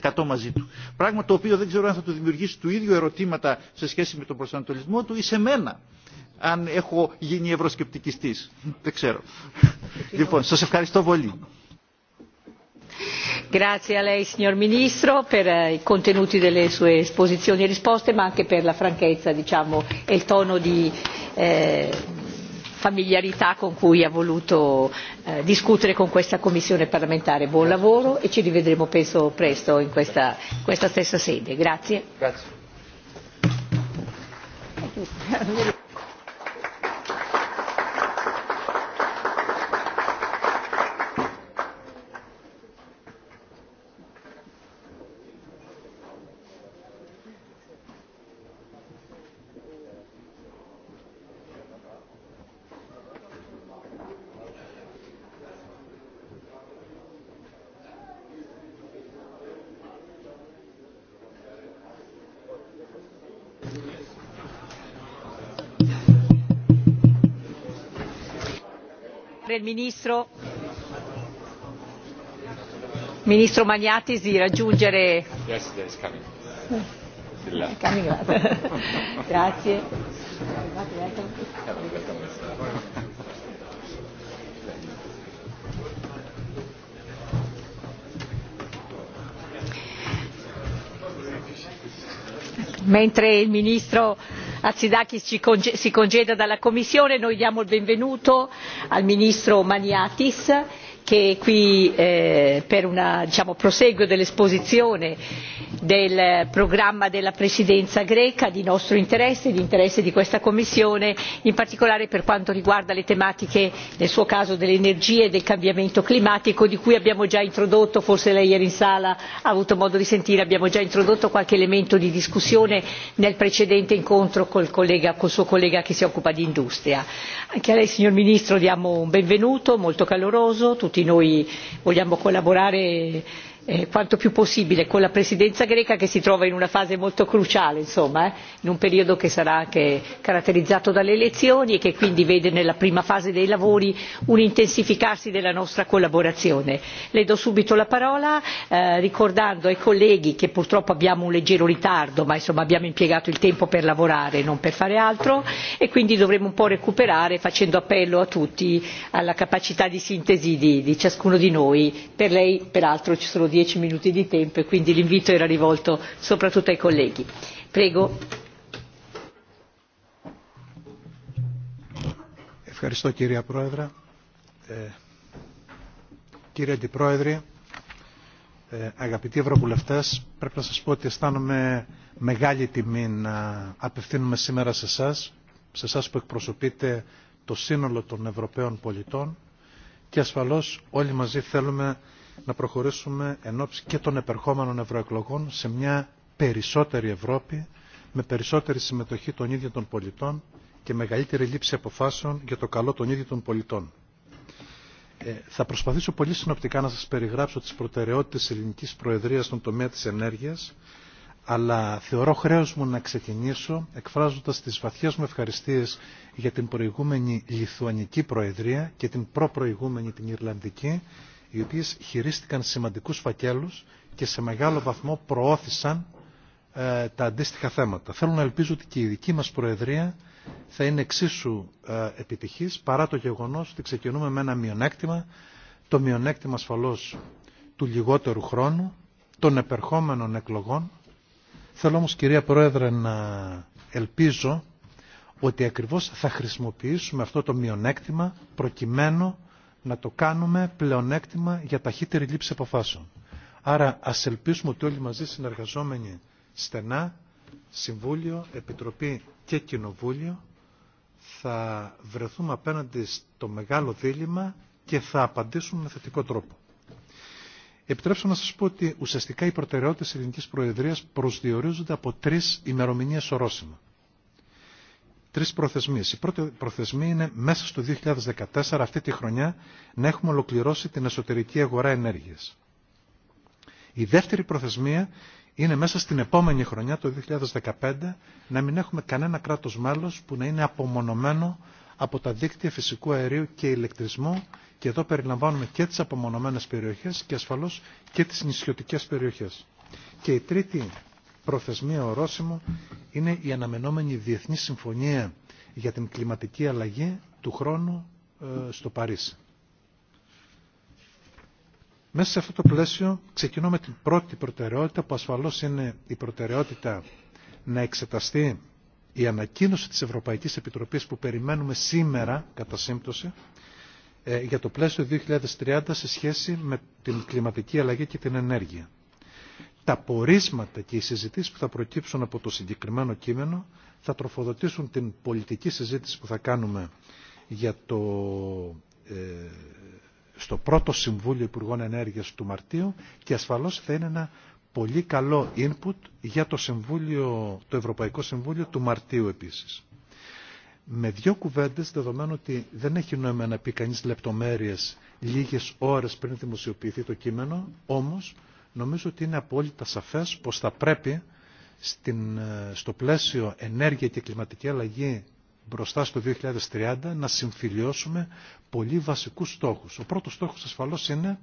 50% μαζί του. Πράγμα το οποίο δεν ξέρω αν θα του δημιουργήσει του ίδιου ερωτήματα σε σχέση με τον προσανατολισμό του ή σε μένα. Αν έχω γίνει ευρωσκεπτικιστής. Δεν ξέρω. Λοιπόν, σα ευχαριστώ πολύ grazie a lei signor ministro per i contenuti delle sue esposizioni e risposte ma anche per la franchezza diciamo e il tono di eh, familiarità con cui ha voluto discutere con questa commissione parlamentare. Buon lavoro e ci rivedremo penso presto in questa, stessa sede. Grazie. inoltre il ministro ministro Magnatis di raggiungere grazie mentre il ministro hatzidakis si congeda dalla commissione noi diamo il benvenuto al ministro maniatis che è qui per un proseguo dell'esposizione del programma della presidenza greca di nostro interesse e di interesse di questa commissione in particolare per quanto riguarda le tematiche nel suo caso dell'energia e del cambiamento climatico di cui abbiamo già introdotto forse lei era in sala ha avuto modo di sentire abbiamo già introdotto qualche elemento di discussione nel precedente incontro col suo collega che si occupa di industria. anche a lei signor ministro diamo un benvenuto molto caloroso tutti noi vogliamo collaborare quanto più possibile con la presidenza greca che si trova in una fase molto cruciale insomma in un periodo che sarà anche caratterizzato dalle elezioni e che quindi vede nella prima fase dei lavori un intensificarsi della nostra collaborazione. le do subito la parola ricordando ai colleghi che purtroppo abbiamo un leggero ritardo ma insomma abbiamo impiegato il tempo per lavorare non per fare altro e quindi dovremo un po' recuperare facendo appello a tutti alla capacità di sintesi di ciascuno di noi per lei peraltro ci sono dieci minuti di tempo e quindi l'invito era rivolto soprattutto ai colleghi. Prego. Ευχαριστώ κυρία Πρόεδρε. Ε, κύριε Αντιπρόεδρε, ε, αγαπητοί Ευρωβουλευτές, πρέπει να σας πω ότι αισθάνομαι μεγάλη τιμή να απευθύνουμε σήμερα σε εσά, σε εσά που εκπροσωπείτε το σύνολο των Ευρωπαίων πολιτών και ασφαλώς όλοι μαζί θέλουμε να προχωρήσουμε εν ώψη και των επερχόμενων ευρωεκλογών σε μια περισσότερη Ευρώπη με περισσότερη συμμετοχή των ίδιων των πολιτών και μεγαλύτερη λήψη αποφάσεων για το καλό των ίδιων των πολιτών. Ε, θα προσπαθήσω πολύ συνοπτικά να σας περιγράψω τις προτεραιότητες ελληνικής προεδρίας στον τομέα της ενέργειας, αλλά θεωρώ χρέος μου να ξεκινήσω εκφράζοντας τις βαθιές μου ευχαριστίες για την προηγούμενη Λιθουανική Προεδρία και την προπροηγούμενη την Ιρλανδική, οι οποίες χειρίστηκαν σημαντικούς φακέλους και σε μεγάλο βαθμό προώθησαν ε, τα αντίστοιχα θέματα. Θέλω να ελπίζω ότι και η δική μας Προεδρία θα είναι εξίσου ε, επιτυχής παρά το γεγονός ότι ξεκινούμε με ένα μειονέκτημα, το μειονέκτημα ασφαλώς του λιγότερου χρόνου, των επερχόμενων εκλογών. Θέλω όμως κυρία Πρόεδρε να ελπίζω ότι ακριβώς θα χρησιμοποιήσουμε αυτό το μειονέκτημα προκειμένου να το κάνουμε πλεονέκτημα για ταχύτερη λήψη αποφάσεων. Άρα ας ελπίσουμε ότι όλοι μαζί συνεργαζόμενοι στενά, Συμβούλιο, Επιτροπή και Κοινοβούλιο, θα βρεθούμε απέναντι στο μεγάλο δίλημα και θα απαντήσουμε με θετικό τρόπο. Επιτρέψτε να σας πω ότι ουσιαστικά οι προτεραιότητες της ελληνικής προεδρίας προσδιορίζονται από τρεις ημερομηνίες ορόσημα τρεις προθεσμίες. Η πρώτη προθεσμία είναι μέσα στο 2014, αυτή τη χρονιά, να έχουμε ολοκληρώσει την εσωτερική αγορά ενέργειας. Η δεύτερη προθεσμία είναι μέσα στην επόμενη χρονιά, το 2015, να μην έχουμε κανένα κράτος μέλος που να είναι απομονωμένο από τα δίκτυα φυσικού αερίου και ηλεκτρισμού και εδώ περιλαμβάνουμε και τις απομονωμένες περιοχές και ασφαλώς και τις νησιωτικές περιοχές. Και η τρίτη προθεσμία ορόσημο είναι η αναμενόμενη Διεθνή Συμφωνία για την Κλιματική Αλλαγή του χρόνου στο Παρίσι. Μέσα σε αυτό το πλαίσιο ξεκινώ με την πρώτη προτεραιότητα που ασφαλώς είναι η προτεραιότητα να εξεταστεί η ανακοίνωση της Ευρωπαϊκής Επιτροπής που περιμένουμε σήμερα κατά σύμπτωση για το πλαίσιο 2030 σε σχέση με την κλιματική αλλαγή και την ενέργεια τα πορίσματα και οι συζητήσεις που θα προκύψουν από το συγκεκριμένο κείμενο θα τροφοδοτήσουν την πολιτική συζήτηση που θα κάνουμε για το, ε, στο πρώτο Συμβούλιο Υπουργών Ενέργειας του Μαρτίου και ασφαλώς θα είναι ένα πολύ καλό input για το, Συμβούλιο, το Ευρωπαϊκό Συμβούλιο του Μαρτίου επίσης. Με δύο κουβέντες, δεδομένου ότι δεν έχει νόημα να πει κανείς λεπτομέρειες λίγες ώρες πριν δημοσιοποιηθεί το κείμενο, όμως νομίζω ότι είναι απόλυτα σαφές πως θα πρέπει στην, στο πλαίσιο ενέργεια και κλιματική αλλαγή μπροστά στο 2030 να συμφιλιώσουμε πολύ βασικούς στόχους. Ο πρώτος στόχος ασφαλώς είναι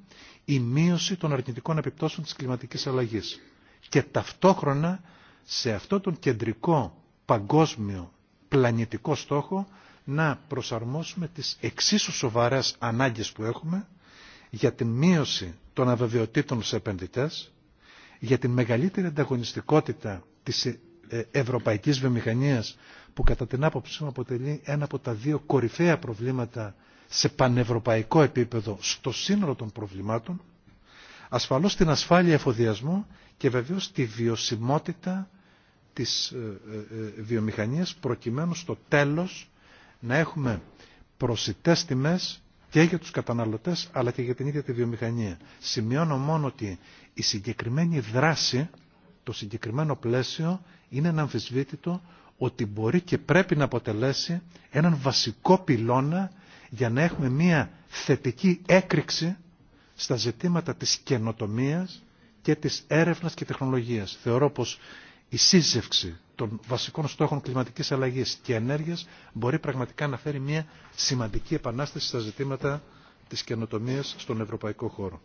η μείωση των αρνητικών επιπτώσεων της κλιματικής αλλαγής. Και ταυτόχρονα σε αυτό τον κεντρικό παγκόσμιο πλανητικό στόχο να προσαρμόσουμε τις εξίσου σοβαρές ανάγκες που έχουμε για την μείωση των αβεβαιοτήτων στους επενδυτέ, για την μεγαλύτερη ανταγωνιστικότητα της ευρωπαϊκής βιομηχανίας που κατά την άποψή μου αποτελεί ένα από τα δύο κορυφαία προβλήματα σε πανευρωπαϊκό επίπεδο στο σύνολο των προβλημάτων, ασφαλώς την ασφάλεια εφοδιασμού και βεβαίως τη βιωσιμότητα της βιομηχανίας προκειμένου στο τέλος να έχουμε προσιτές τιμές και για τους καταναλωτές αλλά και για την ίδια τη βιομηχανία. Σημειώνω μόνο ότι η συγκεκριμένη δράση, το συγκεκριμένο πλαίσιο είναι αναμφισβήτητο ότι μπορεί και πρέπει να αποτελέσει έναν βασικό πυλώνα για να έχουμε μια θετική έκρηξη στα ζητήματα της καινοτομίας και της έρευνας και τεχνολογίας. Θεωρώ πως η σύζευξη των βασικών στόχων κλιματικής αλλαγής και ενέργειας μπορεί πραγματικά να φέρει μια σημαντική επανάσταση στα ζητήματα της καινοτομίας στον ευρωπαϊκό χώρο.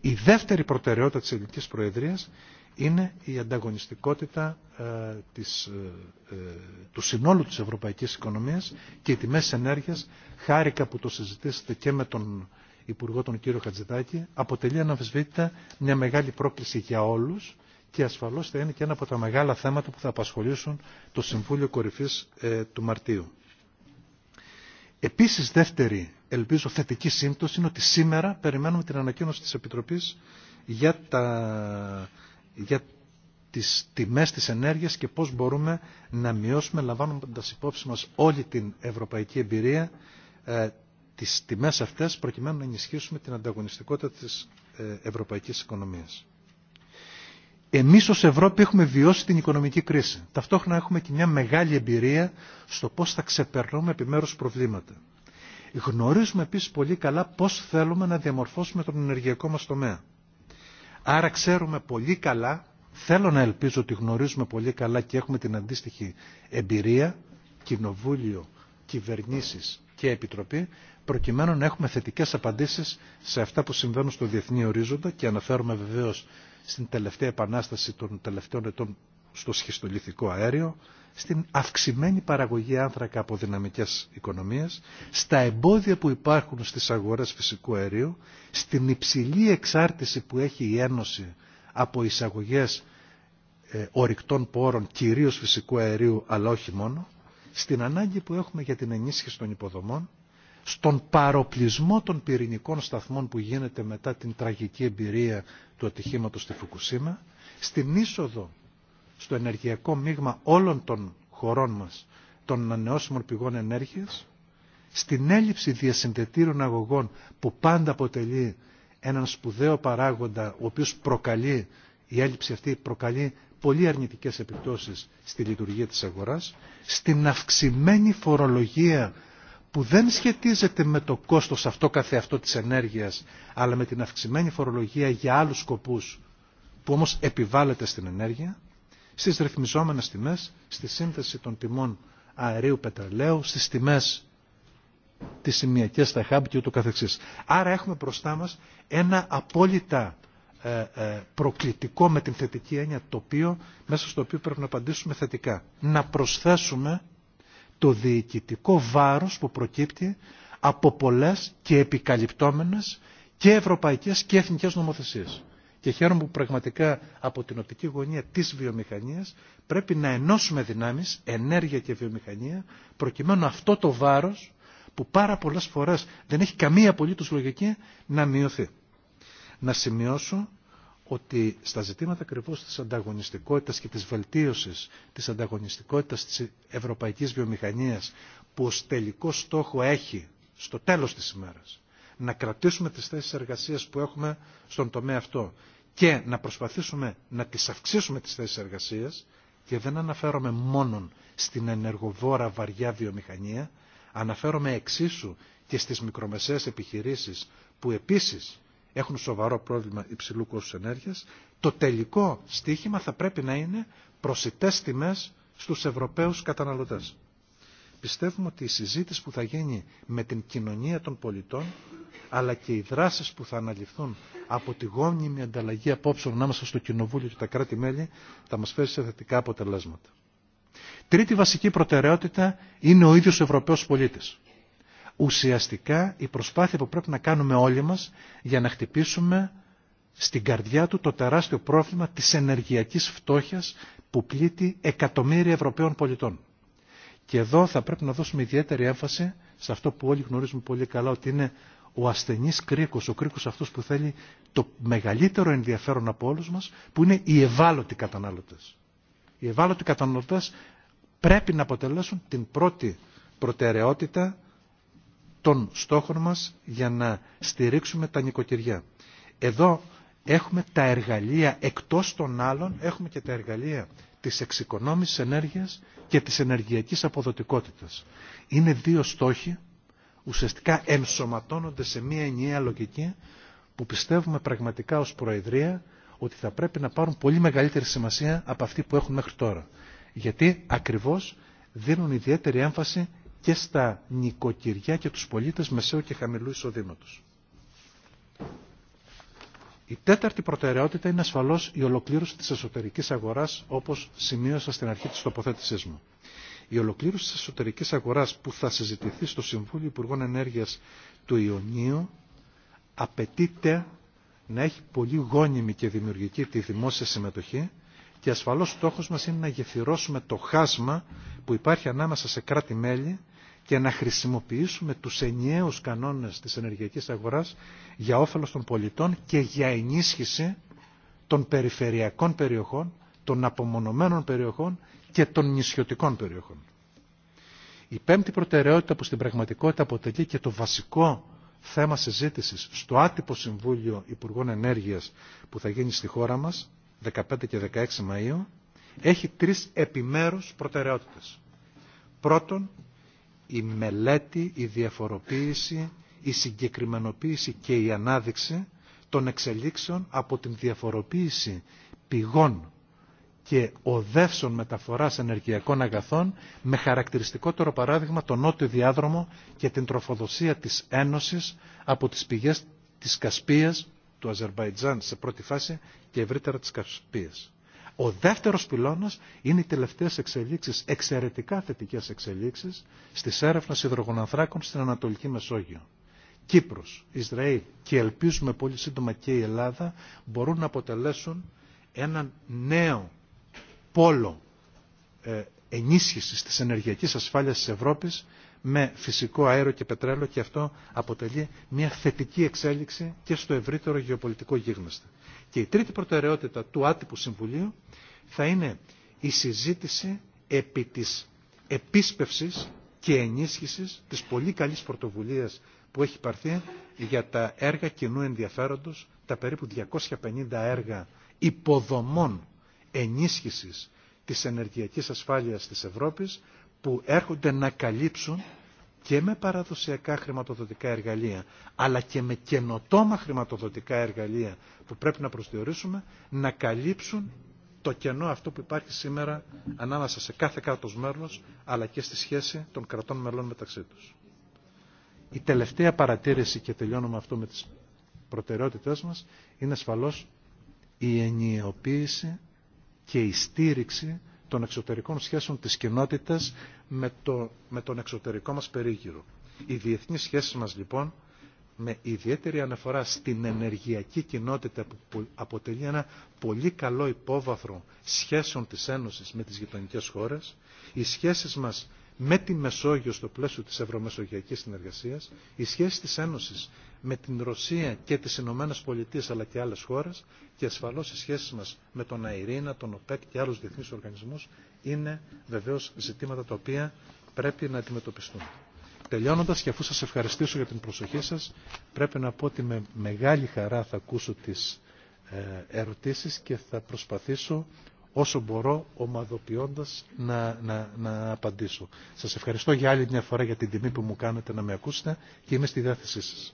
Η δεύτερη προτεραιότητα της ελληνικής προεδρίας είναι η ανταγωνιστικότητα ε, της, ε, του συνόλου της ευρωπαϊκής οικονομίας και οι τιμές ενέργειας, χάρηκα που το συζητήσετε και με τον Υπουργό τον κύριο Χατζηδάκη, αποτελεί αναμφισβήτητα μια μεγάλη πρόκληση για όλους και ασφαλώς θα είναι και ένα από τα μεγάλα θέματα που θα απασχολήσουν το Συμβούλιο Κορυφής ε, του Μαρτίου. Επίσης δεύτερη ελπίζω θετική σύμπτωση είναι ότι σήμερα περιμένουμε την ανακοίνωση της Επιτροπής για, τα, για τις τιμές της ενέργειας και πώς μπορούμε να μειώσουμε λαμβάνοντας υπόψη μας όλη την ευρωπαϊκή εμπειρία ε, τις τιμές αυτές προκειμένου να ενισχύσουμε την ανταγωνιστικότητα της ε, ευρωπαϊκής οικονομίας εμείς ως Ευρώπη έχουμε βιώσει την οικονομική κρίση. Ταυτόχρονα έχουμε και μια μεγάλη εμπειρία στο πώς θα ξεπερνούμε επιμέρους προβλήματα. Γνωρίζουμε επίσης πολύ καλά πώς θέλουμε να διαμορφώσουμε τον ενεργειακό μας τομέα. Άρα ξέρουμε πολύ καλά, θέλω να ελπίζω ότι γνωρίζουμε πολύ καλά και έχουμε την αντίστοιχη εμπειρία, κοινοβούλιο, κυβερνήσεις και επιτροπή, προκειμένου να έχουμε θετικές απαντήσεις σε αυτά που συμβαίνουν στο διεθνή ορίζοντα και αναφέρομαι βεβαίως στην τελευταία επανάσταση των τελευταίων ετών στο σχιστολιθικό αέριο, στην αυξημένη παραγωγή άνθρακα από δυναμικές οικονομίες, στα εμπόδια που υπάρχουν στις αγορές φυσικού αερίου, στην υψηλή εξάρτηση που έχει η Ένωση από εισαγωγές ε, ορυκτών πόρων, κυρίως φυσικού αερίου, αλλά όχι μόνο, στην ανάγκη που έχουμε για την ενίσχυση των υποδομών στον παροπλισμό των πυρηνικών σταθμών που γίνεται μετά την τραγική εμπειρία του ατυχήματος στη Φουκουσίμα, στην είσοδο στο ενεργειακό μείγμα όλων των χωρών μας των ανανεώσιμων πηγών ενέργειας, στην έλλειψη διασυνδετήρων αγωγών που πάντα αποτελεί έναν σπουδαίο παράγοντα ο οποίος προκαλεί, η έλλειψη αυτή προκαλεί πολύ αρνητικές επιπτώσεις στη λειτουργία της αγοράς, στην αυξημένη φορολογία που δεν σχετίζεται με το κόστος αυτό καθεαυτό της ενέργειας, αλλά με την αυξημένη φορολογία για άλλους σκοπούς που όμως επιβάλλεται στην ενέργεια, στις ρυθμιζόμενες τιμές, στη σύνθεση των τιμών αερίου πετρελαίου, στις τιμές τις σημειακές στα χάμπ και ούτω καθεξής. Άρα έχουμε μπροστά μας ένα απόλυτα ε, ε, προκλητικό με την θετική έννοια τοπίο μέσα στο οποίο πρέπει να απαντήσουμε θετικά. Να προσθέσουμε το διοικητικό βάρος που προκύπτει από πολλές και επικαλυπτόμενες και ευρωπαϊκές και εθνικές νομοθεσίες. Και χαίρομαι που πραγματικά από την οπτική γωνία της βιομηχανίας πρέπει να ενώσουμε δυνάμεις, ενέργεια και βιομηχανία, προκειμένου αυτό το βάρος που πάρα πολλές φορές δεν έχει καμία απολύτως λογική να μειωθεί. Να σημειώσω ότι στα ζητήματα ακριβώ τη ανταγωνιστικότητα και τη βελτίωση τη ανταγωνιστικότητα τη ευρωπαϊκή βιομηχανία, που ω τελικό στόχο έχει στο τέλο τη ημέρα να κρατήσουμε τι θέσει εργασία που έχουμε στον τομέα αυτό και να προσπαθήσουμε να τι αυξήσουμε τι θέσει εργασία, και δεν αναφέρομαι μόνο στην ενεργοβόρα βαριά βιομηχανία, αναφέρομαι εξίσου και στι μικρομεσαίε επιχειρήσει που επίση έχουν σοβαρό πρόβλημα υψηλού κόστου ενέργεια, το τελικό στοίχημα θα πρέπει να είναι προσιτέ τιμέ στου Ευρωπαίου καταναλωτέ. Πιστεύουμε ότι η συζήτηση που θα γίνει με την κοινωνία των πολιτών, αλλά και οι δράσει που θα αναλυθούν από τη γόνιμη ανταλλαγή απόψεων ανάμεσα στο Κοινοβούλιο και τα κράτη-μέλη, θα μα φέρει σε θετικά αποτελέσματα. Τρίτη βασική προτεραιότητα είναι ο ίδιο Ευρωπαίο πολίτη ουσιαστικά η προσπάθεια που πρέπει να κάνουμε όλοι μας για να χτυπήσουμε στην καρδιά του το τεράστιο πρόβλημα της ενεργειακής φτώχειας που πλήττει εκατομμύρια Ευρωπαίων πολιτών. Και εδώ θα πρέπει να δώσουμε ιδιαίτερη έμφαση σε αυτό που όλοι γνωρίζουμε πολύ καλά ότι είναι ο ασθενής κρίκος, ο κρίκος αυτός που θέλει το μεγαλύτερο ενδιαφέρον από όλους μας, που είναι οι ευάλωτοι καταναλωτές. Οι ευάλωτοι καταναλωτέ πρέπει να αποτελέσουν την πρώτη προτεραιότητα των στόχων μας για να στηρίξουμε τα νοικοκυριά. Εδώ έχουμε τα εργαλεία, εκτός των άλλων, έχουμε και τα εργαλεία της εξοικονόμησης ενέργειας και της ενεργειακής αποδοτικότητας. Είναι δύο στόχοι, ουσιαστικά ενσωματώνονται σε μία ενιαία λογική που πιστεύουμε πραγματικά ως Προεδρία ότι θα πρέπει να πάρουν πολύ μεγαλύτερη σημασία από αυτή που έχουν μέχρι τώρα. Γιατί ακριβώς δίνουν ιδιαίτερη έμφαση και στα νοικοκυριά και τους πολίτες μεσαίου και χαμηλού εισοδήματος. Η τέταρτη προτεραιότητα είναι ασφαλώς η ολοκλήρωση της εσωτερικής αγοράς όπως σημείωσα στην αρχή της τοποθέτησής μου. Η ολοκλήρωση της εσωτερικής αγοράς που θα συζητηθεί στο Συμβούλιο Υπουργών Ενέργειας του Ιωνίου απαιτείται να έχει πολύ γόνιμη και δημιουργική τη δημόσια συμμετοχή και ασφαλώς στόχος μας είναι να γεφυρώσουμε το χάσμα που υπάρχει ανάμεσα σε κράτη-μέλη και να χρησιμοποιήσουμε τους ενιαίους κανόνες της ενεργειακής αγοράς για όφελος των πολιτών και για ενίσχυση των περιφερειακών περιοχών, των απομονωμένων περιοχών και των νησιωτικών περιοχών. Η πέμπτη προτεραιότητα που στην πραγματικότητα αποτελεί και το βασικό θέμα συζήτησης στο άτυπο Συμβούλιο Υπουργών Ενέργειας που θα γίνει στη χώρα μας 15 και 16 Μαΐου έχει τρεις επιμέρους προτεραιότητες. Πρώτον, η μελέτη, η διαφοροποίηση, η συγκεκριμενοποίηση και η ανάδειξη των εξελίξεων από την διαφοροποίηση πηγών και οδεύσεων μεταφοράς ενεργειακών αγαθών με χαρακτηριστικότερο παράδειγμα τον νότιο διάδρομο και την τροφοδοσία της Ένωσης από τις πηγές της Κασπίας του Αζερβαϊτζάν σε πρώτη φάση και ευρύτερα της Κασπίας. Ο δεύτερος πυλώνας είναι οι τελευταίες εξελίξεις, εξαιρετικά θετικές εξελίξεις στις έρευνες υδρογονανθράκων στην Ανατολική Μεσόγειο. Κύπρος, Ισραήλ και ελπίζουμε πολύ σύντομα και η Ελλάδα μπορούν να αποτελέσουν έναν νέο πόλο ε, ενίσχυσης της ενεργειακής ασφάλειας της Ευρώπης με φυσικό αέριο και πετρέλαιο και αυτό αποτελεί μια θετική εξέλιξη και στο ευρύτερο γεωπολιτικό γίγνεσθε. Και η τρίτη προτεραιότητα του άτυπου συμβουλίου θα είναι η συζήτηση επί της επίσπευσης και ενίσχυσης της πολύ καλής πρωτοβουλίας που έχει πάρθει για τα έργα κοινού ενδιαφέροντος, τα περίπου 250 έργα υποδομών ενίσχυσης της ενεργειακής ασφάλειας της Ευρώπης που έρχονται να καλύψουν και με παραδοσιακά χρηματοδοτικά εργαλεία, αλλά και με καινοτόμα χρηματοδοτικά εργαλεία που πρέπει να προσδιορίσουμε, να καλύψουν το κενό αυτό που υπάρχει σήμερα ανάμεσα σε κάθε κράτος μέλο, αλλά και στη σχέση των κρατών μελών μεταξύ τους. Η τελευταία παρατήρηση, και τελειώνουμε αυτό με τις προτεραιότητές μας, είναι ασφαλώς η ενιαιοποίηση και η στήριξη των εξωτερικών σχέσεων της κοινότητας με, το, με τον εξωτερικό μας περίγυρο. Οι διεθνείς σχέσεις μας λοιπόν με ιδιαίτερη αναφορά στην ενεργειακή κοινότητα που αποτελεί ένα πολύ καλό υπόβαθρο σχέσεων της Ένωσης με τις γειτονικές χώρες, οι σχέσεις μας με τη Μεσόγειο στο πλαίσιο της ευρωμεσογειακής συνεργασίας, η σχέση της Ένωσης με την Ρωσία και τις Ηνωμένε Πολιτείε αλλά και άλλες χώρες και ασφαλώς οι σχέσεις μας με τον ΑΕΡΗΝΑ, τον ΟΠΕΚ και άλλους διεθνείς οργανισμούς είναι βεβαίως ζητήματα τα οποία πρέπει να αντιμετωπιστούν. Τελειώνοντας και αφού σας ευχαριστήσω για την προσοχή σας, πρέπει να πω ότι με μεγάλη χαρά θα ακούσω τις ερωτήσεις και θα προσπαθήσω όσο μπορώ ομαδοποιώντας να, να, να απαντήσω. Σας ευχαριστώ για άλλη μια φορά για την τιμή που μου κάνετε να με ακούσετε και είμαι στη διάθεσή σας.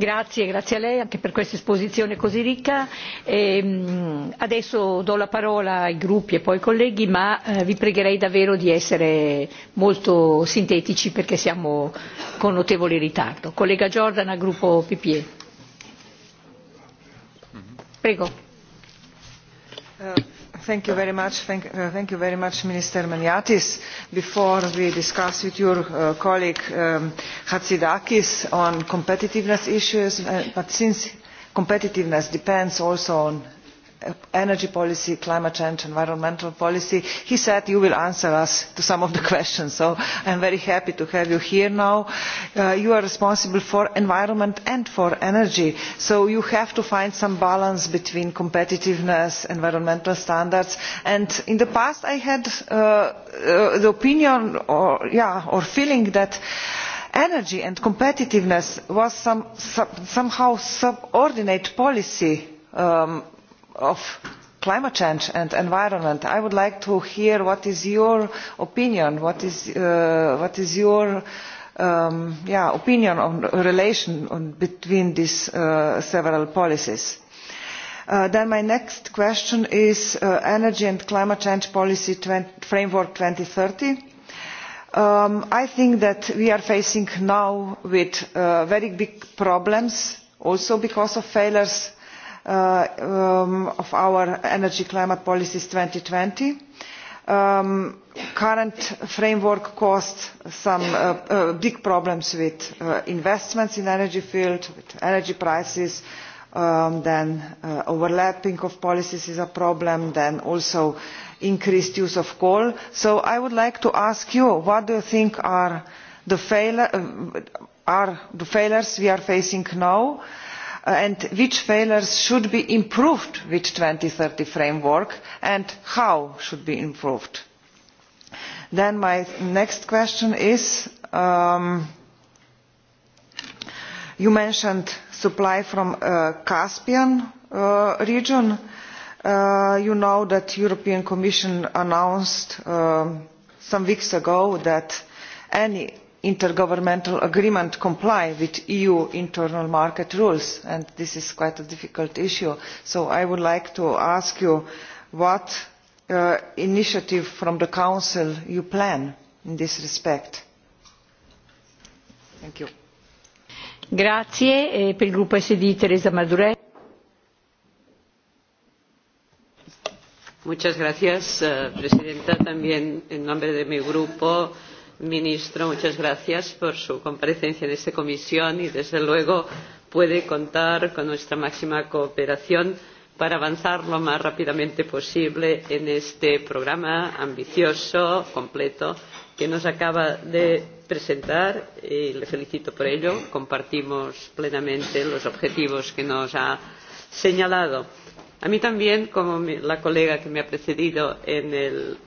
Grazie, grazie a lei anche per questa esposizione così ricca. E, adesso do la parola ai gruppi e poi ai colleghi, ma eh, vi pregherei davvero di essere molto sintetici perché siamo con notevole ritardo. Collega Giordana, gruppo PPE Thank you very much. Minister Maniatis. Before we discuss with your colleague Hatzidakis on competitiveness issues, but since competitiveness depends also on energy policy climate change environmental policy he said you will answer us to some of the questions so i am very happy to have you here now. you are responsible for the environment and for energy so you have to find some balance between competitiveness and environmental standards and in the past i had the opinion or feeling that energy and competitiveness was somehow subordinate policy of climate change and environment i would like to hear what is your opinion what is your opinion on the relation between these several policies. then my next question is energy and climate change policy framework two thousand and thirty i think that we are facing now with very big problems also because of failures of our energy climate policies 2020. Um, current framework caused some big problems with investments in the energy field, with energy prices, then overlapping of policies is a problem, then also increased use of coal. So I would like to ask you, what do you think are the, failures we are facing now? and which failures should be improved with the two thousand and thirty framework and how should be improved. then my next question is you mentioned supply from the caspian region. you know that the european commission announced some weeks ago that any intergovernmental agreement comply with eu internal market rules and this is quite a difficult issue so i would like to ask you what initiative from the council you plan in this respect. thank you. Presidenta. También en nombre de mi grupo Ministro, muchas gracias por su comparecencia en esta comisión y, desde luego, puede contar con nuestra máxima cooperación para avanzar lo más rápidamente posible en este programa ambicioso, completo, que nos acaba de presentar y le felicito por ello. Compartimos plenamente los objetivos que nos ha señalado. A mí también, como la colega que me ha precedido en el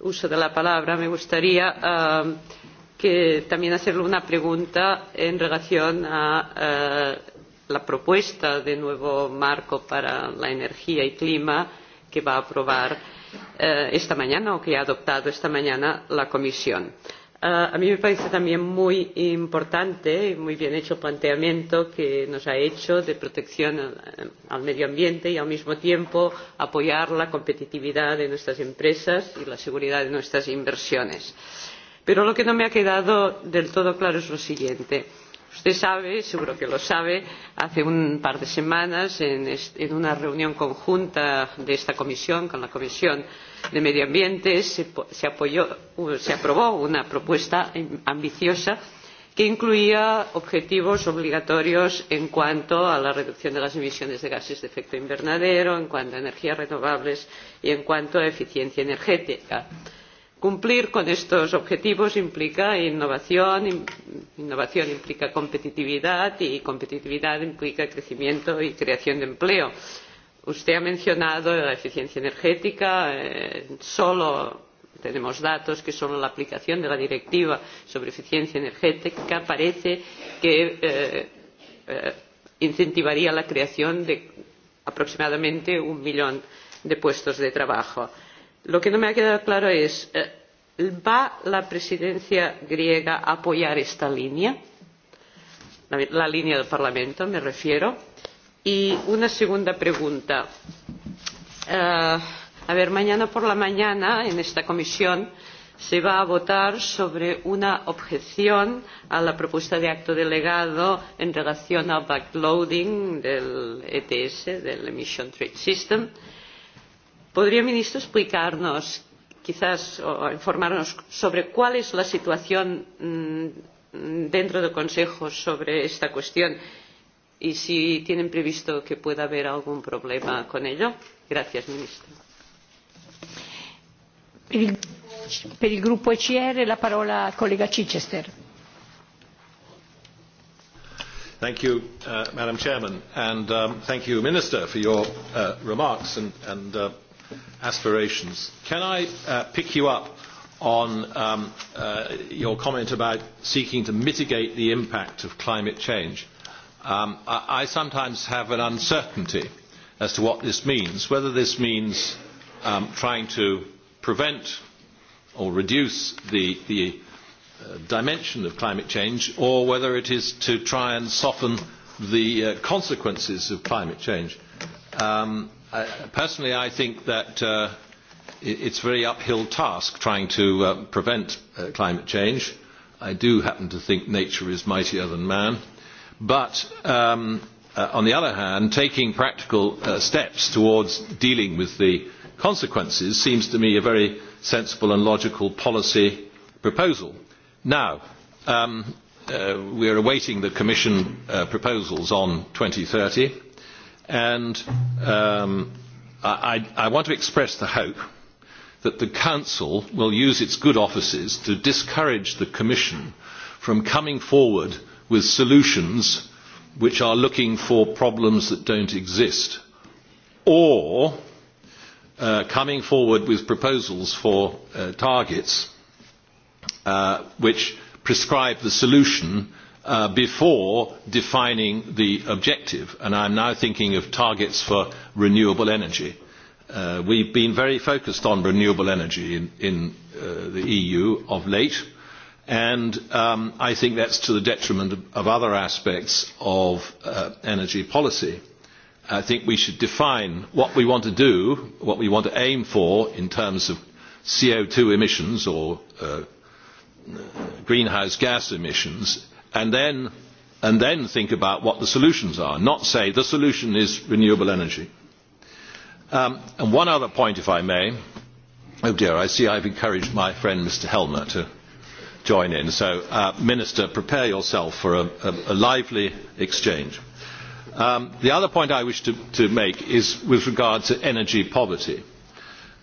uso de la palabra, me gustaría también hacerle una pregunta en relación a la propuesta de nuevo marco para la energía y clima que va a aprobar esta mañana o que ha adoptado esta mañana la Comisión. Eh, a mí me parece también muy importante y muy bien hecho el planteamiento que nos ha hecho de protección al medio ambiente y al mismo tiempo apoyar la competitividad de nuestras empresas y la seguridad de nuestras inversiones. Pero lo que no me ha quedado del todo claro es lo siguiente. Usted sabe, seguro que lo sabe, hace un par de semanas en, una reunión conjunta de esta comisión con la Comisión de Medio Ambiente se, aprobó una propuesta ambiciosa que incluía objetivos obligatorios en cuanto a la reducción de las emisiones de gases de efecto invernadero, en cuanto a energías renovables y en cuanto a eficiencia energética. Cumplir con estos objetivos implica innovación, innovación implica competitividad y competitividad implica crecimiento y creación de empleo. Usted ha mencionado la eficiencia energética. solo tenemos datos que solo la aplicación de la directiva sobre eficiencia energética parece que incentivaría la creación de aproximadamente un millón de puestos de trabajo. Lo que no me ha quedado claro es, ¿va la presidencia griega a apoyar esta línea? La, línea del Parlamento, me refiero Y una segunda pregunta. a ver, mañana por la mañana en esta comisión se va a votar sobre una objeción a la propuesta de acto delegado en relación al backloading del ETS, del Emission Trade System. ¿Podría, ministro, explicarnos, quizás, o informarnos sobre cuál es la situación dentro del Consejo sobre esta cuestión? y si tienen previsto que pueda haber algún problema con ello. Gracias, ministro. Per il gruppo ECR la parola al collega Chichester. Thank you, uh, Madam Chairman, and um, thank you, Minister, for your uh, remarks and, and uh, aspirations. Can I uh, pick you up on um, uh, your comment about seeking to mitigate the impact of climate change? I sometimes have an uncertainty as to what this means, whether this means trying to prevent or reduce the, dimension of climate change or whether it is to try and soften the consequences of climate change. personally, I think that uh, it's a very uphill task trying to prevent climate change. I do happen to think nature is mightier than man But on the other hand, taking practical steps towards dealing with the consequences seems to me a very sensible and logical policy proposal. Now, we are awaiting the Commission proposals on thirty and I want to express the hope that the Council will use its good offices to discourage the Commission from coming forward with solutions which are looking for problems that don't exist, or uh, coming forward with proposals for uh, targets uh, which prescribe the solution uh, before defining the objective. And I'm now thinking of targets for renewable energy. Uh, we've been very focused on renewable energy in, in uh, the EU of late And um, I think that's to the detriment of, of other aspects of uh, energy policy. I think we should define what we want to do, what we want to aim for in terms of CO2 emissions or uh, greenhouse gas emissions, and then, and then think about what the solutions are, not say the solution is renewable energy. Um, and one other point, if I may. Oh dear, I see I've encouraged my friend Mr. Helmer to join in. So, uh, Minister, prepare yourself for a, a, a lively exchange. Um, the other point I wish to, to make is with regard to energy poverty.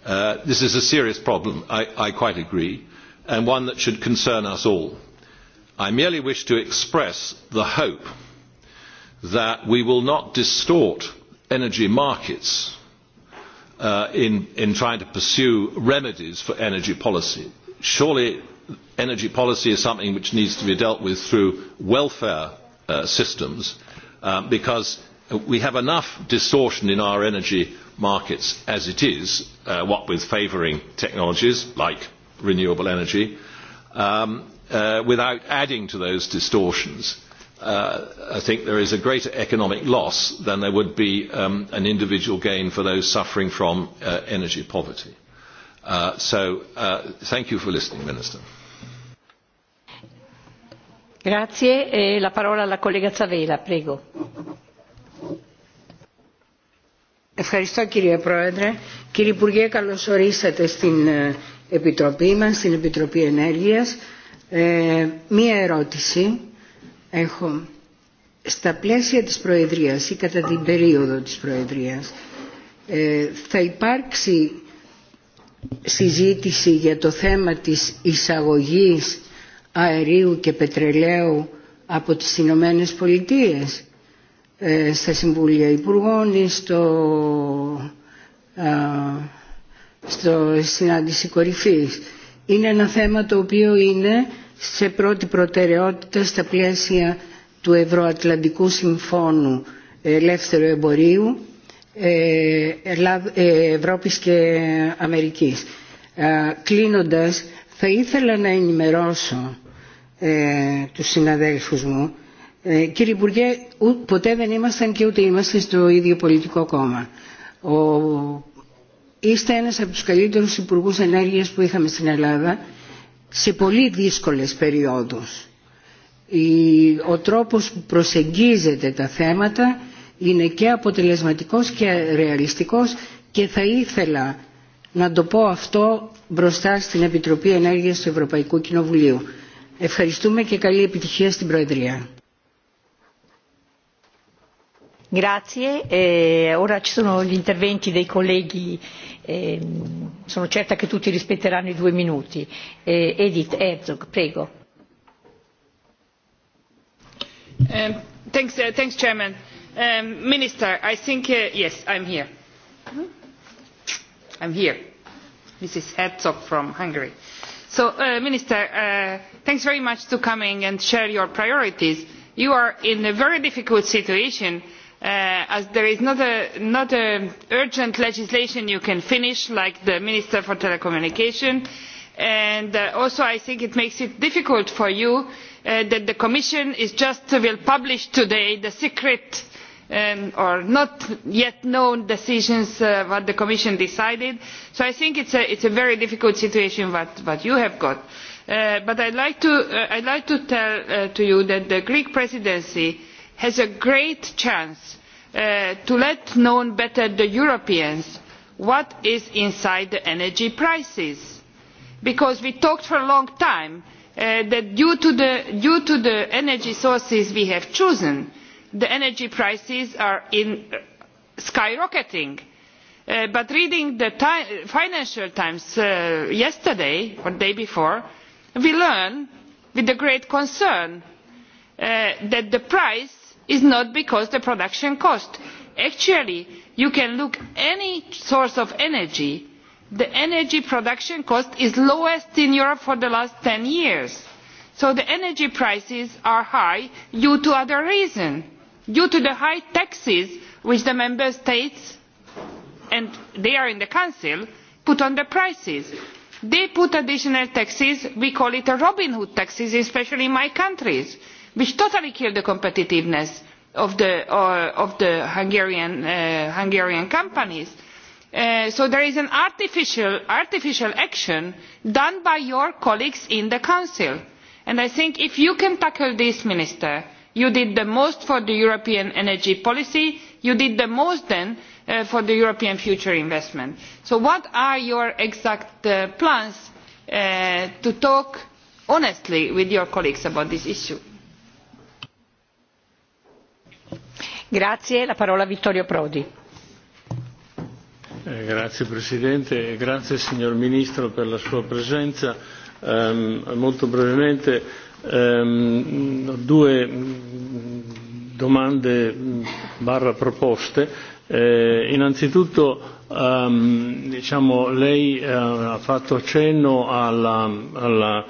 Uh, this is a serious problem, I, I quite agree, and one that should concern us all. I merely wish to express the hope that we will not distort energy markets in, in trying to pursue remedies for energy policy. Surely energy policy is something which needs to be dealt with through welfare systems because we have enough distortion in our energy markets as it is, what with favouring technologies like renewable energy, without adding to those distortions. I think there is a greater economic loss than there would be an individual gain for those suffering from energy poverty so uh, thank you for listening, Minister. Grazie. E la parola alla collega Zavela, prego. Ευχαριστώ κύριε Πρόεδρε. Κύριε Υπουργέ, καλώς ορίσατε στην Επιτροπή μας, στην Επιτροπή Ενέργειας. Ε, μία ερώτηση έχω. Στα πλαίσια της Προεδρίας ή κατά την περίοδο της Προεδρίας ε, θα υπάρξει συζήτηση για το θέμα της εισαγωγής αερίου και πετρελαίου από τις Ηνωμένε Πολιτείε στα Συμβούλια Υπουργών ή στο, στο συνάντηση κορυφής. Είναι ένα θέμα το οποίο είναι σε πρώτη προτεραιότητα στα πλαίσια του Ευρωατλαντικού Συμφώνου Ελεύθερου Εμπορίου Ευρώπης και Αμερικής. Κλείνοντας, θα ήθελα να ενημερώσω τους συναδέλφους μου. Κύριε Υπουργέ, ποτέ δεν ήμασταν και ούτε είμαστε στο ίδιο πολιτικό κόμμα. Ο... Είστε ένας από τους καλύτερους υπουργούς ενέργειας που είχαμε στην Ελλάδα σε πολύ δύσκολες περιόδους. Ο τρόπος που προσεγγίζετε τα θέματα είναι και αποτελεσματικός και ρεαλιστικός και θα ήθελα να το πω αυτό μπροστά στην Επιτροπή Ενέργειας του Ευρωπαϊκού Κοινοβουλίου. Ευχαριστούμε και καλή επιτυχία στην Προεδρία. Grazie, eh, ora ci sono gli interventi dei colleghi, eh, sono certa che tutti rispetteranno i due minuti. Eh, Edith Herzog, prego. Eh, thanks, uh, thanks Chairman minister i think yes i am here i am here mrs herczog from hungary. so minister thanks very much for coming and sharing your priorities. you are in a very difficult situation as there is not urgent legislation you can finish like the minister for telecommunications and also i think it makes it difficult for you that the commission will just publish today the secret or not yet known decisions what the commission decided so i think it is a very difficult situation that you have got but i would like to tell you that the greek presidency has a great chance to let known better the europeans what is inside the energy prices because we talked for a long time that due to the energy sources we have chosen the energy prices are skyrocketing but reading the financial times yesterday or the day before we learn with great concern that the price is not because of the production cost. actually you can look at any source of energy the energy production cost is the lowest in europe for the last ten years so the energy prices are high due to other reasons due to the high taxes which the member states and they are in the council put on the prices. they put additional taxes we call it robin hood taxes especially in my country which totally kill the competitiveness of the hungarian companies. so there is an artificial action done by your colleagues in the council and i think if you can tackle this minister you did the most for the european energy policy you did the most then for the european future investment. so what are your exact plans to talk honestly with your colleagues about this issue? due domande barra proposte. innanzitutto diciamo, lei ha fatto accenno al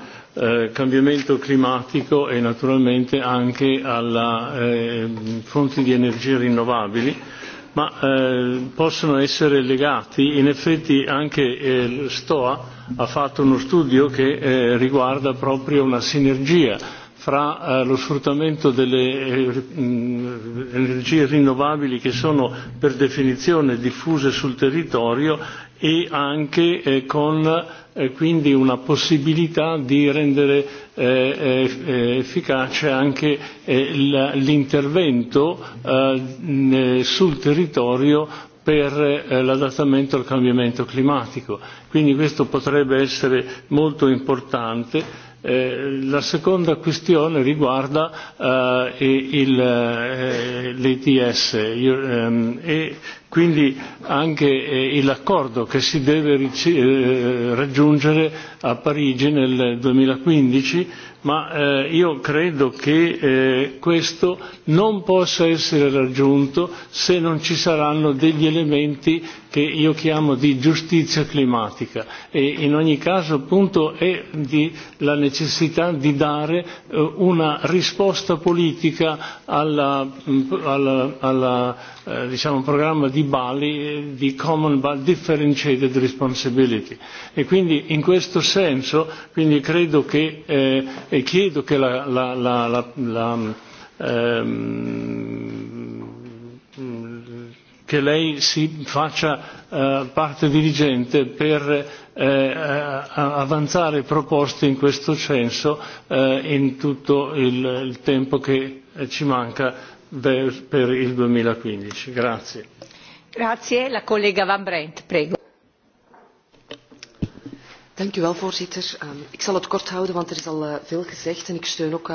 cambiamento climatico e naturalmente anche alle fonti di energie rinnovabili ma possono essere legati in effetti anche eh, Stoa ha fatto uno studio che riguarda proprio una sinergia fra lo sfruttamento delle energie rinnovabili che sono per definizione diffuse sul territorio e anche con quindi una possibilità di rendere efficace anche l'intervento sul territorio per l'adattamento al cambiamento climatico. Quindi questo potrebbe essere molto importante. la seconda questione riguarda l'ETS e quindi anche l'accordo che si deve raggiungere a Parigi nel duemilaquindici ma io credo che questo non possa essere raggiunto se non ci saranno degli elementi che io chiamo di giustizia climatica e in ogni caso appunto è la necessità di dare una risposta politica alla diciamo, programma di Bali di Common but Differentiated Responsibility e quindi in questo senso quindi credo che eh, e chiedo che la, la, la, la, la ehm, che lei si faccia eh, parte dirigente per eh, avanzare proposte in questo senso eh, in tutto il, il tempo che ci manca per il. duemilaquindici voorzitter ik zal het kort houden want er is al veel gezegd en ik steun ook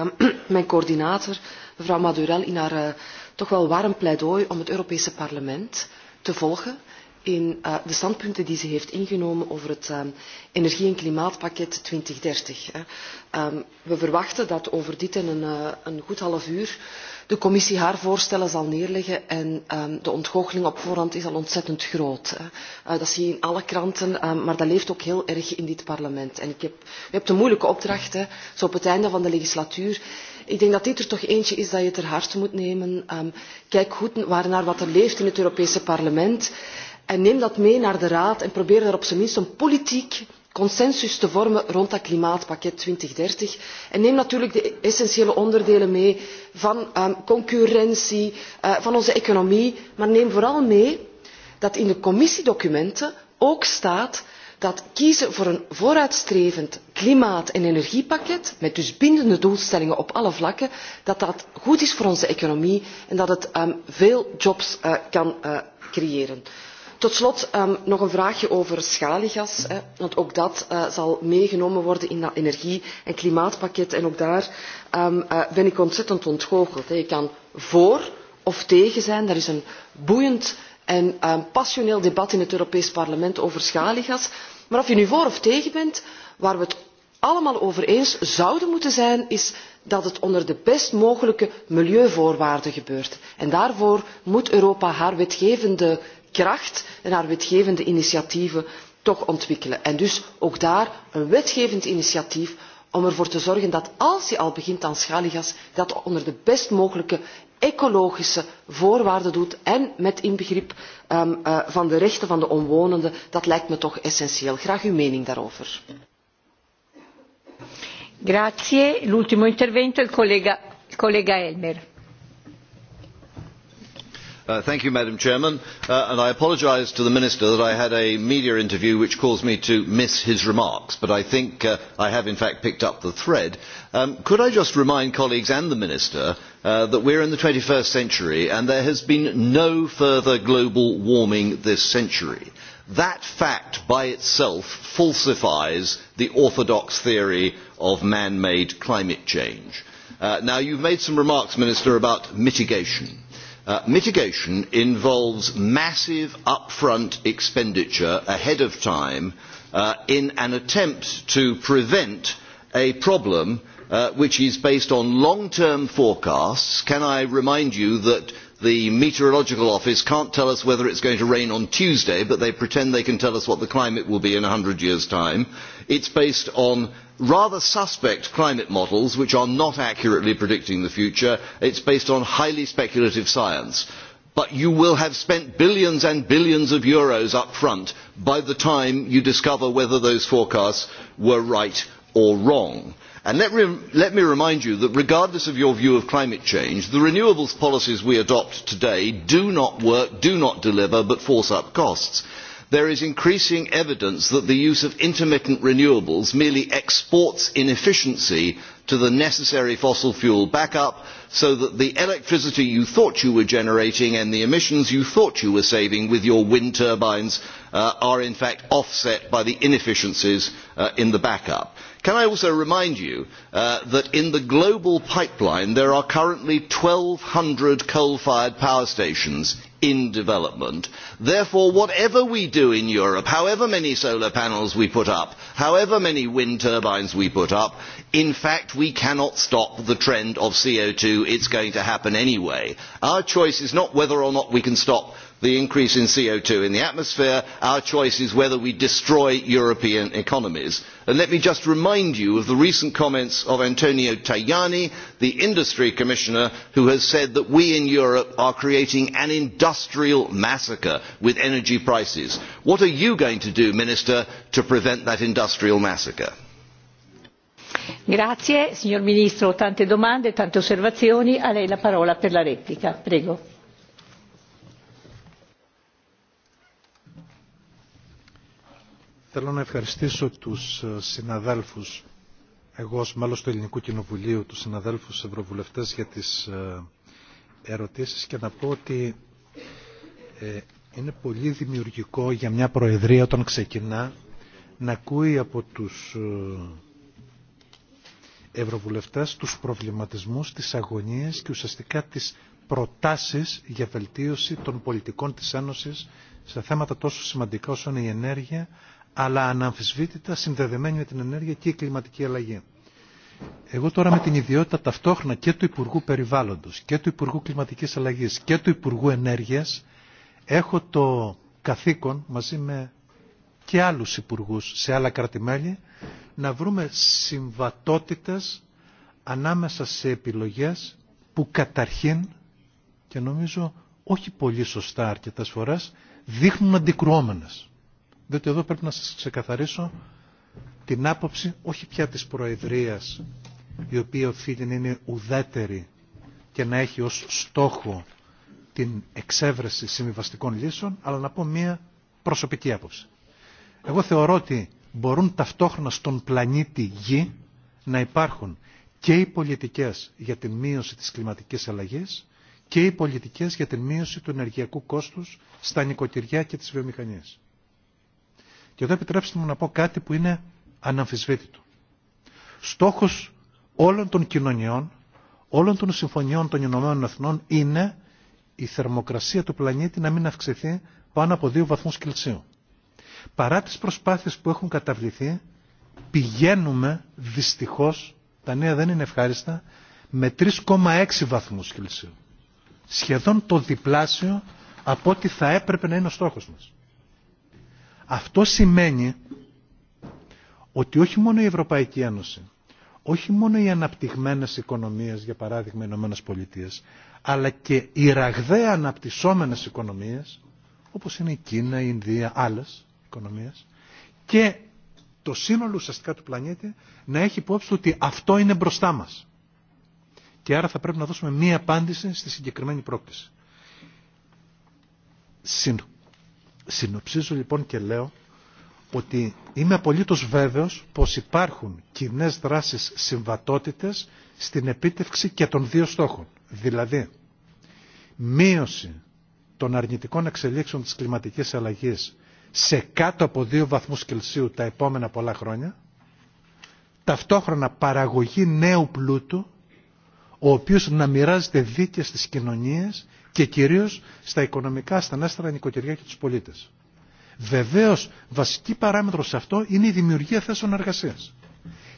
mijn coördinator mevrouw madurell in haar toch wel warm pleidooi om het europees parlement te volgen in uh, de standpunten die ze heeft ingenomen over het um, energie- en klimaatpakket 2030. Hè. Um, we verwachten dat over dit en een, uh, een goed half uur de commissie haar voorstellen zal neerleggen en um, de ontgoocheling op voorhand is al ontzettend groot. Hè. Uh, dat zie je in alle kranten, um, maar dat leeft ook heel erg in dit parlement. En ik heb, u hebt een moeilijke opdracht, hè, zo op het einde van de legislatuur. Ik denk dat dit er toch eentje is dat je ter harte moet nemen. Um, kijk goed naar wat er leeft in het Europese parlement en neem dat mee naar de raad en probeer daar op zijn minst een politiek consensus te vormen rond dat klimaatpakket tweeduizenddertig en neem natuurlijk de essentiële onderdelen mee van concurrentie van onze economie maar neem vooral mee dat in de commissiedocumenten ook staat dat kiezen voor een vooruitstrevend klimaat en energiepakket met dus bindende doelstellingen op alle vlakken goed is voor onze economie en dat het veel jobs kan creëren. Tot slot nog een vraagje over schaliegas. want ook dat zal meegenomen worden in dat energie- en klimaatpakket. En ook daar ben ik ontzettend ontgoocheld. Je kan voor of tegen zijn. Er is een boeiend en passioneel debat in het Europees Parlement over schaliegas. Maar of je nu voor of tegen bent, waar we het allemaal over eens zouden moeten zijn is dat het onder de best mogelijke milieuvoorwaarden gebeurt. en daarvoor moet europa haar wetgevende kracht en haar wetgevende initiatieven toch ontwikkelen. En dus ook daar een wetgevend initiatief om ervoor te zorgen dat als je al begint aan schaliegas, dat onder de best mogelijke ecologische voorwaarden doet en met inbegrip van de rechten van de omwonenden. Dat lijkt me toch essentieel. Graag uw mening daarover. Grazie. L'ultimo intervento il collega Elmer madam president i apologise to the minister that i had a media interview which caused me to miss his remarks but i think i have in fact picked up the thread. could i just remind colleagues and the minister that we are in the twenty first century and there has been no further global warming this century. that fact by itself falsifies the orthodox theory of man made climate change. you have made some remarks minister about mitigation mitigation involves massive upfront expenditure ahead of time in an attempt to prevent a problem which is based on long term forecasts. can i remind you that the meteorological office cannot tell us whether it is going to rain on tuesday but they pretend they can tell us what the climate will be in one hundred years' time. it is based on rather suspect climate models which are not accurately predicting the future. it is based on highly speculative science. but you will have spent billions and billions of euros up front by the time you discover whether those forecasts were right or wrong let me remind you that regardless of your view of climate change the renewables policies we adopt today do not work do not deliver but force up costs. there is increasing evidence that the use of intermittent renewables merely exports inefficiency to the necessary fossil fuel backup so that the electricity you thought you were generating and the emissions you thought you were saving with your wind turbines are in fact offset by the inefficiencies in the back up. Can I also remind you that in the global pipeline there are currently hundred coal-fired power stations in development. Therefore, whatever we do in Europe, however many solar panels we put up, however many wind turbines we put up, in fact we cannot stop the trend of co two. It is going to happen anyway. Our choice is not whether or not we can stop the increase in co two in the atmosphere our choice is whether we destroy european economies. let me just remind you of the recent comments of antonio tajani the industry commissioner who has said that we in europe are creating an industrial massacre with energy prices. what are you going to do minister to prevent that industrial massacre? signor ministro tante domande tante osservazioni a lei la parola per la replica prego Θέλω να ευχαριστήσω τους συναδέλφους, εγώ ως μέλος του Ελληνικού Κοινοβουλίου, τους συναδέλφους ευρωβουλευτές για τις ερωτήσεις και να πω ότι ε, είναι πολύ δημιουργικό για μια προεδρία όταν ξεκινά να ακούει από τους ευρωβουλευτές τους προβληματισμούς, τις αγωνίες και ουσιαστικά τις προτάσεις για βελτίωση των πολιτικών της Ένωσης σε θέματα τόσο σημαντικά όσο είναι η ενέργεια αλλά αναμφισβήτητα συνδεδεμένη με την ενέργεια και η κλιματική αλλαγή. Εγώ τώρα με την ιδιότητα ταυτόχρονα και του Υπουργού Περιβάλλοντος και του Υπουργού Κλιματικής Αλλαγής και του Υπουργού Ενέργειας έχω το καθήκον μαζί με και άλλους υπουργούς σε άλλα κρατημέλη να βρούμε συμβατότητες ανάμεσα σε επιλογές που καταρχήν και νομίζω όχι πολύ σωστά αρκετές φορές δείχνουν αντικρουόμενες. Διότι εδώ πρέπει να σας ξεκαθαρίσω την άποψη όχι πια της Προεδρίας η οποία οφείλει να είναι ουδέτερη και να έχει ως στόχο την εξέβρεση συμβιβαστικών λύσεων, αλλά να πω μία προσωπική άποψη. Εγώ θεωρώ ότι μπορούν ταυτόχρονα στον πλανήτη Γη να υπάρχουν και οι πολιτικές για την μείωση της κλιματικής αλλαγής και οι πολιτικές για την μείωση του ενεργειακού κόστους στα νοικοκυριά και τις βιομηχανίες. Και εδώ επιτρέψτε μου να πω κάτι που είναι αναμφισβήτητο. Στόχος όλων των κοινωνιών, όλων των συμφωνιών των Ηνωμένων Εθνών είναι η θερμοκρασία του πλανήτη να μην αυξηθεί πάνω από 2 βαθμούς Κελσίου. Παρά τις προσπάθειες που έχουν καταβληθεί, πηγαίνουμε δυστυχώς, τα νέα δεν είναι ευχάριστα, με 3,6 βαθμούς Κελσίου. Σχεδόν το διπλάσιο από ό,τι θα έπρεπε να είναι ο στόχος μας. Αυτό σημαίνει ότι όχι μόνο η Ευρωπαϊκή Ένωση, όχι μόνο οι αναπτυγμένες οικονομίες, για παράδειγμα οι Ηνωμένες Πολιτείες, αλλά και οι ραγδαία αναπτυσσόμενες οικονομίες, όπως είναι η Κίνα, η Ινδία, άλλες οικονομίες, και το σύνολο ουσιαστικά του πλανήτη να έχει υπόψη ότι αυτό είναι μπροστά μας. Και άρα θα πρέπει να δώσουμε μία απάντηση στη συγκεκριμένη πρόκληση. Συνοψίζω λοιπόν και λέω ότι είμαι απολύτως βέβαιος πως υπάρχουν κοινέ δράσεις συμβατότητες στην επίτευξη και των δύο στόχων. Δηλαδή, μείωση των αρνητικών εξελίξεων της κλιματικής αλλαγής σε κάτω από 2 βαθμούς Κελσίου τα επόμενα πολλά χρόνια, ταυτόχρονα παραγωγή νέου πλούτου, ο οποίος να μοιράζεται δίκαια στις κοινωνίες και κυρίως στα οικονομικά, στα νέστερα νοικοκυριά και τους πολίτες. Βεβαίως βασική παράμετρο σε αυτό είναι η δημιουργία θέσεων εργασίας.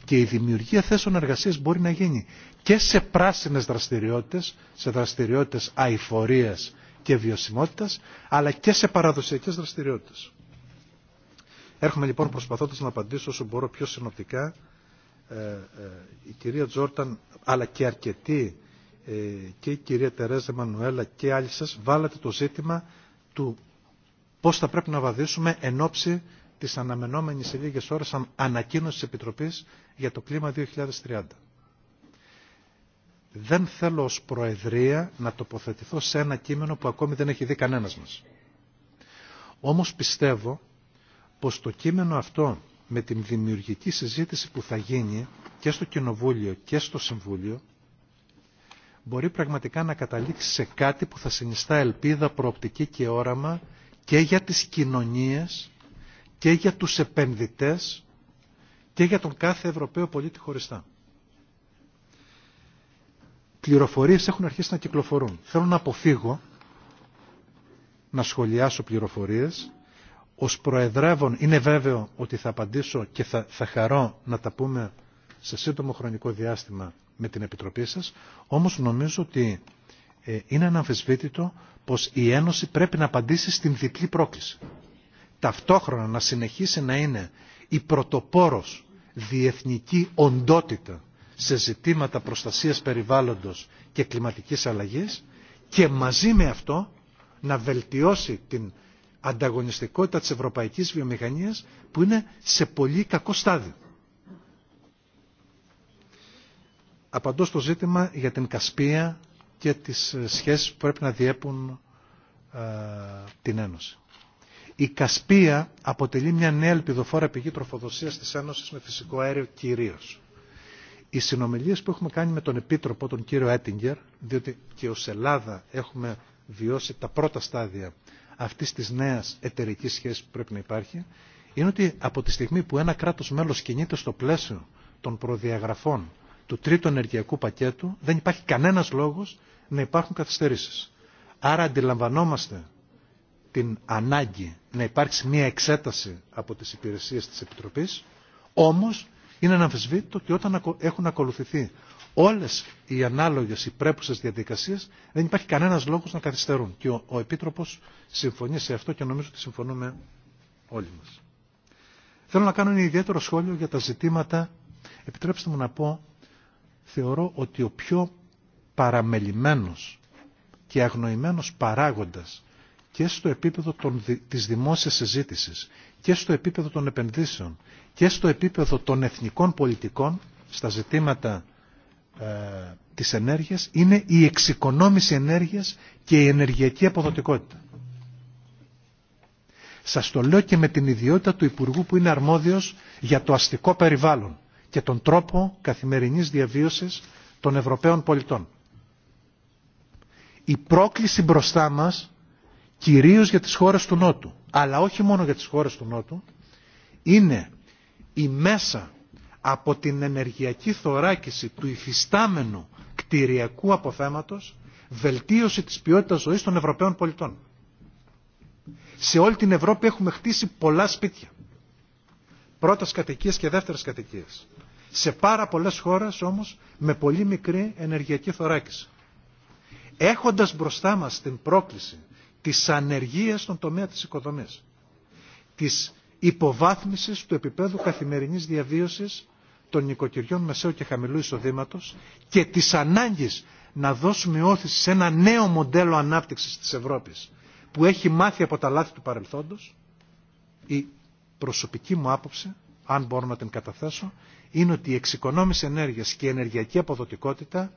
Και η δημιουργία θέσεων εργασίας μπορεί να γίνει και σε πράσινες δραστηριότητες, σε δραστηριότητες αηφορίας και βιωσιμότητας, αλλά και σε παραδοσιακές δραστηριότητες. Έρχομαι λοιπόν προσπαθώντας να απαντήσω όσο μπορώ πιο συνοπτικά. Ε, ε, η κυρία Τζόρταν, αλλά και αρκετοί και η κυρία Τερέζα Μανουέλα και άλλοι σας βάλατε το ζήτημα του πώς θα πρέπει να βαδίσουμε εν ώψη της αναμενόμενης σε λίγες ώρες ανακοίνωσης της Επιτροπής για το κλίμα 2030. Δεν θέλω ως Προεδρία να τοποθετηθώ σε ένα κείμενο που ακόμη δεν έχει δει κανένας μας. Όμως πιστεύω πως το κείμενο αυτό με την δημιουργική συζήτηση που θα γίνει και στο Κοινοβούλιο και στο Συμβούλιο μπορεί πραγματικά να καταλήξει σε κάτι που θα συνιστά ελπίδα, προοπτική και όραμα και για τις κοινωνίες και για τους επενδυτές και για τον κάθε Ευρωπαίο πολίτη χωριστά. Πληροφορίες έχουν αρχίσει να κυκλοφορούν. Θέλω να αποφύγω να σχολιάσω πληροφορίες. Ως Προεδρεύων είναι βέβαιο ότι θα απαντήσω και θα, θα χαρώ να τα πούμε σε σύντομο χρονικό διάστημα με την Επιτροπή σας, όμως νομίζω ότι ε, είναι αναμφισβήτητο πως η Ένωση πρέπει να απαντήσει στην διπλή πρόκληση. Ταυτόχρονα να συνεχίσει να είναι η πρωτοπόρος διεθνική οντότητα σε ζητήματα προστασίας περιβάλλοντος και κλιματικής αλλαγής και μαζί με αυτό να βελτιώσει την ανταγωνιστικότητα της ευρωπαϊκής βιομηχανίας που είναι σε πολύ κακό στάδιο. απαντώ στο ζήτημα για την Κασπία και τις σχέσεις που πρέπει να διέπουν ε, την Ένωση. Η Κασπία αποτελεί μια νέα ελπιδοφόρα πηγή τροφοδοσίας της Ένωσης με φυσικό αέριο κυρίως. Οι συνομιλίες που έχουμε κάνει με τον Επίτροπο, τον κύριο Έτιγκερ, διότι και ως Ελλάδα έχουμε βιώσει τα πρώτα στάδια αυτής της νέας εταιρική σχέσης που πρέπει να υπάρχει, είναι ότι από τη στιγμή που ένα κράτος μέλος κινείται στο πλαίσιο των προδιαγραφών του τρίτου ενεργειακού πακέτου δεν υπάρχει κανένας λόγος να υπάρχουν καθυστερήσεις. Άρα αντιλαμβανόμαστε την ανάγκη να υπάρξει μια εξέταση από τις υπηρεσίες της Επιτροπής, όμως είναι αναμφισβήτητο ότι όταν έχουν ακολουθηθεί όλες οι ανάλογες, οι πρέπουσες διαδικασίες, δεν υπάρχει κανένας λόγος να καθυστερούν. Και ο, ο Επίτροπος συμφωνεί σε αυτό και νομίζω ότι συμφωνούμε όλοι μας. Θέλω να κάνω ένα ιδιαίτερο σχόλιο για τα ζητήματα, επιτρέψτε μου να πω, θεωρώ ότι ο πιο παραμελημένος και αγνοημένος παράγοντας και στο επίπεδο των, της δημόσιας συζήτησης και στο επίπεδο των επενδύσεων και στο επίπεδο των εθνικών πολιτικών στα ζητήματα ε, της ενέργειας είναι η εξοικονόμηση ενέργειας και η ενεργειακή αποδοτικότητα. Σας το λέω και με την ιδιότητα του Υπουργού που είναι αρμόδιος για το αστικό περιβάλλον και τον τρόπο καθημερινής διαβίωσης των Ευρωπαίων πολιτών. Η πρόκληση μπροστά μας, κυρίως για τις χώρες του Νότου, αλλά όχι μόνο για τις χώρες του Νότου, είναι η μέσα από την ενεργειακή θωράκιση του υφιστάμενου κτηριακού αποθέματος βελτίωση της ποιότητας ζωής των Ευρωπαίων πολιτών. Σε όλη την Ευρώπη έχουμε χτίσει πολλά σπίτια πρώτας κατοικίας και δεύτερης κατοικίας. Σε πάρα πολλές χώρες όμως με πολύ μικρή ενεργειακή θωράκιση. Έχοντας μπροστά μας την πρόκληση της ανεργίας στον τομέα της οικοδομής, της υποβάθμισης του επίπεδου καθημερινής διαβίωσης των νοικοκυριών μεσαίου και χαμηλού εισοδήματος και της ανάγκης να δώσουμε όθηση σε ένα νέο μοντέλο ανάπτυξης της Ευρώπης που έχει μάθει από τα λάθη του παρελθόντος, η προσωπική μου άποψη, αν μπορώ να την καταθέσω, είναι ότι η εξοικονόμηση ενέργειας και η ενεργειακή αποδοτικότητα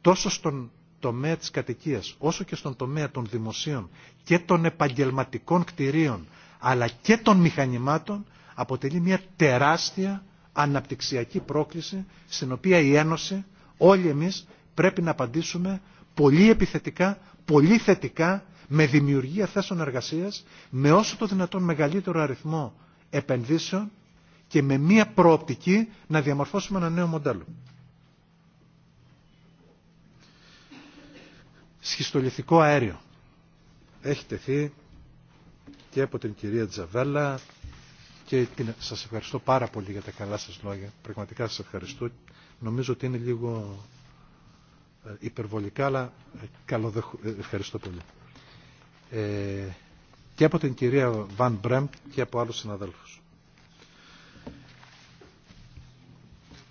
τόσο στον τομέα της κατοικίας όσο και στον τομέα των δημοσίων και των επαγγελματικών κτηρίων αλλά και των μηχανημάτων αποτελεί μια τεράστια αναπτυξιακή πρόκληση στην οποία η Ένωση, όλοι εμείς πρέπει να απαντήσουμε πολύ επιθετικά, πολύ θετικά με δημιουργία θέσεων εργασίας με όσο το δυνατόν μεγαλύτερο αριθμό επενδύσεων και με μία προοπτική να διαμορφώσουμε ένα νέο μοντέλο. Σχιστολιθικό αέριο. Έχει τεθεί και από την κυρία Τζαβέλα και την... σας ευχαριστώ πάρα πολύ για τα καλά σας λόγια. Πραγματικά σας ευχαριστώ. Νομίζω ότι είναι λίγο υπερβολικά, αλλά καλοδεχ... ευχαριστώ πολύ. Ε, και από την κυρία Βαν Μπρέμ και από άλλους συναδέλφους.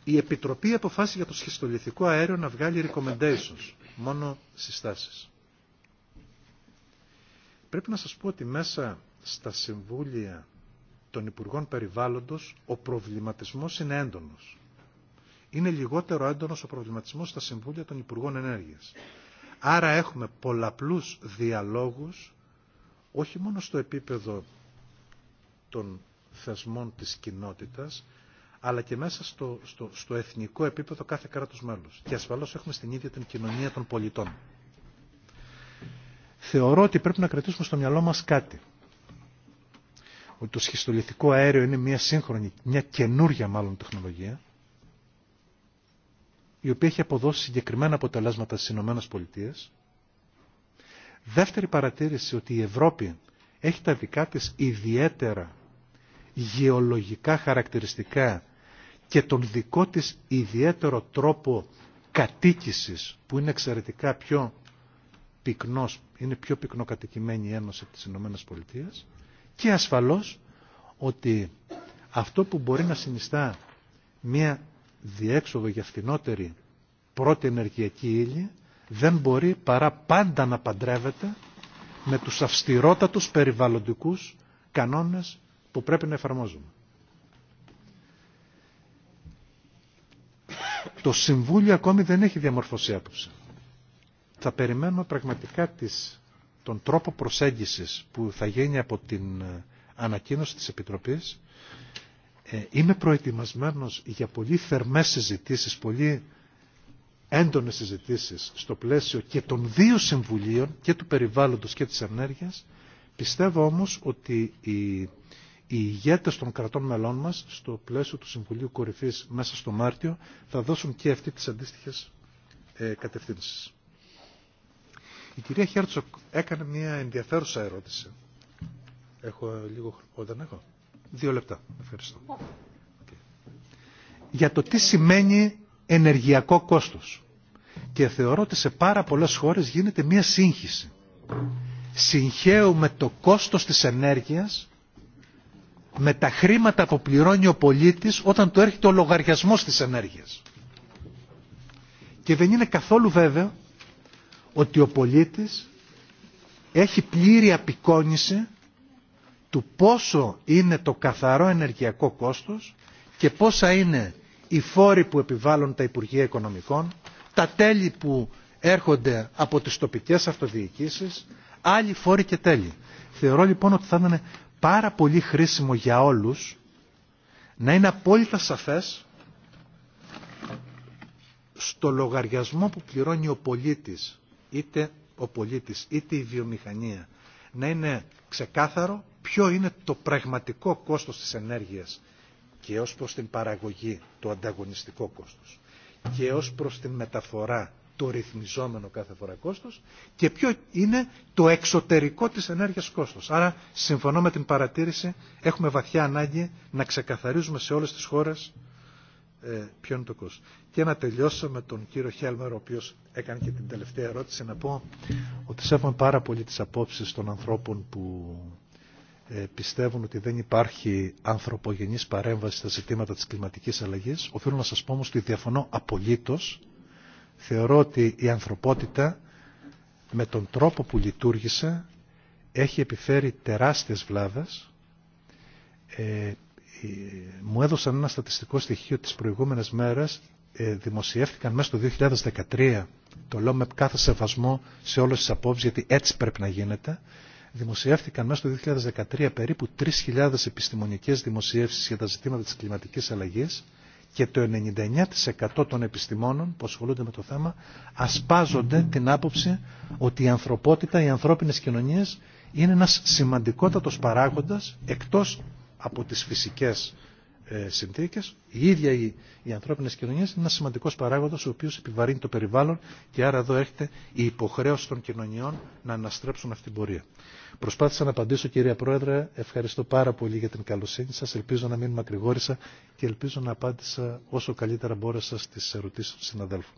Η Επιτροπή αποφάσισε για το σχιστολιθικό αέριο να βγάλει recommendations, μόνο συστάσεις. Πρέπει να σας πω ότι μέσα στα συμβούλια των Υπουργών Περιβάλλοντος ο προβληματισμός είναι έντονος. Είναι λιγότερο έντονος ο προβληματισμός στα συμβούλια των Υπουργών Ενέργειας. Άρα έχουμε πολλαπλούς διαλόγους όχι μόνο στο επίπεδο των θεσμών της κοινότητας, αλλά και μέσα στο, στο, στο εθνικό επίπεδο κάθε κράτος μέλος. Και ασφαλώς έχουμε στην ίδια την κοινωνία των πολιτών. Θεωρώ ότι πρέπει να κρατήσουμε στο μυαλό μας κάτι. Ότι το σχιστολιθικό αέριο είναι μια σύγχρονη, μια καινούρια μάλλον τεχνολογία, η οποία έχει αποδώσει συγκεκριμένα αποτελέσματα στις Ηνωμένες Πολιτείες, Δεύτερη παρατήρηση ότι η Ευρώπη έχει τα δικά της ιδιαίτερα γεωλογικά χαρακτηριστικά και τον δικό της ιδιαίτερο τρόπο κατοίκησης που είναι εξαιρετικά πιο πυκνός, είναι πιο πυκνοκατοικημένη η Ένωση της Ηνωμένες Πολιτείας και ασφαλώς ότι αυτό που μπορεί να συνιστά μια διέξοδο για φθηνότερη πρώτη ενεργειακή ύλη δεν μπορεί παρά πάντα να παντρεύεται με τους αυστηρότατους περιβαλλοντικούς κανόνες που πρέπει να εφαρμόζουμε. Το Συμβούλιο ακόμη δεν έχει διαμορφώσει άποψη. Θα περιμένουμε πραγματικά τις, τον τρόπο προσέγγισης που θα γίνει από την ανακοίνωση της Επιτροπής. Ε, είμαι προετοιμασμένος για πολύ θερμές συζητήσεις, πολύ έντονες συζητήσεις στο πλαίσιο και των δύο συμβουλίων και του περιβάλλοντος και της ενέργειας πιστεύω όμως ότι οι, οι ηγέτες των κρατών μελών μας στο πλαίσιο του Συμβουλίου Κορυφής μέσα στο Μάρτιο θα δώσουν και αυτοί τις αντίστοιχες ε, κατευθύνσεις. Η κυρία Χέρτσοκ έκανε μια ενδιαφέρουσα ερώτηση. Έχω λίγο χρόνο. Δεν έχω. Δύο λεπτά. Ευχαριστώ. Για το τι σημαίνει ενεργειακό κόστος. Και θεωρώ ότι σε πάρα πολλές χώρες γίνεται μία σύγχυση. Συγχαίουμε το κόστος της ενέργειας με τα χρήματα που πληρώνει ο πολίτης όταν του έρχεται ο λογαριασμός της ενέργειας. Και δεν είναι καθόλου βέβαιο ότι ο πολίτης έχει πλήρη απεικόνηση του πόσο είναι το καθαρό ενεργειακό κόστος και πόσα είναι οι φόροι που επιβάλλουν τα Υπουργεία Οικονομικών, τα τέλη που έρχονται από τις τοπικές αυτοδιοικήσεις, άλλοι φόροι και τέλη. Θεωρώ λοιπόν ότι θα ήταν πάρα πολύ χρήσιμο για όλους να είναι απόλυτα σαφές στο λογαριασμό που πληρώνει ο πολίτης, είτε ο πολίτης είτε η βιομηχανία, να είναι ξεκάθαρο ποιο είναι το πραγματικό κόστος της ενέργειας και ως προς την παραγωγή, το ανταγωνιστικό κόστος και ως προς την μεταφορά, το ρυθμιζόμενο κάθε φορά κόστος και ποιο είναι το εξωτερικό της ενέργειας κόστος. Άρα, συμφωνώ με την παρατήρηση, έχουμε βαθιά ανάγκη να ξεκαθαρίζουμε σε όλες τις χώρες ε, ποιο είναι το κόστος. Και να τελειώσω με τον κύριο Χέλμερ, ο οποίος έκανε και την τελευταία ερώτηση, να πω ότι σέβομαι πάρα πολύ τις απόψεις των ανθρώπων που πιστεύουν ότι δεν υπάρχει ανθρωπογενής παρέμβαση στα ζητήματα της κλιματικής αλλαγής. Οφείλω να σας πω όμως ότι διαφωνώ απολύτως. Θεωρώ ότι η ανθρωπότητα με τον τρόπο που λειτουργήσε έχει επιφέρει τεράστιες βλάβες. Ε, μου έδωσαν ένα στατιστικό στοιχείο τις προηγούμενες μέρες ε, δημοσιεύτηκαν μέσα στο 2013 το λέω με κάθε σεβασμό σε όλες τις απόψεις γιατί έτσι πρέπει να γίνεται δημοσιεύτηκαν μέσα στο 2013 περίπου 3.000 επιστημονικές δημοσιεύσεις για τα ζητήματα της κλιματικής αλλαγής και το 99% των επιστημόνων που ασχολούνται με το θέμα ασπάζονται την άποψη ότι η ανθρωπότητα, οι ανθρώπινες κοινωνίες είναι ένας σημαντικότατος παράγοντας εκτός από τις φυσικές ε, συνθήκες. Η ίδια η, οι ανθρώπινες κοινωνίες είναι ένας σημαντικός παράγοντας ο οποίος επιβαρύνει το περιβάλλον και άρα εδώ έρχεται η υποχρέωση των κοινωνιών να αναστρέψουν αυτή την πορεία. Προσπάθησα να απαντήσω κυρία Πρόεδρε, ευχαριστώ πάρα πολύ για την καλοσύνη σα. ελπίζω να μην μακρηγόρησα και ελπίζω να απάντησα όσο καλύτερα μπόρεσα στι ερωτήσει των συναδέλφων.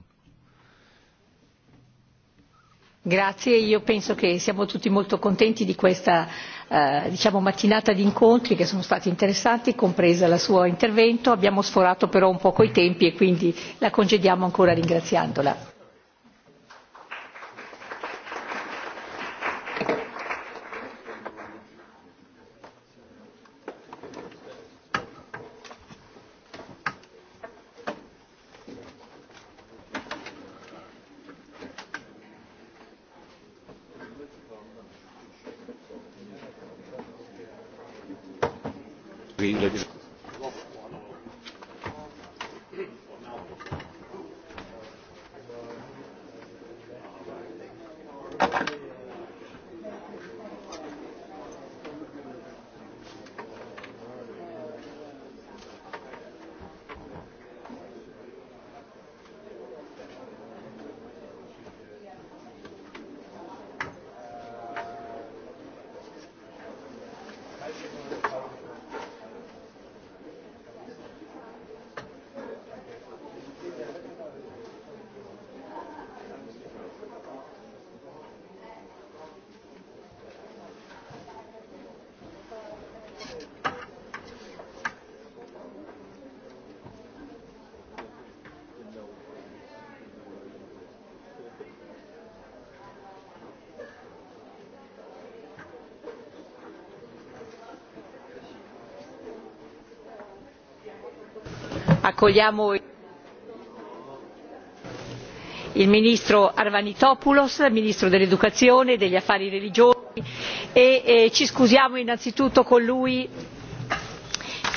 Grazie, io penso che siamo tutti molto contenti di questa eh, diciamo, mattinata di incontri che sono stati interessanti, compresa la sua intervento. Abbiamo sforato però un po' coi tempi e quindi la congediamo ancora ringraziandola. accogliamo il ministro arvanitopoulos ministro dell'educazione e degli affari religiosi e ci scusiamo innanzitutto con lui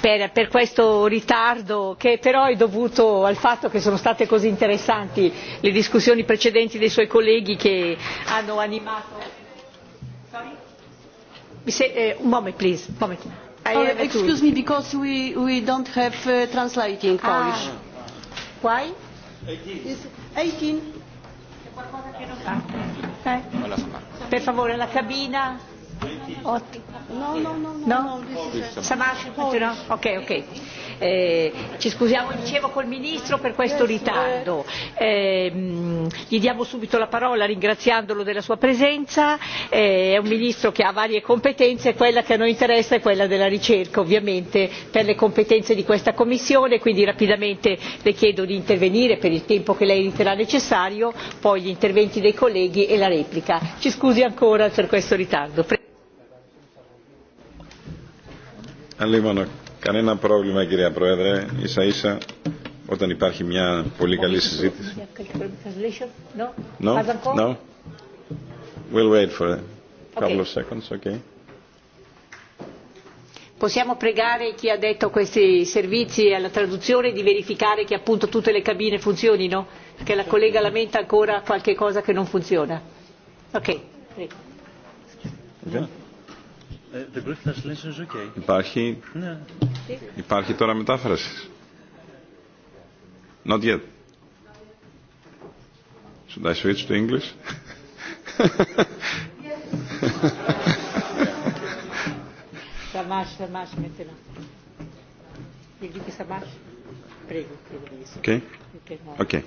per questo ritardo che però è dovuto al fatto che sono state così interessanti le discussioni precedenti dei suoi colleghi che hanno animato excuse me, because we, we don't have uh, translating ah. Polish. Why? 18. 18. Per favore, la cabina. No, no, no, no, no. Samash, no? Ok, ok. Eh, ci scusiamo, dicevo, col Ministro per questo ritardo. Eh, gli diamo subito la parola ringraziandolo della sua presenza è un ministro che ha varie competenze quella che a noi interessa è quella della ricerca ovviamente per le competenze di questa commissione quindi rapidamente le chiedo di intervenire per il tempo che lei riterrà necessario poi gli interventi dei colleghi e la replica ci scusi ancora per questo ritardo. Κανένα πρόβλημα κυρία Πρόεδρε, ίσα ίσα όταν υπάρχει μια πολύ καλή συζήτηση. No? No? We'll wait for a couple of seconds, okay? Possiamo pregare chi ha detto questi servizi alla traduzione di verificare che appunto tutte le cabine funzionino? Perché la collega lamenta ancora qualche cosa che non funziona. Ok, prego. Okay. Υπάρχει, υπάρχει τώρα μετάφραση. Not yet. Should I switch to English? Okay. Okay.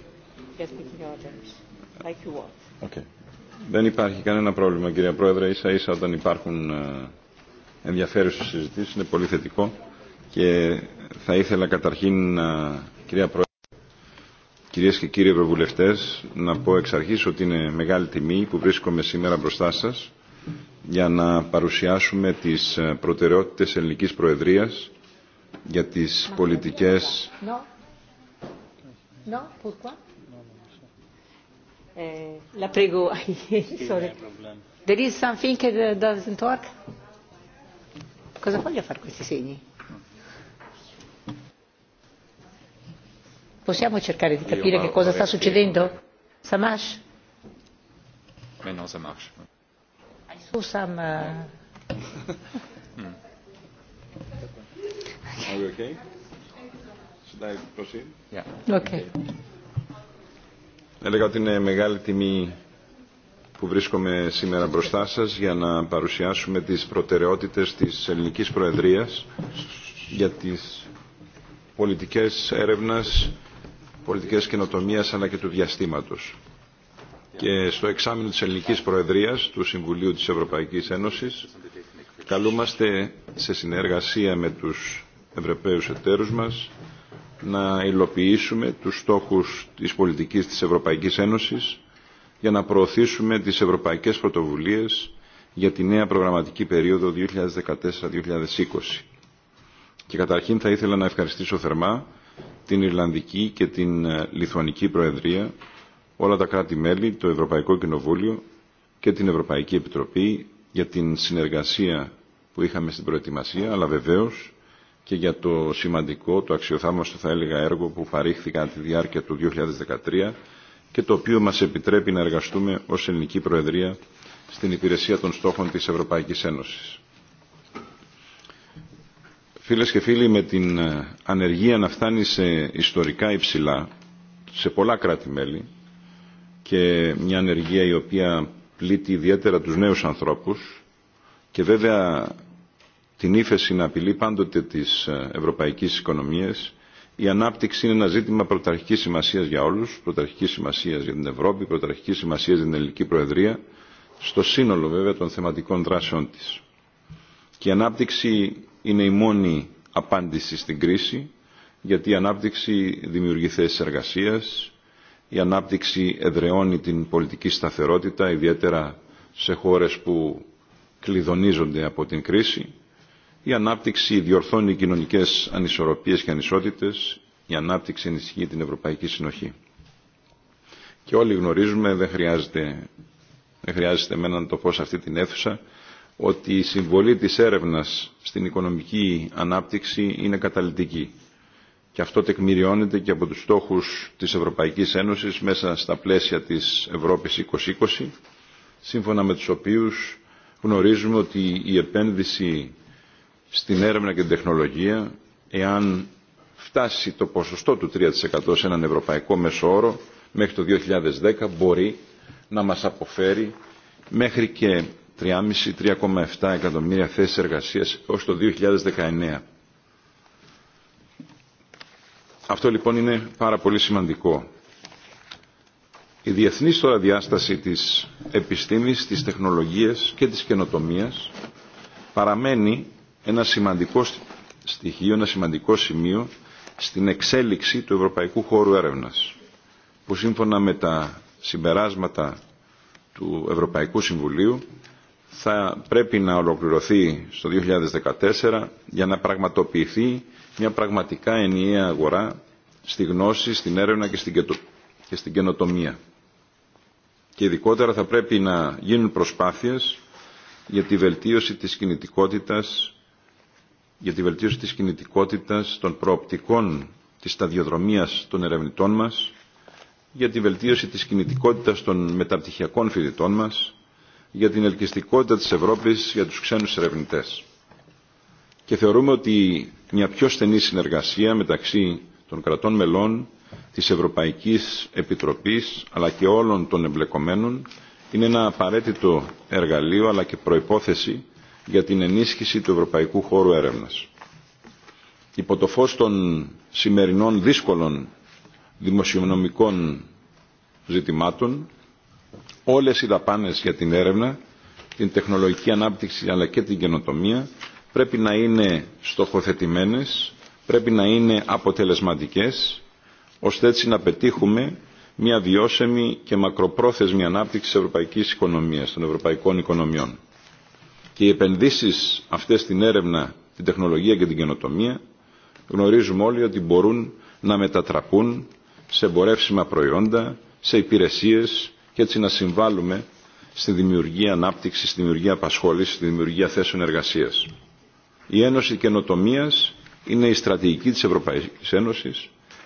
Okay. Δεν υπάρχει κανένα πρόβλημα κυρία Πρόεδρε, σα ίσα όταν υπάρχουν ενδιαφέρουσε συζητήσει, είναι πολύ θετικό και θα ήθελα καταρχήν κυρία Πρόεδρε Κυρίες και κύριοι Ευρωβουλευτές, να πω εξ αρχής ότι είναι μεγάλη τιμή που βρίσκομαι σήμερα μπροστά σας για να παρουσιάσουμε τις προτεραιότητες ελληνικής προεδρίας για τις πολιτικές... Δεν είναι κάτι που δεν Possiamo cercare di capire che cosa sta succedendo? Samash? Beh, non Samash. I saw some... Uh... mm. okay. Are you okay? Έλεγα ότι είναι μεγάλη τιμή που βρίσκομαι σήμερα μπροστά σας για να παρουσιάσουμε τις προτεραιότητες της ελληνικής προεδρίας για τις πολιτικές έρευνας πολιτικές καινοτομίας αλλά και του διαστήματος. Και στο εξάμεινο της Ελληνικής Προεδρίας του Συμβουλίου της Ευρωπαϊκής Ένωσης καλούμαστε σε συνεργασία με τους Ευρωπαίους εταίρους μας να υλοποιήσουμε τους στόχους της πολιτικής της Ευρωπαϊκής Ένωσης για να προωθήσουμε τις ευρωπαϊκές πρωτοβουλίες για τη νέα προγραμματική περίοδο 2014-2020. Και καταρχήν θα ήθελα να ευχαριστήσω θερμά την Ιρλανδική και την Λιθουανική Προεδρία, όλα τα κράτη-μέλη, το Ευρωπαϊκό Κοινοβούλιο και την Ευρωπαϊκή Επιτροπή για την συνεργασία που είχαμε στην προετοιμασία, αλλά βεβαίως και για το σημαντικό, το αξιοθάμαστο θα έλεγα έργο που παρήχθη κατά τη διάρκεια του 2013 και το οποίο μας επιτρέπει να εργαστούμε ως ελληνική προεδρία στην υπηρεσία των στόχων της Ευρωπαϊκής Ένωσης. Φίλες και φίλοι, με την ανεργία να φτάνει σε ιστορικά υψηλά, σε πολλά κράτη-μέλη, και μια ανεργία η οποία πλήττει ιδιαίτερα τους νέους ανθρώπους και βέβαια την ύφεση να απειλεί πάντοτε τις ευρωπαϊκές οικονομίες. Η ανάπτυξη είναι ένα ζήτημα πρωταρχικής σημασίας για όλους, πρωταρχικής σημασίας για την Ευρώπη, πρωταρχικής σημασίας για την Ελληνική Προεδρία, στο σύνολο βέβαια των θεματικών δράσεων της. Και η ανάπτυξη είναι η μόνη απάντηση στην κρίση, γιατί η ανάπτυξη δημιουργεί θέσει εργασίας, η ανάπτυξη εδραιώνει την πολιτική σταθερότητα, ιδιαίτερα σε χώρες που κλειδονίζονται από την κρίση, η ανάπτυξη διορθώνει κοινωνικές ανισορροπίες και ανισότητες, η ανάπτυξη ενισχύει την ευρωπαϊκή συνοχή. Και όλοι γνωρίζουμε, δεν χρειάζεται, δεν χρειάζεται εμένα να το πω σε αυτή την αίθουσα, ότι η συμβολή της έρευνας στην οικονομική ανάπτυξη είναι καταλητική. Και αυτό τεκμηριώνεται και από τους στόχους της Ευρωπαϊκής Ένωσης μέσα στα πλαίσια της Ευρώπης 2020, σύμφωνα με τους οποίους γνωρίζουμε ότι η επένδυση στην έρευνα και την τεχνολογία, εάν φτάσει το ποσοστό του 3% σε έναν ευρωπαϊκό μέσο όρο, μέχρι το 2010 μπορεί να μας αποφέρει μέχρι και 3,5-3,7 εκατομμύρια θέσεις εργασίας ως το 2019. Αυτό λοιπόν είναι πάρα πολύ σημαντικό. Η διεθνής τώρα διάσταση της επιστήμης, της τεχνολογίας και της καινοτομίας παραμένει ένα σημαντικό στοιχείο, ένα σημαντικό σημείο στην εξέλιξη του ευρωπαϊκού χώρου έρευνας που σύμφωνα με τα συμπεράσματα του Ευρωπαϊκού Συμβουλίου θα πρέπει να ολοκληρωθεί στο 2014 για να πραγματοποιηθεί μια πραγματικά ενιαία αγορά στη γνώση, στην έρευνα και στην, κετο... και στην καινοτομία. Και ειδικότερα θα πρέπει να γίνουν προσπάθειες για τη βελτίωση της κινητικότητας για τη βελτίωση της κινητικότητας των προοπτικών της σταδιοδρομίας των ερευνητών μας, για τη βελτίωση της κινητικότητας των μεταπτυχιακών φοιτητών μας, για την ελκυστικότητα της Ευρώπης για τους ξένους ερευνητές. Και θεωρούμε ότι μια πιο στενή συνεργασία μεταξύ των κρατών μελών, της Ευρωπαϊκής Επιτροπής αλλά και όλων των εμπλεκομένων είναι ένα απαραίτητο εργαλείο αλλά και προϋπόθεση για την ενίσχυση του ευρωπαϊκού χώρου έρευνας. Υπό το φως των σημερινών δύσκολων δημοσιονομικών ζητημάτων όλες οι δαπάνες για την έρευνα, την τεχνολογική ανάπτυξη αλλά και την καινοτομία πρέπει να είναι στοχοθετημένες, πρέπει να είναι αποτελεσματικές, ώστε έτσι να πετύχουμε μια βιώσιμη και μακροπρόθεσμη ανάπτυξη της ευρωπαϊκής οικονομίας, των ευρωπαϊκών οικονομιών. Και οι επενδύσεις αυτές στην έρευνα, την τεχνολογία και την καινοτομία γνωρίζουμε όλοι ότι μπορούν να μετατραπούν σε εμπορεύσιμα προϊόντα, σε υπηρεσίες, και έτσι να συμβάλλουμε στη δημιουργία ανάπτυξη, στη δημιουργία απασχόληση, στη δημιουργία θέσεων εργασία. Η Ένωση καινοτομία είναι η στρατηγική τη Ευρωπαϊκή Ένωση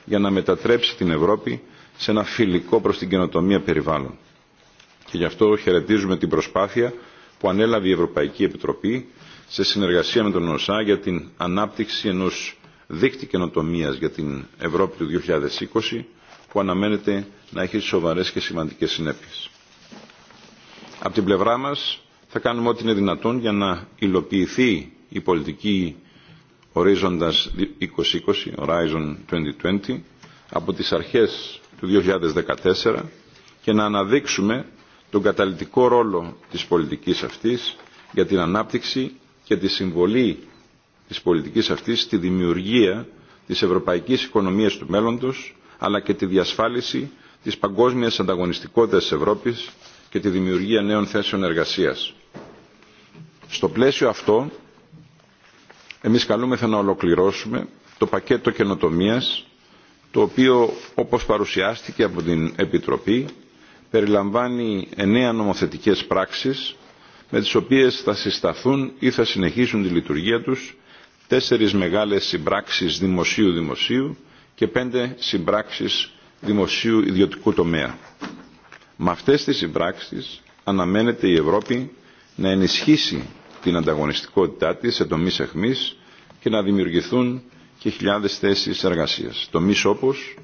για να μετατρέψει την Ευρώπη σε ένα φιλικό προ την καινοτομία περιβάλλον. Και γι' αυτό χαιρετίζουμε την προσπάθεια που ανέλαβε η Ευρωπαϊκή Επιτροπή σε συνεργασία με τον ΟΣΑ για την ανάπτυξη ενό δίκτυ καινοτομία για την Ευρώπη του 2020 που αναμένεται να έχει σοβαρές και σημαντικές συνέπειες. Από την πλευρά μας θα κάνουμε ό,τι είναι δυνατόν για να υλοποιηθεί η πολιτική ορίζοντας 2020, Horizon 2020, από τις αρχές του 2014 και να αναδείξουμε τον καταλητικό ρόλο της πολιτικής αυτής για την ανάπτυξη και τη συμβολή της πολιτικής αυτής στη δημιουργία της ευρωπαϊκής οικονομίας του μέλλοντος αλλά και τη διασφάλιση της παγκόσμιας ανταγωνιστικότητας της Ευρώπης και τη δημιουργία νέων θέσεων εργασίας. Στο πλαίσιο αυτό, εμείς καλούμεθα να ολοκληρώσουμε το πακέτο καινοτομίας, το οποίο, όπως παρουσιάστηκε από την Επιτροπή, περιλαμβάνει εννέα νομοθετικές πράξεις, με τις οποίες θα συσταθούν ή θα συνεχίσουν τη λειτουργία τους τέσσερις μεγάλες συμπράξεις δημοσίου-δημοσίου και πέντε συμπράξεις δημοσίου ιδιωτικού τομέα. Με αυτές τις συμπράξεις αναμένεται η Ευρώπη να ενισχύσει την ανταγωνιστικότητά της σε τομείς εχμής και να δημιουργηθούν και χιλιάδες θέσεις εργασίας. Τομείς όπως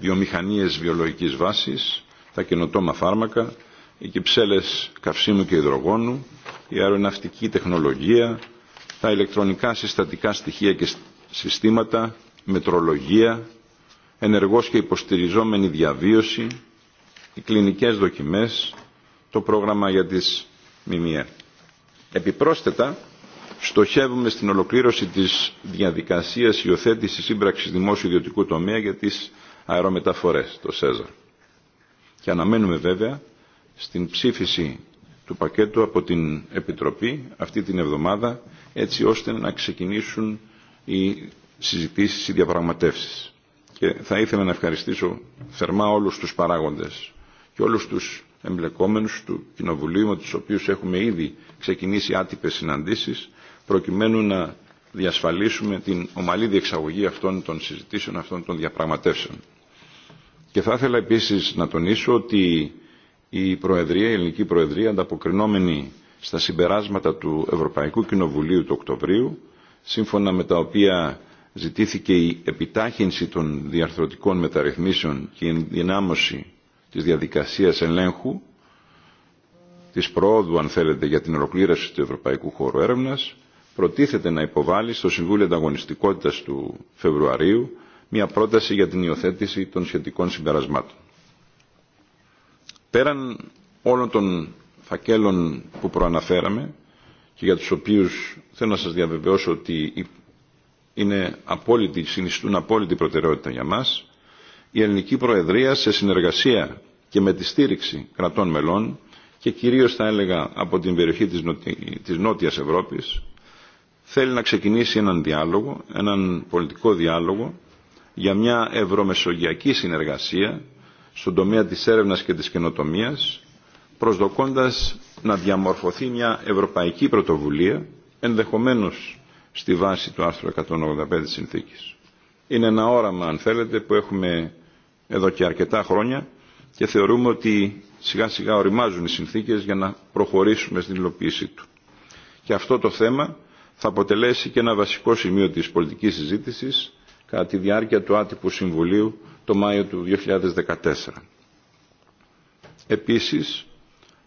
βιομηχανίες βιολογικής βάσης, τα καινοτόμα φάρμακα, οι κυψέλες καυσίμου και υδρογόνου, η αεροναυτική τεχνολογία, τα ηλεκτρονικά συστατικά στοιχεία και συστήματα, μετρολογία, ενεργώς και υποστηριζόμενη διαβίωση, οι κλινικές δοκιμές, το πρόγραμμα για τις ΜΜΕ. Επιπρόσθετα, στοχεύουμε στην ολοκλήρωση της διαδικασίας υιοθέτηση σύμπραξης δημόσιου ιδιωτικού τομέα για τις αερομεταφορές, το ΣΕΖΑΡ. Και αναμένουμε βέβαια στην ψήφιση του πακέτου από την Επιτροπή αυτή την εβδομάδα έτσι ώστε να ξεκινήσουν οι συζητήσεις, οι διαπραγματεύσεις και θα ήθελα να ευχαριστήσω θερμά όλους τους παράγοντες και όλους τους εμπλεκόμενους του Κοινοβουλίου με τους οποίους έχουμε ήδη ξεκινήσει άτυπες συναντήσεις προκειμένου να διασφαλίσουμε την ομαλή διεξαγωγή αυτών των συζητήσεων, αυτών των διαπραγματεύσεων. Και θα ήθελα επίσης να τονίσω ότι η Προεδρία, η Ελληνική Προεδρία, ανταποκρινόμενη στα συμπεράσματα του Ευρωπαϊκού Κοινοβουλίου του Οκτωβρίου, σύμφωνα με τα οποία ζητήθηκε η επιτάχυνση των διαρθρωτικών μεταρρυθμίσεων και η ενδυνάμωση της διαδικασίας ελέγχου της προόδου, αν θέλετε, για την ολοκλήρωση του Ευρωπαϊκού Χώρου Έρευνας, προτίθεται να υποβάλει στο Συμβούλιο Ανταγωνιστικότητας του Φεβρουαρίου μια πρόταση για την υιοθέτηση των σχετικών συμπερασμάτων. Πέραν όλων των φακέλων που προαναφέραμε και για τους οποίους θέλω να σας διαβεβαιώσω ότι είναι απόλυτη, συνιστούν απόλυτη προτεραιότητα για μας. Η ελληνική προεδρία σε συνεργασία και με τη στήριξη κρατών μελών και κυρίως θα έλεγα από την περιοχή της, Νοτι... της Νότιας Ευρώπης θέλει να ξεκινήσει έναν διάλογο, έναν πολιτικό διάλογο για μια ευρωμεσογειακή συνεργασία στον τομέα της έρευνας και της καινοτομίας προσδοκώντας να διαμορφωθεί μια ευρωπαϊκή πρωτοβουλία ενδεχομένως στη βάση του άρθρου 185 της συνθήκης. Είναι ένα όραμα, αν θέλετε, που έχουμε εδώ και αρκετά χρόνια και θεωρούμε ότι σιγά σιγά οριμάζουν οι συνθήκες για να προχωρήσουμε στην υλοποίησή του. Και αυτό το θέμα θα αποτελέσει και ένα βασικό σημείο της πολιτικής συζήτησης κατά τη διάρκεια του άτυπου Συμβουλίου το Μάιο του 2014. Επίσης,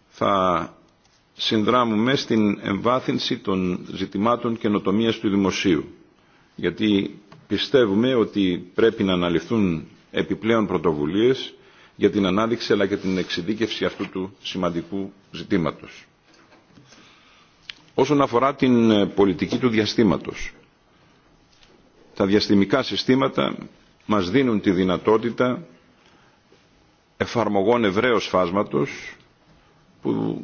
θα συνδράμουμε στην εμβάθυνση των ζητημάτων καινοτομίας του δημοσίου. Γιατί πιστεύουμε ότι πρέπει να αναλυθούν επιπλέον πρωτοβουλίες για την ανάδειξη αλλά και την εξειδίκευση αυτού του σημαντικού ζητήματος. Όσον αφορά την πολιτική του διαστήματος, τα διαστημικά συστήματα μας δίνουν τη δυνατότητα εφαρμογών ευραίως φάσματος που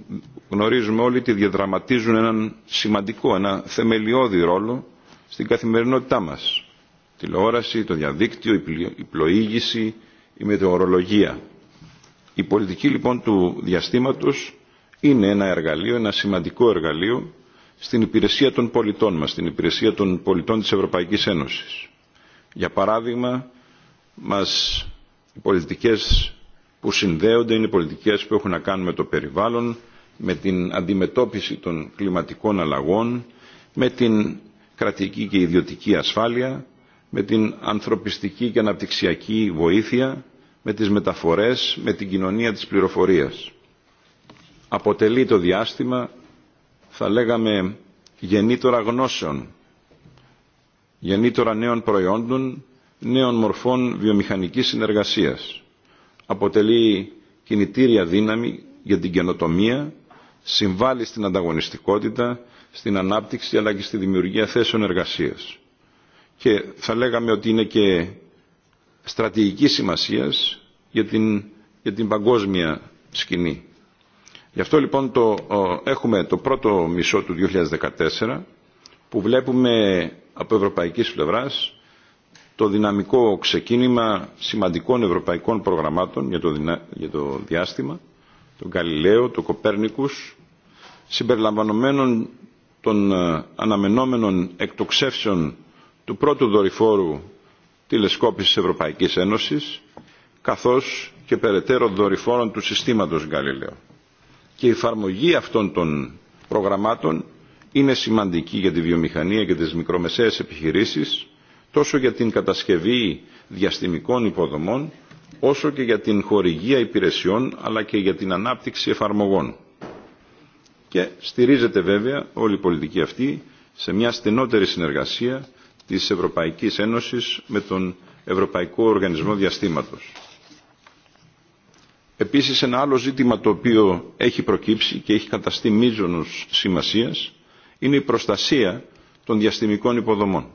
γνωρίζουμε όλοι ότι διαδραματίζουν έναν σημαντικό, ένα θεμελιώδη ρόλο στην καθημερινότητά μας. Τηλεόραση, το διαδίκτυο, η πλοήγηση, η μετεωρολογία. Η πολιτική λοιπόν του διαστήματος είναι ένα εργαλείο, ένα σημαντικό εργαλείο στην υπηρεσία των πολιτών μας, στην υπηρεσία των πολιτών της Ευρωπαϊκής Ένωσης. Για παράδειγμα, μας, οι πολιτικές που συνδέονται είναι πολιτικές που έχουν να κάνουν με το περιβάλλον, με την αντιμετώπιση των κλιματικών αλλαγών, με την κρατική και ιδιωτική ασφάλεια, με την ανθρωπιστική και αναπτυξιακή βοήθεια, με τις μεταφορές, με την κοινωνία της πληροφορίας. Αποτελεί το διάστημα, θα λέγαμε, γεννήτωρα γνώσεων, γεννήτωρα νέων προϊόντων, νέων μορφών βιομηχανικής συνεργασίας αποτελεί κινητήρια δύναμη για την καινοτομία, συμβάλλει στην ανταγωνιστικότητα, στην ανάπτυξη αλλά και στη δημιουργία θέσεων εργασίας. Και θα λέγαμε ότι είναι και στρατηγική σημασίας για την, για την παγκόσμια σκηνή. Γι' αυτό λοιπόν το, έχουμε το πρώτο μισό του 2014 που βλέπουμε από ευρωπαϊκής πλευράς το δυναμικό ξεκίνημα σημαντικών ευρωπαϊκών προγραμμάτων για το, δυνα... για το διάστημα, τον Καλιλαίο, τον Κοπέρνικους, συμπεριλαμβανομένων των αναμενόμενων εκτοξεύσεων του πρώτου δορυφόρου τηλεσκόπησης Ευρωπαϊκής Ένωσης, καθώς και περαιτέρω δορυφόρων του συστήματος Γαλιλαίο. Και η εφαρμογή αυτών των προγραμμάτων είναι σημαντική για τη βιομηχανία και τις μικρομεσαίες επιχειρήσεις, τόσο για την κατασκευή διαστημικών υποδομών, όσο και για την χορηγία υπηρεσιών, αλλά και για την ανάπτυξη εφαρμογών. Και στηρίζεται βέβαια όλη η πολιτική αυτή σε μια στενότερη συνεργασία της Ευρωπαϊκής Ένωσης με τον Ευρωπαϊκό Οργανισμό Διαστήματος. Επίσης ένα άλλο ζήτημα το οποίο έχει προκύψει και έχει καταστεί μείζονος σημασίας είναι η προστασία των διαστημικών υποδομών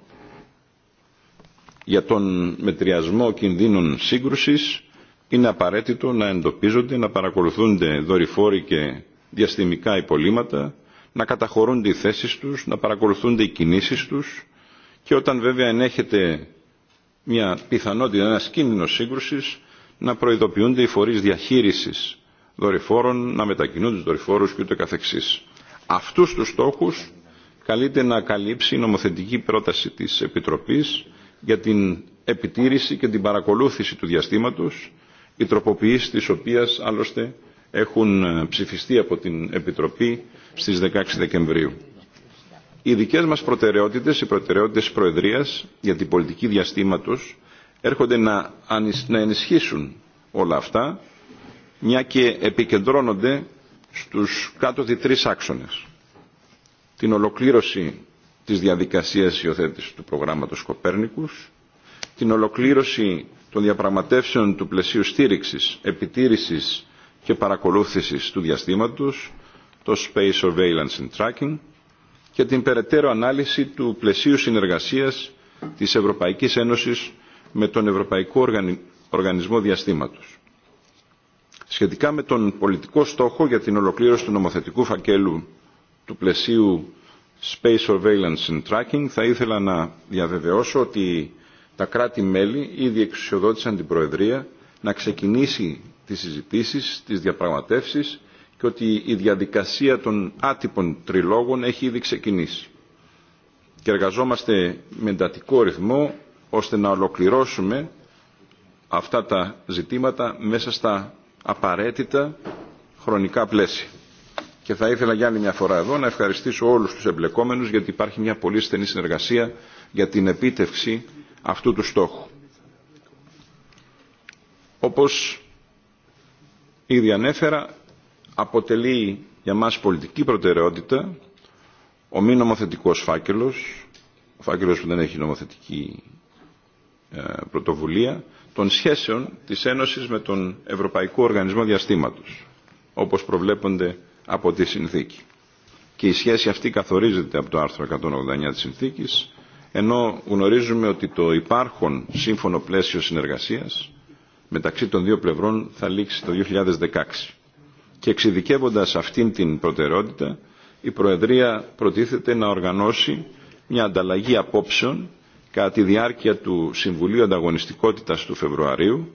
για τον μετριασμό κινδύνων σύγκρουσης είναι απαραίτητο να εντοπίζονται, να παρακολουθούνται δορυφόροι και διαστημικά υπολείμματα, να καταχωρούνται οι θέσεις τους, να παρακολουθούνται οι κινήσεις τους και όταν βέβαια ενέχεται μια πιθανότητα, ένα κίνδυνο σύγκρουσης, να προειδοποιούνται οι φορείς διαχείρισης δορυφόρων, να μετακινούν τους δορυφόρους και ούτε καθεξής. Αυτούς τους στόχους καλείται να καλύψει η νομοθετική πρόταση της Επιτροπής για την επιτήρηση και την παρακολούθηση του διαστήματος, οι τροποποιήσεις της οποίας άλλωστε έχουν ψηφιστεί από την Επιτροπή στις 16 Δεκεμβρίου. Οι δικές μας προτεραιότητες, οι προτεραιότητες της Προεδρίας για την πολιτική διαστήματος έρχονται να, να ενισχύσουν όλα αυτά, μια και επικεντρώνονται στους κάτω τρει τρεις άξονες. Την ολοκλήρωση της διαδικασίας υιοθέτηση του προγράμματος Κοπέρνικους, την ολοκλήρωση των διαπραγματεύσεων του πλαισίου στήριξης, επιτήρησης και παρακολούθησης του διαστήματος, το Space Surveillance and Tracking, και την περαιτέρω ανάλυση του πλαισίου συνεργασίας της Ευρωπαϊκής Ένωσης με τον Ευρωπαϊκό Οργανισμό Διαστήματος. Σχετικά με τον πολιτικό στόχο για την ολοκλήρωση του νομοθετικού φακέλου του πλαισίου Space Surveillance and Tracking, θα ήθελα να διαβεβαιώσω ότι τα κράτη-μέλη ήδη εξουσιοδότησαν την Προεδρία να ξεκινήσει τις συζητήσεις, τις διαπραγματεύσεις και ότι η διαδικασία των άτυπων τριλόγων έχει ήδη ξεκινήσει. Και εργαζόμαστε με εντατικό ρυθμό ώστε να ολοκληρώσουμε αυτά τα ζητήματα μέσα στα απαραίτητα χρονικά πλαίσια. Και θα ήθελα για άλλη μια φορά εδώ να ευχαριστήσω όλους τους εμπλεκόμενους γιατί υπάρχει μια πολύ στενή συνεργασία για την επίτευξη αυτού του στόχου. Όπως ήδη ανέφερα, αποτελεί για μας πολιτική προτεραιότητα ο μη νομοθετικός φάκελος, ο φάκελος που δεν έχει νομοθετική πρωτοβουλία, των σχέσεων της Ένωσης με τον Ευρωπαϊκό Οργανισμό Διαστήματος, όπως προβλέπονται από τη συνθήκη. Και η σχέση αυτή καθορίζεται από το άρθρο 189 της συνθήκης, ενώ γνωρίζουμε ότι το υπάρχον σύμφωνο πλαίσιο συνεργασίας μεταξύ των δύο πλευρών θα λήξει το 2016. Και εξειδικεύοντας αυτήν την προτεραιότητα, η Προεδρία προτίθεται να οργανώσει μια ανταλλαγή απόψεων κατά τη διάρκεια του Συμβουλίου Ανταγωνιστικότητας του Φεβρουαρίου,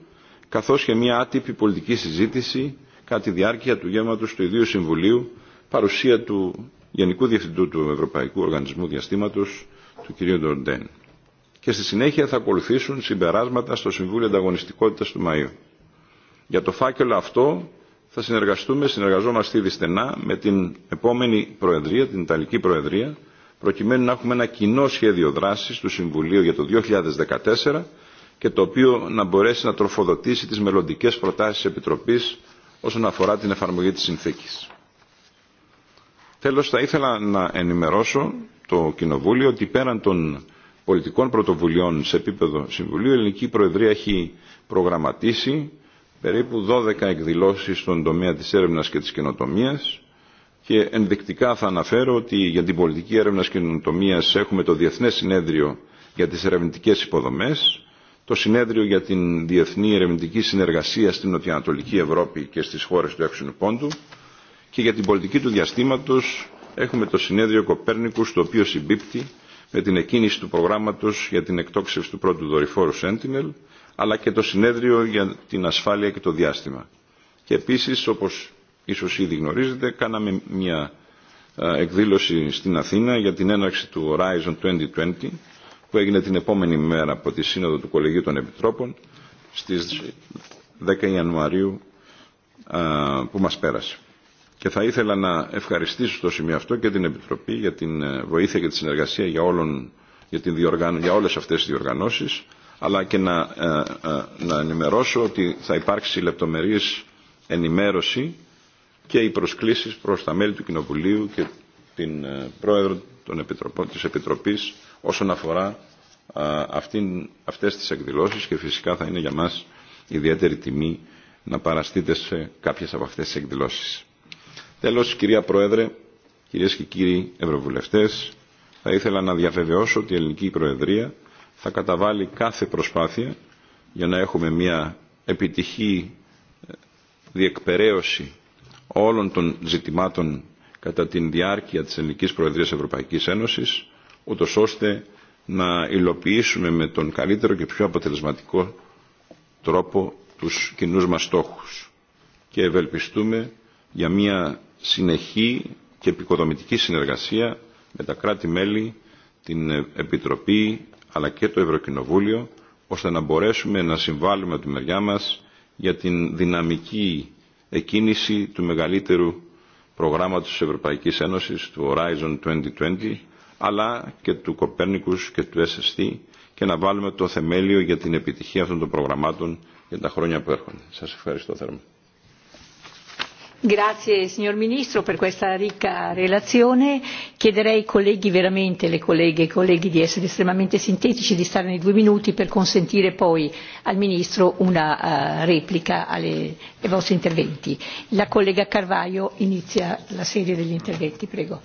καθώς και μια άτυπη πολιτική συζήτηση κατά τη διάρκεια του γεύματος του Ιδίου Συμβουλίου παρουσία του Γενικού Διευθυντού του Ευρωπαϊκού Οργανισμού Διαστήματος του κ. Ντοντέν. Και στη συνέχεια θα ακολουθήσουν συμπεράσματα στο Συμβούλιο Ανταγωνιστικότητας του Μαΐου. Για το φάκελο αυτό θα συνεργαστούμε, συνεργαζόμαστε ήδη στενά με την επόμενη Προεδρία, την Ιταλική Προεδρία, προκειμένου να έχουμε ένα κοινό σχέδιο δράσης του Συμβουλίου για το 2014 και το οποίο να μπορέσει να τροφοδοτήσει τις μελλοντικές προτάσεις Επιτροπής όσον αφορά την εφαρμογή της συνθήκης. Τέλος, θα ήθελα να ενημερώσω το Κοινοβούλιο ότι πέραν των πολιτικών πρωτοβουλειών σε επίπεδο Συμβουλίου, η Ελληνική Προεδρία έχει προγραμματίσει περίπου 12 εκδηλώσεις στον τομέα της έρευνας και της καινοτομίας και ενδεικτικά θα αναφέρω ότι για την πολιτική έρευνας και καινοτομίας έχουμε το Διεθνές Συνέδριο για τις Ερευνητικές Υποδομές, το συνέδριο για την διεθνή ερευνητική συνεργασία στην Νοτιοανατολική Ευρώπη και στις χώρες του έξινου πόντου και για την πολιτική του διαστήματος έχουμε το συνέδριο Κοπέρνικου, το οποίο συμπίπτει με την εκκίνηση του προγράμματος για την εκτόξευση του πρώτου δορυφόρου Sentinel αλλά και το συνέδριο για την ασφάλεια και το διάστημα. Και επίσης, όπως ίσως ήδη γνωρίζετε, κάναμε μια εκδήλωση στην Αθήνα για την έναρξη του Horizon 2020 που έγινε την επόμενη μέρα από τη Σύνοδο του Κολεγίου των Επιτρόπων στις 10 Ιανουαρίου που μας πέρασε. Και θα ήθελα να ευχαριστήσω στο σημείο αυτό και την Επιτροπή για την βοήθεια και τη συνεργασία για, όλων, για, την διοργαν... για όλες αυτές τις διοργανώσεις, αλλά και να, να ενημερώσω ότι θα υπάρξει λεπτομερής ενημέρωση και οι προσκλήσεις προς τα μέλη του Κοινοβουλίου και την Πρόεδρο των Επιτροπών, της Επιτροπής όσον αφορά αυτήν, αυτές τις εκδηλώσεις και φυσικά θα είναι για μας ιδιαίτερη τιμή να παραστείτε σε κάποιες από αυτές τις εκδηλώσεις. Τέλος, κυρία Πρόεδρε, κυρίες και κύριοι Ευρωβουλευτές, θα ήθελα να διαβεβαιώσω ότι η Ελληνική Προεδρία θα καταβάλει κάθε προσπάθεια για να έχουμε μια επιτυχή διεκπαιρέωση όλων των ζητημάτων κατά την διάρκεια της Ελληνικής Προεδρίας Ευρωπαϊκής Ένωσης ούτως ώστε να υλοποιήσουμε με τον καλύτερο και πιο αποτελεσματικό τρόπο τους κοινού μας στόχους και ευελπιστούμε για μια συνεχή και επικοδομητική συνεργασία με τα κράτη-μέλη, την Επιτροπή αλλά και το Ευρωκοινοβούλιο ώστε να μπορέσουμε να συμβάλλουμε από τη μεριά μας για την δυναμική εκκίνηση του μεγαλύτερου προγράμματος της Ευρωπαϊκής Ένωσης, του Horizon 2020, αλλά και του Κοπέρνικους και του SST και να βάλουμε το θεμέλιο για την επιτυχία αυτών των προγραμμάτων για τα χρόνια που έρχονται. Σας ευχαριστώ θερμά. Grazie signor Ministro per questa ricca relazione. Chiederei ai colleghi veramente, le colleghe e i colleghi di essere estremamente sintetici, di stare nei due minuti per consentire poi al Ministro una replica ai vostri interventi. La collega Carvaio inizia la serie degli interventi, prego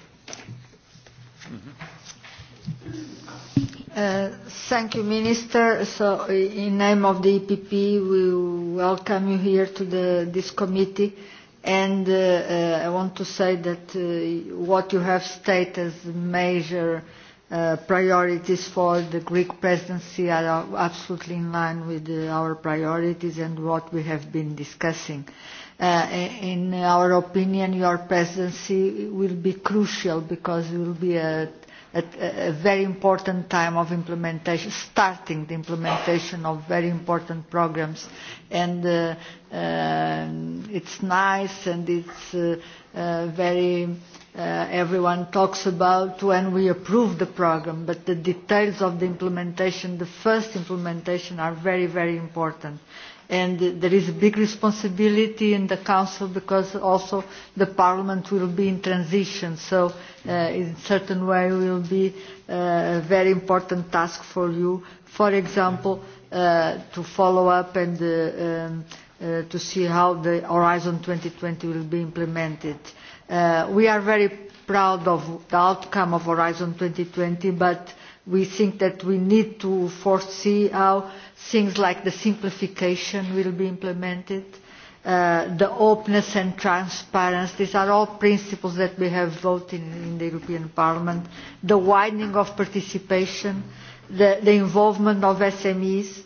thank you, Minister. So, in name of the EPP, we welcome you here to the, this committee. And uh, uh, I want to say that uh, what you have stated as major uh, priorities for the Greek presidency are absolutely in line with uh, our priorities and what we have been discussing. Uh, in our opinion, your presidency will be crucial because it will be a, a, a very important time of implementation, starting the implementation of very important programs. And uh, uh, it's nice and it's uh, uh, very uh, everyone talks about when we approve the program, but the details of the implementation, the first implementation, are very, very important. Uh, and there is a big responsibility in the Council because also the Parliament will be in transition. So uh, in a certain way will be a very important task for you, for example, uh, to follow up and uh, um, uh, to see how the Horizon 2020 will be implemented. Uh, we are very proud of the outcome of Horizon 2020, but we think that we need to foresee how Things like the simplification will be implemented, uh, the openness and transparency, these are all principles that we have voted in the European Parliament, the widening of participation, the, the involvement of SMEs,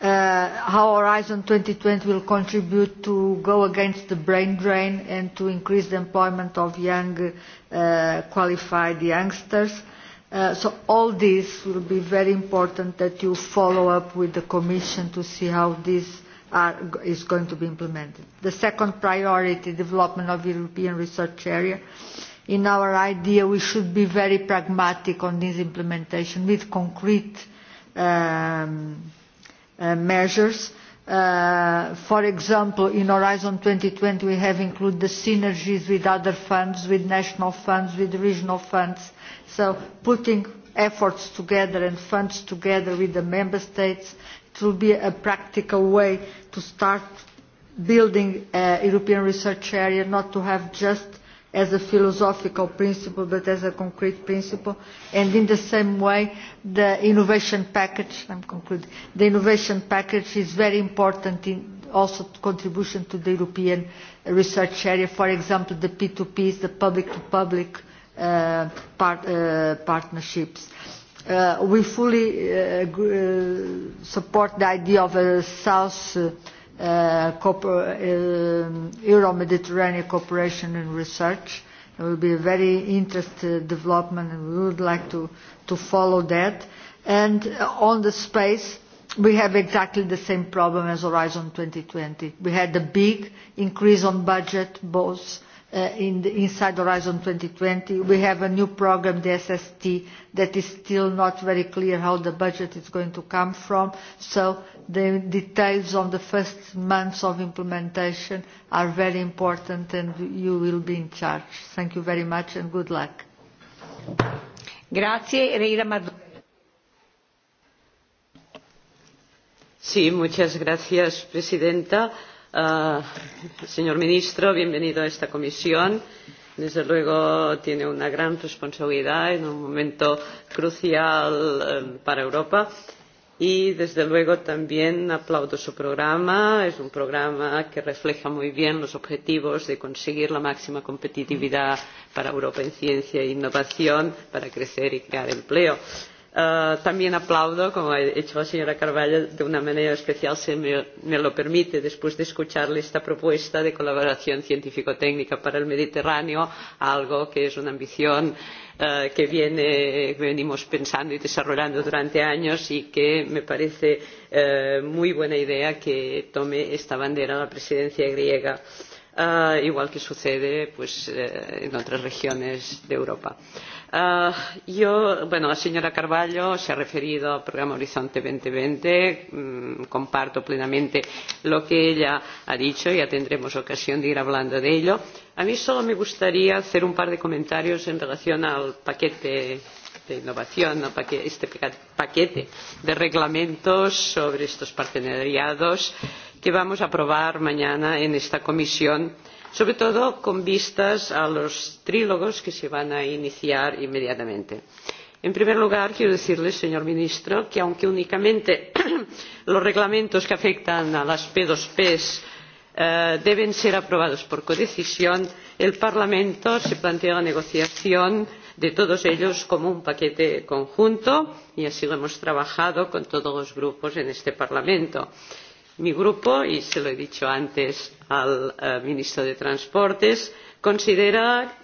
uh, how Horizon 2020 will contribute to go against the brain drain and to increase the employment of young uh, qualified youngsters, uh, so all this will be very important that you follow up with the Commission to see how this are, is going to be implemented. The second priority, development of European research area. In our idea, we should be very pragmatic on this implementation with concrete um, uh, measures for example, in Horizon 2020, we have included the synergies with other funds, with national funds, with regional funds. So putting efforts together and funds together with the member states to be a practical way to start building a European research area, not to have just as a philosophical principle but as a concrete principle and in the same way the innovation package I'm concluding the innovation package is very important in also contribution to the European research area for example the P2Ps the public to public uh, part, uh, partnerships uh, we fully uh, support the idea of a South uh, Euro-Mediterranean cooperation and research. It will be a very interesting development, and we would like to, to follow that. And on the space, we have exactly the same problem as Horizon 2020. We had a big increase on budget, both in the, inside Horizon 2020. We have a new program, the SST, that is still not very clear how the budget is going to come from. So the details on the first months of implementation are very important, and you will be in charge. Thank you very much, and good luck. Grazie, Reira Sí, muchas gracias, Presidenta señor ministro, bienvenido a esta comisión. Desde luego tiene una gran responsabilidad en un momento crucial para Europa y desde luego también aplaudo su programa. Es un programa que refleja muy bien los objetivos de conseguir la máxima competitividad para Europa en ciencia e innovación, para crecer y crear empleo también aplaudo, como ha hecho la señora Carvalho, de una manera especial, si me, lo permite, después de escucharle esta propuesta de colaboración científico-técnica para el Mediterráneo, algo que es una ambición que venimos pensando y desarrollando durante años y que me parece muy buena idea que tome esta bandera la presidencia griega. Eh, uh, igual que sucede pues, en otras regiones de Europa. Uh, yo, bueno, la señora Carballo se ha referido al programa Horizonte 2020. Mm, comparto plenamente lo que ella ha dicho. Ya tendremos ocasión de ir hablando de ello. A mí solo me gustaría hacer un par de comentarios en relación al paquete de innovación, ¿no? este paquete de reglamentos sobre estos partenariados que vamos a aprobar mañana en esta comisión, sobre todo con vistas a los trílogos que se van a iniciar inmediatamente. En primer lugar, quiero decirle, señor ministro, que aunque únicamente los reglamentos que afectan a las p dos p deben ser aprobados por codecisión, el Parlamento se plantea la negociación de todos ellos como un paquete conjunto y así lo hemos trabajado con todos los grupos en este Parlamento. Mi grupo, y se lo he dicho antes al ministro de Transportes, considera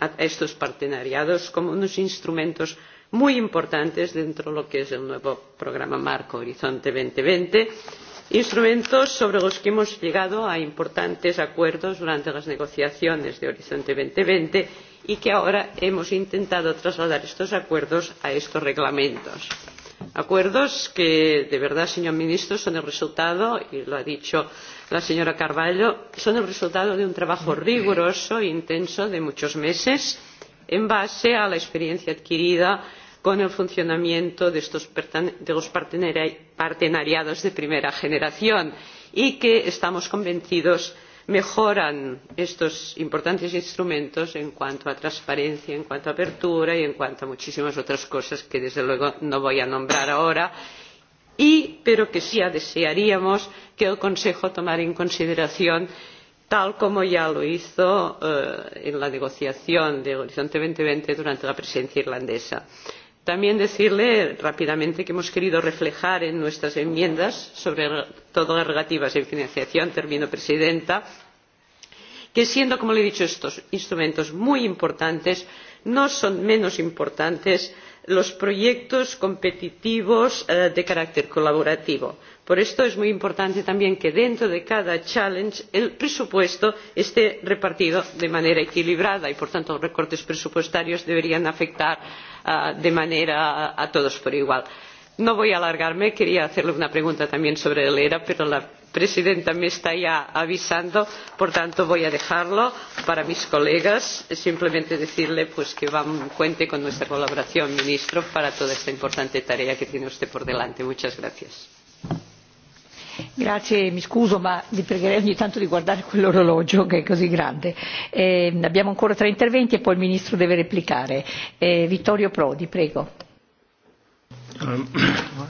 a estos partenariados como unos instrumentos muy importantes dentro de lo que es el nuevo programa marco Horizonte dos mil veinte, instrumentos sobre los que hemos llegado a importantes acuerdos durante las negociaciones de Horizonte dos mil veinte y que ahora hemos intentado trasladar estos acuerdos a estos reglamentos. Acuerdos que, de verdad, señor ministro, son el resultado, y lo ha dicho la señora Carvalho, son el resultado de un trabajo riguroso e intenso de muchos meses en base a la experiencia adquirida con el funcionamiento de los partenariados de primera generación y que estamos convencidos de mejoran estos importantes instrumentos en cuanto a transparencia en cuanto a apertura y en cuanto a muchísimas otras cosas que desde luego no voy a nombrar ahora pero que sí desearíamos que el consejo tomara en consideración tal como ya lo hizo en la negociación de horizonte dos mil veinte durante la presidencia irlandesa también decirle rápidamente que hemos querido reflejar en nuestras enmiendas sobre todo las relativas a financiación termino presidenta que siendo como le he dicho estos instrumentos muy importantes no son menos importantes los proyectos competitivos de carácter colaborativo por esto es muy importante también que dentro de cada challenge el presupuesto esté repartido de manera equilibrada y por tanto los recortes presupuestarios deberían afectar de manera a todos por igual. no voy a alargarme quería hacerle una pregunta también sobre el era pero la presidenta me está ya avisando por tanto voy a dejarlo para mis colegas simplemente decirle que cuente con nuestra colaboración ministro para toda esta importante tarea que tiene usted por delante. muchas gracias. Grazie, mi scuso ma vi pregherei ogni tanto di guardare quell'orologio che è così grande. Eh, abbiamo ancora tre interventi e poi il Ministro deve replicare. Eh, Vittorio Prodi, prego.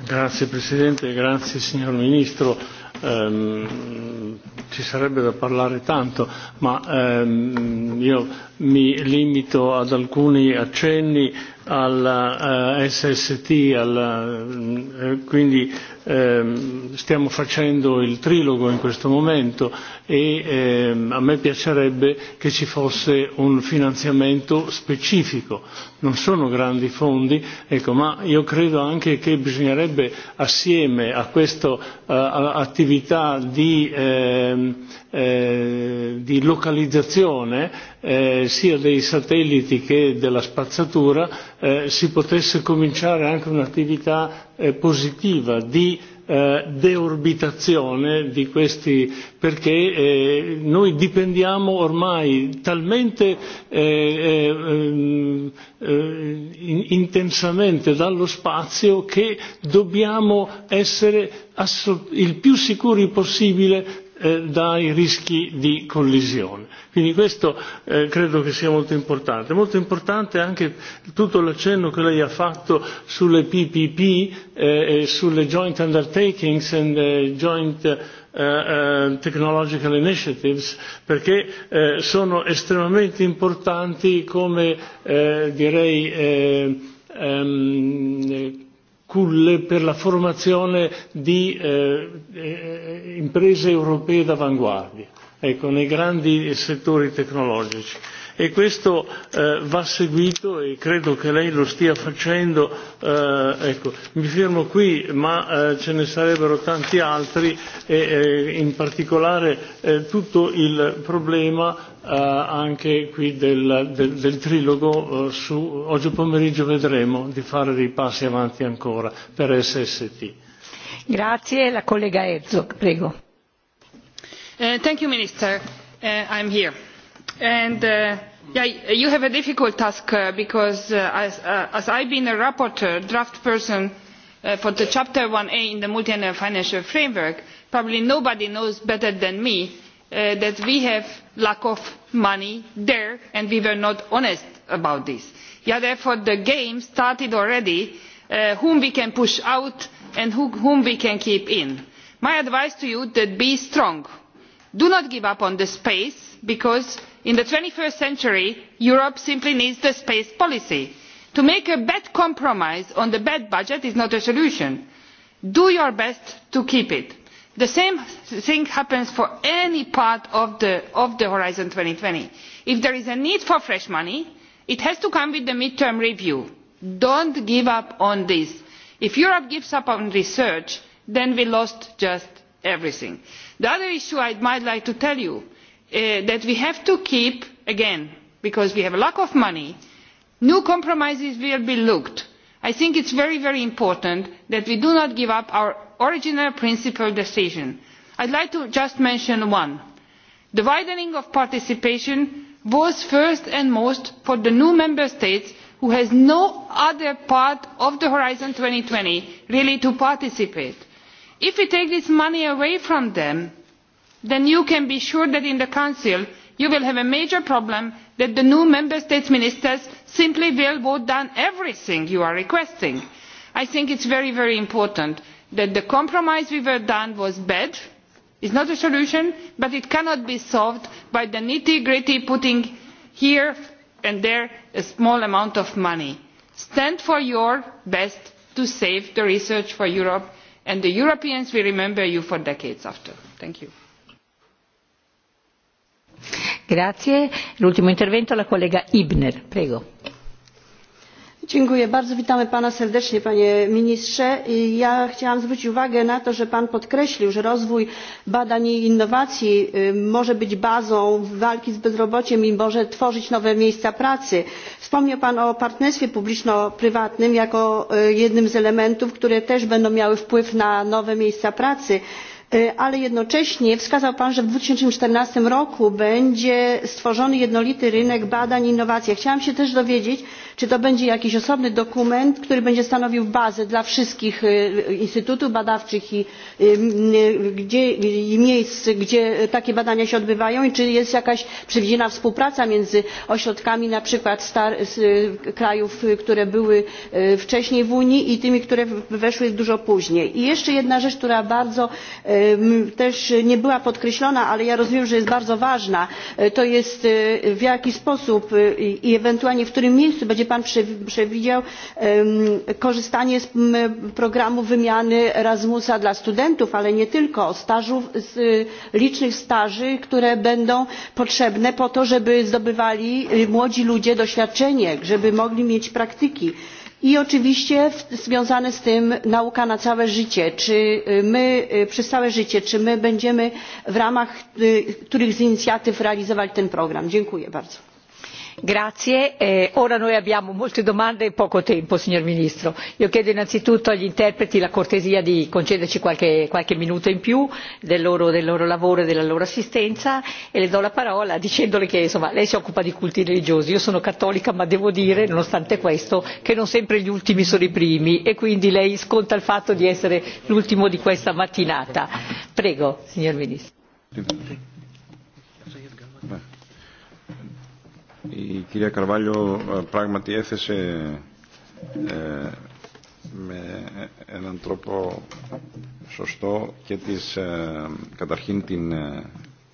Grazie Presidente, grazie signor Ministro. ci sarebbe da parlare tanto, ma io mi limito ad alcuni accenni alla SST, alla, quindi stiamo facendo il trilogo in questo momento e a me piacerebbe che ci fosse un finanziamento specifico. Non sono grandi fondi, ma io credo anche che bisognerebbe assieme a questa attività di localizzazione sia dei satelliti che della spazzatura si potesse cominciare anche un'attività positiva di deorbitazione di questi perché noi dipendiamo ormai talmente intensamente dallo spazio che dobbiamo essere il più sicuri possibile dai rischi di collisione. Quindi questo credo che sia molto importante. Molto importante anche tutto l'accenno che lei ha fatto sulle PPP, e sulle joint undertakings and joint technological initiatives perché sono estremamente importanti come direi culle per la formazione di imprese europee d'avanguardia ecco, nei grandi settori tecnologici e questo va seguito e credo che lei lo stia facendo. ecco, mi fermo qui, ma ce ne sarebbero tanti altri e in particolare tutto il problema anche qui del, trilogo su oggi pomeriggio vedremo di fare dei passi avanti ancora per SST. Grazie, la collega Herzog, prego. thank you, Minister. I I'm here and you have a difficult task because as i have been a rapporteur draft person for the chapter one a in the multiannual financial framework probably nobody knows better than me that we have a lack of money there and we were not honest about this. therefore the game started already whom we can push out and whom we can keep in. my advice to you is to be strong. do not give up on the space because in the twenty first century europe simply needs a space policy. to make a bad compromise on the bad budget is not a solution. do your best to keep it. the same thing happens for any part of horizon. two thousand and twenty if there is a need for fresh money it has to come with the mid term review. do not give up on this. if europe gives up on research then we have lost just everything. the other issue i might like to tell that we have to keep again because we have a lack of money new compromises will be looked at. i think it is very important that we do not give up our original principle decision. i would like to just mention one the widening of participation was first and most for the new member states who have no other part of horizon two thousand and twenty really to participate in. if we take this money away from them then you can be sure that in the council you will have a major problem that the new member states ministers simply will vote down everything you are requesting. i think it is very important that the compromise we worked on was bad it is not a solution but it cannot be solved by the nitty gritty putting here and there a small amount of money. stand for your best to save research for europe and the europeans will remember you for decades after. thank you witamy pana serdecznie panie ministrze. ja chciałam zwrócić uwagę na to że pan podkreślił że rozwój badań i innowacji może być bazą walki z bezrobociem i może tworzyć nowe miejsca pracy. wspomniał pan o partnerstwie publiczno prywatnym jako jednym z elementów które też będą miały wpływ na nowe miejsca pracy ale jednocześnie wskazał pan że w dwa tysiące czternaście roku będzie stworzony jednolity rynek badań i innowacji. chciałam się też dowiedzieć czy to będzie jakiś osobny dokument który będzie stanowił bazę dla wszystkich instytutów badawczych i miejsc gdzie takie badania się odbywają i czy jest jakaś przewidziana współpraca między ośrodkami na przykład krajów które były wcześniej w unii i tymi które weszły dużo później. i jeszcze jedna rzecz która bardzo też nie była podkreślona ale ja rozumiem że jest bardzo ważna to jest w jaki sposób i ewentualnie w którym miejscu będzie pan przewidział korzystanie z programu wymiany erasmusa dla studentów ale nie tylko licznych staży które będą potrzebne po to żeby zdobywali młodzi ludzie doświadczenie żeby mogli mieć praktyki i oczywiście związane z tym nauka na całe życie czy my przez całe życie czy my będziemy w ramach których z inicjatyw realizowali ten program? dziękuję bardzo grazie ora noi abbiamo molte domande e poco tempo signor ministro io chiedo innanzitutto agli interpreti la cortesia di concederci qualche minuto in più del loro lavoro e della loro assistenza e le do la parola dicendole che lei si occupa di culti religiosi io sono cattolica ma devo dire nonostante questo che non sempre gli ultimi sono i primi e quindi lei sconta il fatto di essere l'ultimo di questa mattinata. prego signor ministro. Η κυρία Καρβάλιο πράγματι έθεσε ε, με έναν τρόπο σωστό και της, ε, καταρχήν την, ε,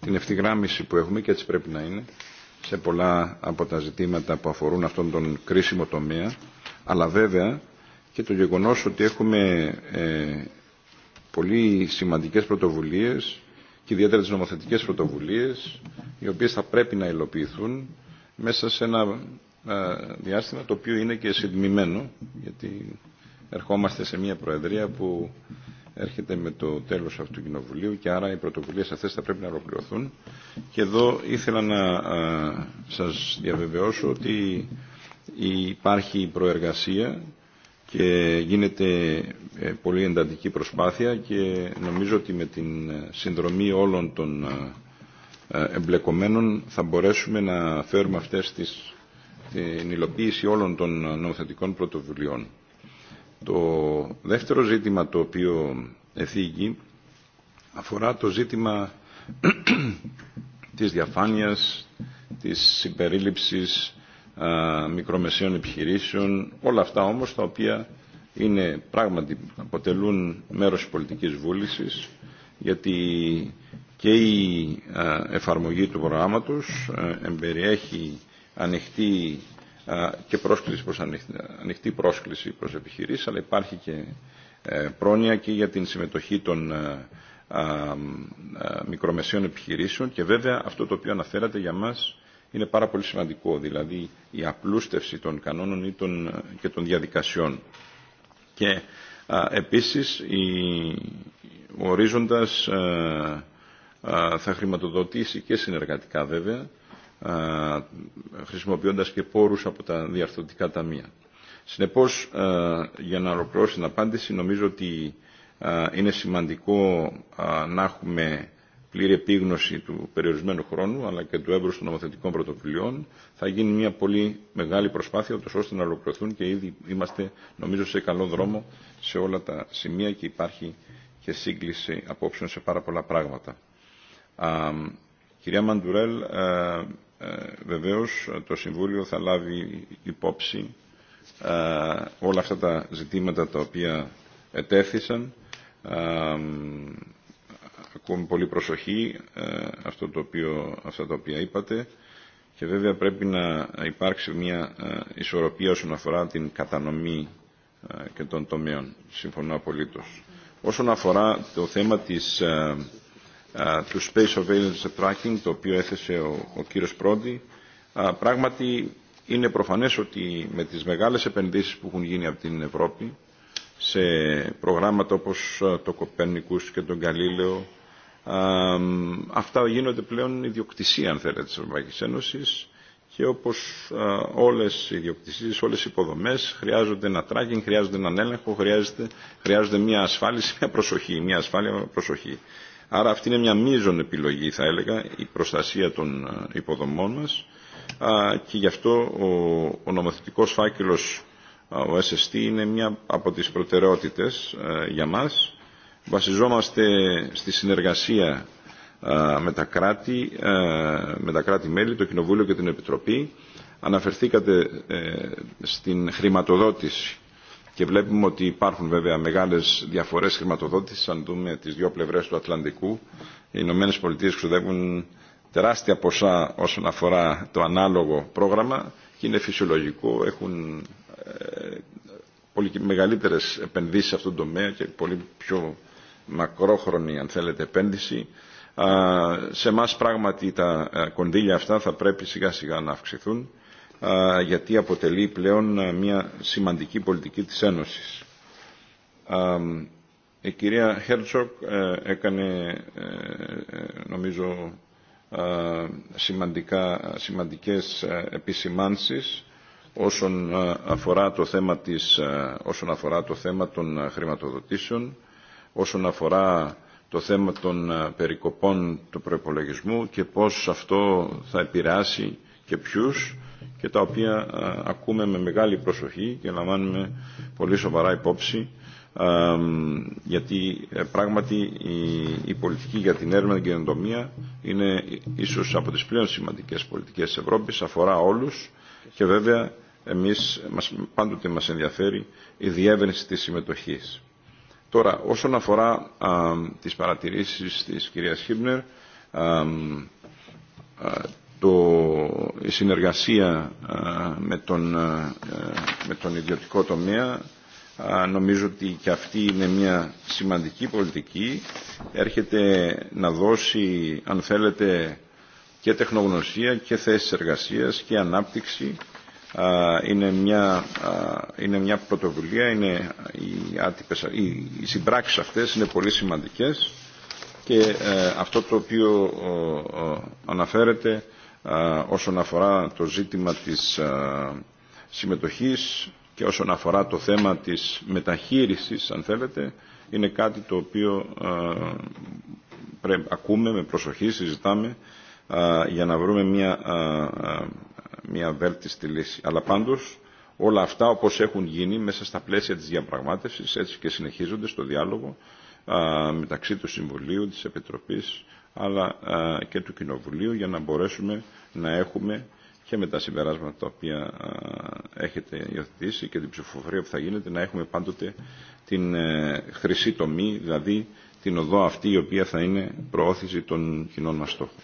την ευθυγράμμιση που έχουμε και έτσι πρέπει να είναι σε πολλά από τα ζητήματα που αφορούν αυτόν τον κρίσιμο τομέα αλλά βέβαια και το γεγονός ότι έχουμε ε, πολύ σημαντικές πρωτοβουλίες και ιδιαίτερα τις νομοθετικές πρωτοβουλίες οι οποίες θα πρέπει να υλοποιηθούν μέσα σε ένα διάστημα το οποίο είναι και συντμημένο γιατί ερχόμαστε σε μια προεδρία που έρχεται με το τέλος αυτού του κοινοβουλίου και άρα οι πρωτοβουλίες αυτές θα πρέπει να ολοκληρωθούν και εδώ ήθελα να σας διαβεβαιώσω ότι υπάρχει προεργασία και γίνεται πολύ εντατική προσπάθεια και νομίζω ότι με την συνδρομή όλων των εμπλεκομένων θα μπορέσουμε να φέρουμε αυτές τις, την υλοποίηση όλων των νομοθετικών πρωτοβουλειών. Το δεύτερο ζήτημα το οποίο εθίγει αφορά το ζήτημα της διαφάνειας, της συμπερίληψης α, μικρομεσαίων επιχειρήσεων, όλα αυτά όμως τα οποία είναι πράγματι αποτελούν μέρος πολιτικής βούλησης, γιατί και η εφαρμογή του προγράμματος εμπεριέχει ανοιχτή και πρόσκληση προς ανοιχτή, ανοιχτή πρόσκληση προς επιχειρήσεις, αλλά υπάρχει και πρόνοια και για την συμμετοχή των μικρομεσαίων επιχειρήσεων και βέβαια αυτό το οποίο αναφέρατε για μας είναι πάρα πολύ σημαντικό, δηλαδή η απλούστευση των κανόνων ή των, και των διαδικασιών. Και α, επίσης η, ορίζοντας α, θα χρηματοδοτήσει και συνεργατικά βέβαια, χρησιμοποιώντας και πόρους από τα διαρθρωτικά ταμεία. Συνεπώς, για να ολοκληρώσω την απάντηση, νομίζω ότι είναι σημαντικό να έχουμε πλήρη επίγνωση του περιορισμένου χρόνου αλλά και του έμπρου των νομοθετικών πρωτοβουλειών. Θα γίνει μια πολύ μεγάλη προσπάθεια ώστε να ολοκληρωθούν και ήδη είμαστε νομίζω σε καλό δρόμο σε όλα τα σημεία και υπάρχει και σύγκληση απόψεων σε πάρα πολλά πράγματα. Κυρία Μαντουρέλ, βεβαίως το Συμβούλιο θα λάβει υπόψη όλα αυτά τα ζητήματα τα οποία ετέθησαν. Ακούμε πολύ προσοχή αυτό το οποίο, αυτά τα οποία είπατε και βέβαια πρέπει να υπάρξει μια ισορροπία όσον αφορά την κατανομή και των τομέων. Συμφωνώ απολύτως. Όσον αφορά το θέμα της του Space Surveillance Tracking, το οποίο έθεσε ο, ο κύριος Πρόντι. Πράγματι, είναι προφανές ότι με τις μεγάλες επενδύσεις που έχουν γίνει από την Ευρώπη σε προγράμματα όπως το Κοπέρνικους και τον α, αυτά γίνονται πλέον ιδιοκτησία αν θέλετε της Ευρωπαϊκής Ένωσης και όπως όλες οι ιδιοκτησίες, όλες οι υποδομές χρειάζονται ένα tracking, χρειάζονται έναν έλεγχο, χρειάζεται, χρειάζονται μια ασφάλιση, μια προσοχή, μια ασφάλεια προσοχή. Άρα αυτή είναι μια μείζον επιλογή θα έλεγα η προστασία των υποδομών μας και γι' αυτό ο, ο νομοθετικός φάκελος ο SST είναι μια από τις προτεραιότητες για μας. Βασιζόμαστε στη συνεργασία με τα κράτη, με τα κράτη-μέλη, το Κοινοβούλιο και την Επιτροπή. Αναφερθήκατε στην χρηματοδότηση Και βλέπουμε ότι υπάρχουν βέβαια μεγάλε διαφορέ χρηματοδότηση. Αν δούμε τι δύο πλευρέ του Ατλαντικού, οι Ηνωμένε Πολιτείε ξοδεύουν τεράστια ποσά όσον αφορά το ανάλογο πρόγραμμα και είναι φυσιολογικό, έχουν πολύ μεγαλύτερε επενδύσει σε αυτόν τον τομέα και πολύ πιο μακρόχρονη, αν θέλετε, επένδυση. Σε εμά πράγματι τα κονδύλια αυτά θα πρέπει σιγά σιγά να αυξηθούν γιατί αποτελεί πλέον μια σημαντική πολιτική της Ένωσης. Η κυρία Χέρτσοκ έκανε νομίζω σημαντικά, σημαντικές επισημάνσεις όσον αφορά το θέμα, της, όσον αφορά το θέμα των χρηματοδοτήσεων, όσον αφορά το θέμα των περικοπών του προπολογισμού και πώς αυτό θα επηρεάσει και ποιους και τα οποία ακούμε με μεγάλη προσοχή και λαμβάνουμε πολύ σοβαρά υπόψη γιατί πράγματι η, η πολιτική για την έρευνα και την καινοτομία είναι ίσως από τις πλέον σημαντικές πολιτικές της Ευρώπης, αφορά όλους και βέβαια εμείς μας, πάντοτε μας ενδιαφέρει η διεύρυνση της συμμετοχής. Τώρα, όσον αφορά α, τις παρατηρήσεις της κυρίας Χίμπνερ, α, α, το, η συνεργασία με τον, με τον ιδιωτικό τομέα νομίζω ότι και αυτή είναι μια σημαντική πολιτική έρχεται να δώσει αν θέλετε και τεχνογνωσία και θέσεις εργασίας και ανάπτυξη είναι μια, είναι μια πρωτοβουλία είναι οι, άτυπες, οι, οι συμπράξεις αυτές είναι πολύ σημαντικές και ε, αυτό το οποίο ε, ε, αναφέρεται όσον αφορά το ζήτημα της συμμετοχής και όσον αφορά το θέμα της μεταχείρισης, αν θέλετε, είναι κάτι το οποίο πρέπει, ακούμε με προσοχή, συζητάμε για να βρούμε μια, μια βέλτιστη λύση. Αλλά πάντως όλα αυτά όπως έχουν γίνει μέσα στα πλαίσια της διαπραγμάτευσης έτσι και συνεχίζονται στο διάλογο μεταξύ του Συμβουλίου, της Επιτροπής αλλά και του Κοινοβουλίου για να μπορέσουμε να έχουμε και με τα συμπεράσματα τα οποία έχετε υιοθετήσει και την ψηφοφορία που θα γίνεται να έχουμε πάντοτε την χρυσή τομή, δηλαδή την οδό αυτή η οποία θα είναι προώθηση των κοινών μας στόχων.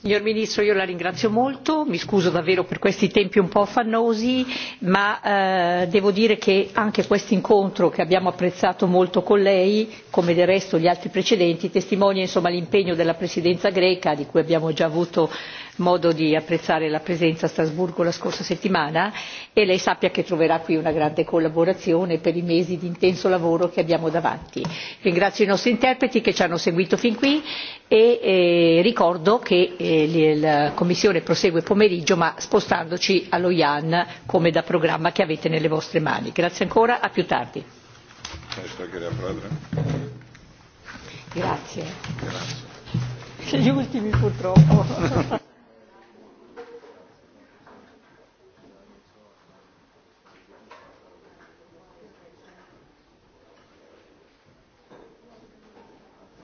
signor ministro io la ringrazio molto mi scuso davvero per questi tempi un po' affannosi ma devo dire che anche questo incontro che abbiamo apprezzato molto con lei come del resto gli altri precedenti testimonia l'impegno della presidenza greca di cui abbiamo già avuto modo di apprezzare la presenza a Strasburgo la scorsa settimana e lei sappia che troverà qui una grande collaborazione per i mesi di intenso lavoro che abbiamo davanti. Ringrazio i nostri interpreti che ci hanno seguito fin qui e ricordo che la Commissione prosegue pomeriggio ma spostandoci allo IAN come da programma che avete nelle vostre mani. Grazie ancora, a più tardi. Grazie. Gli ultimi purtroppo.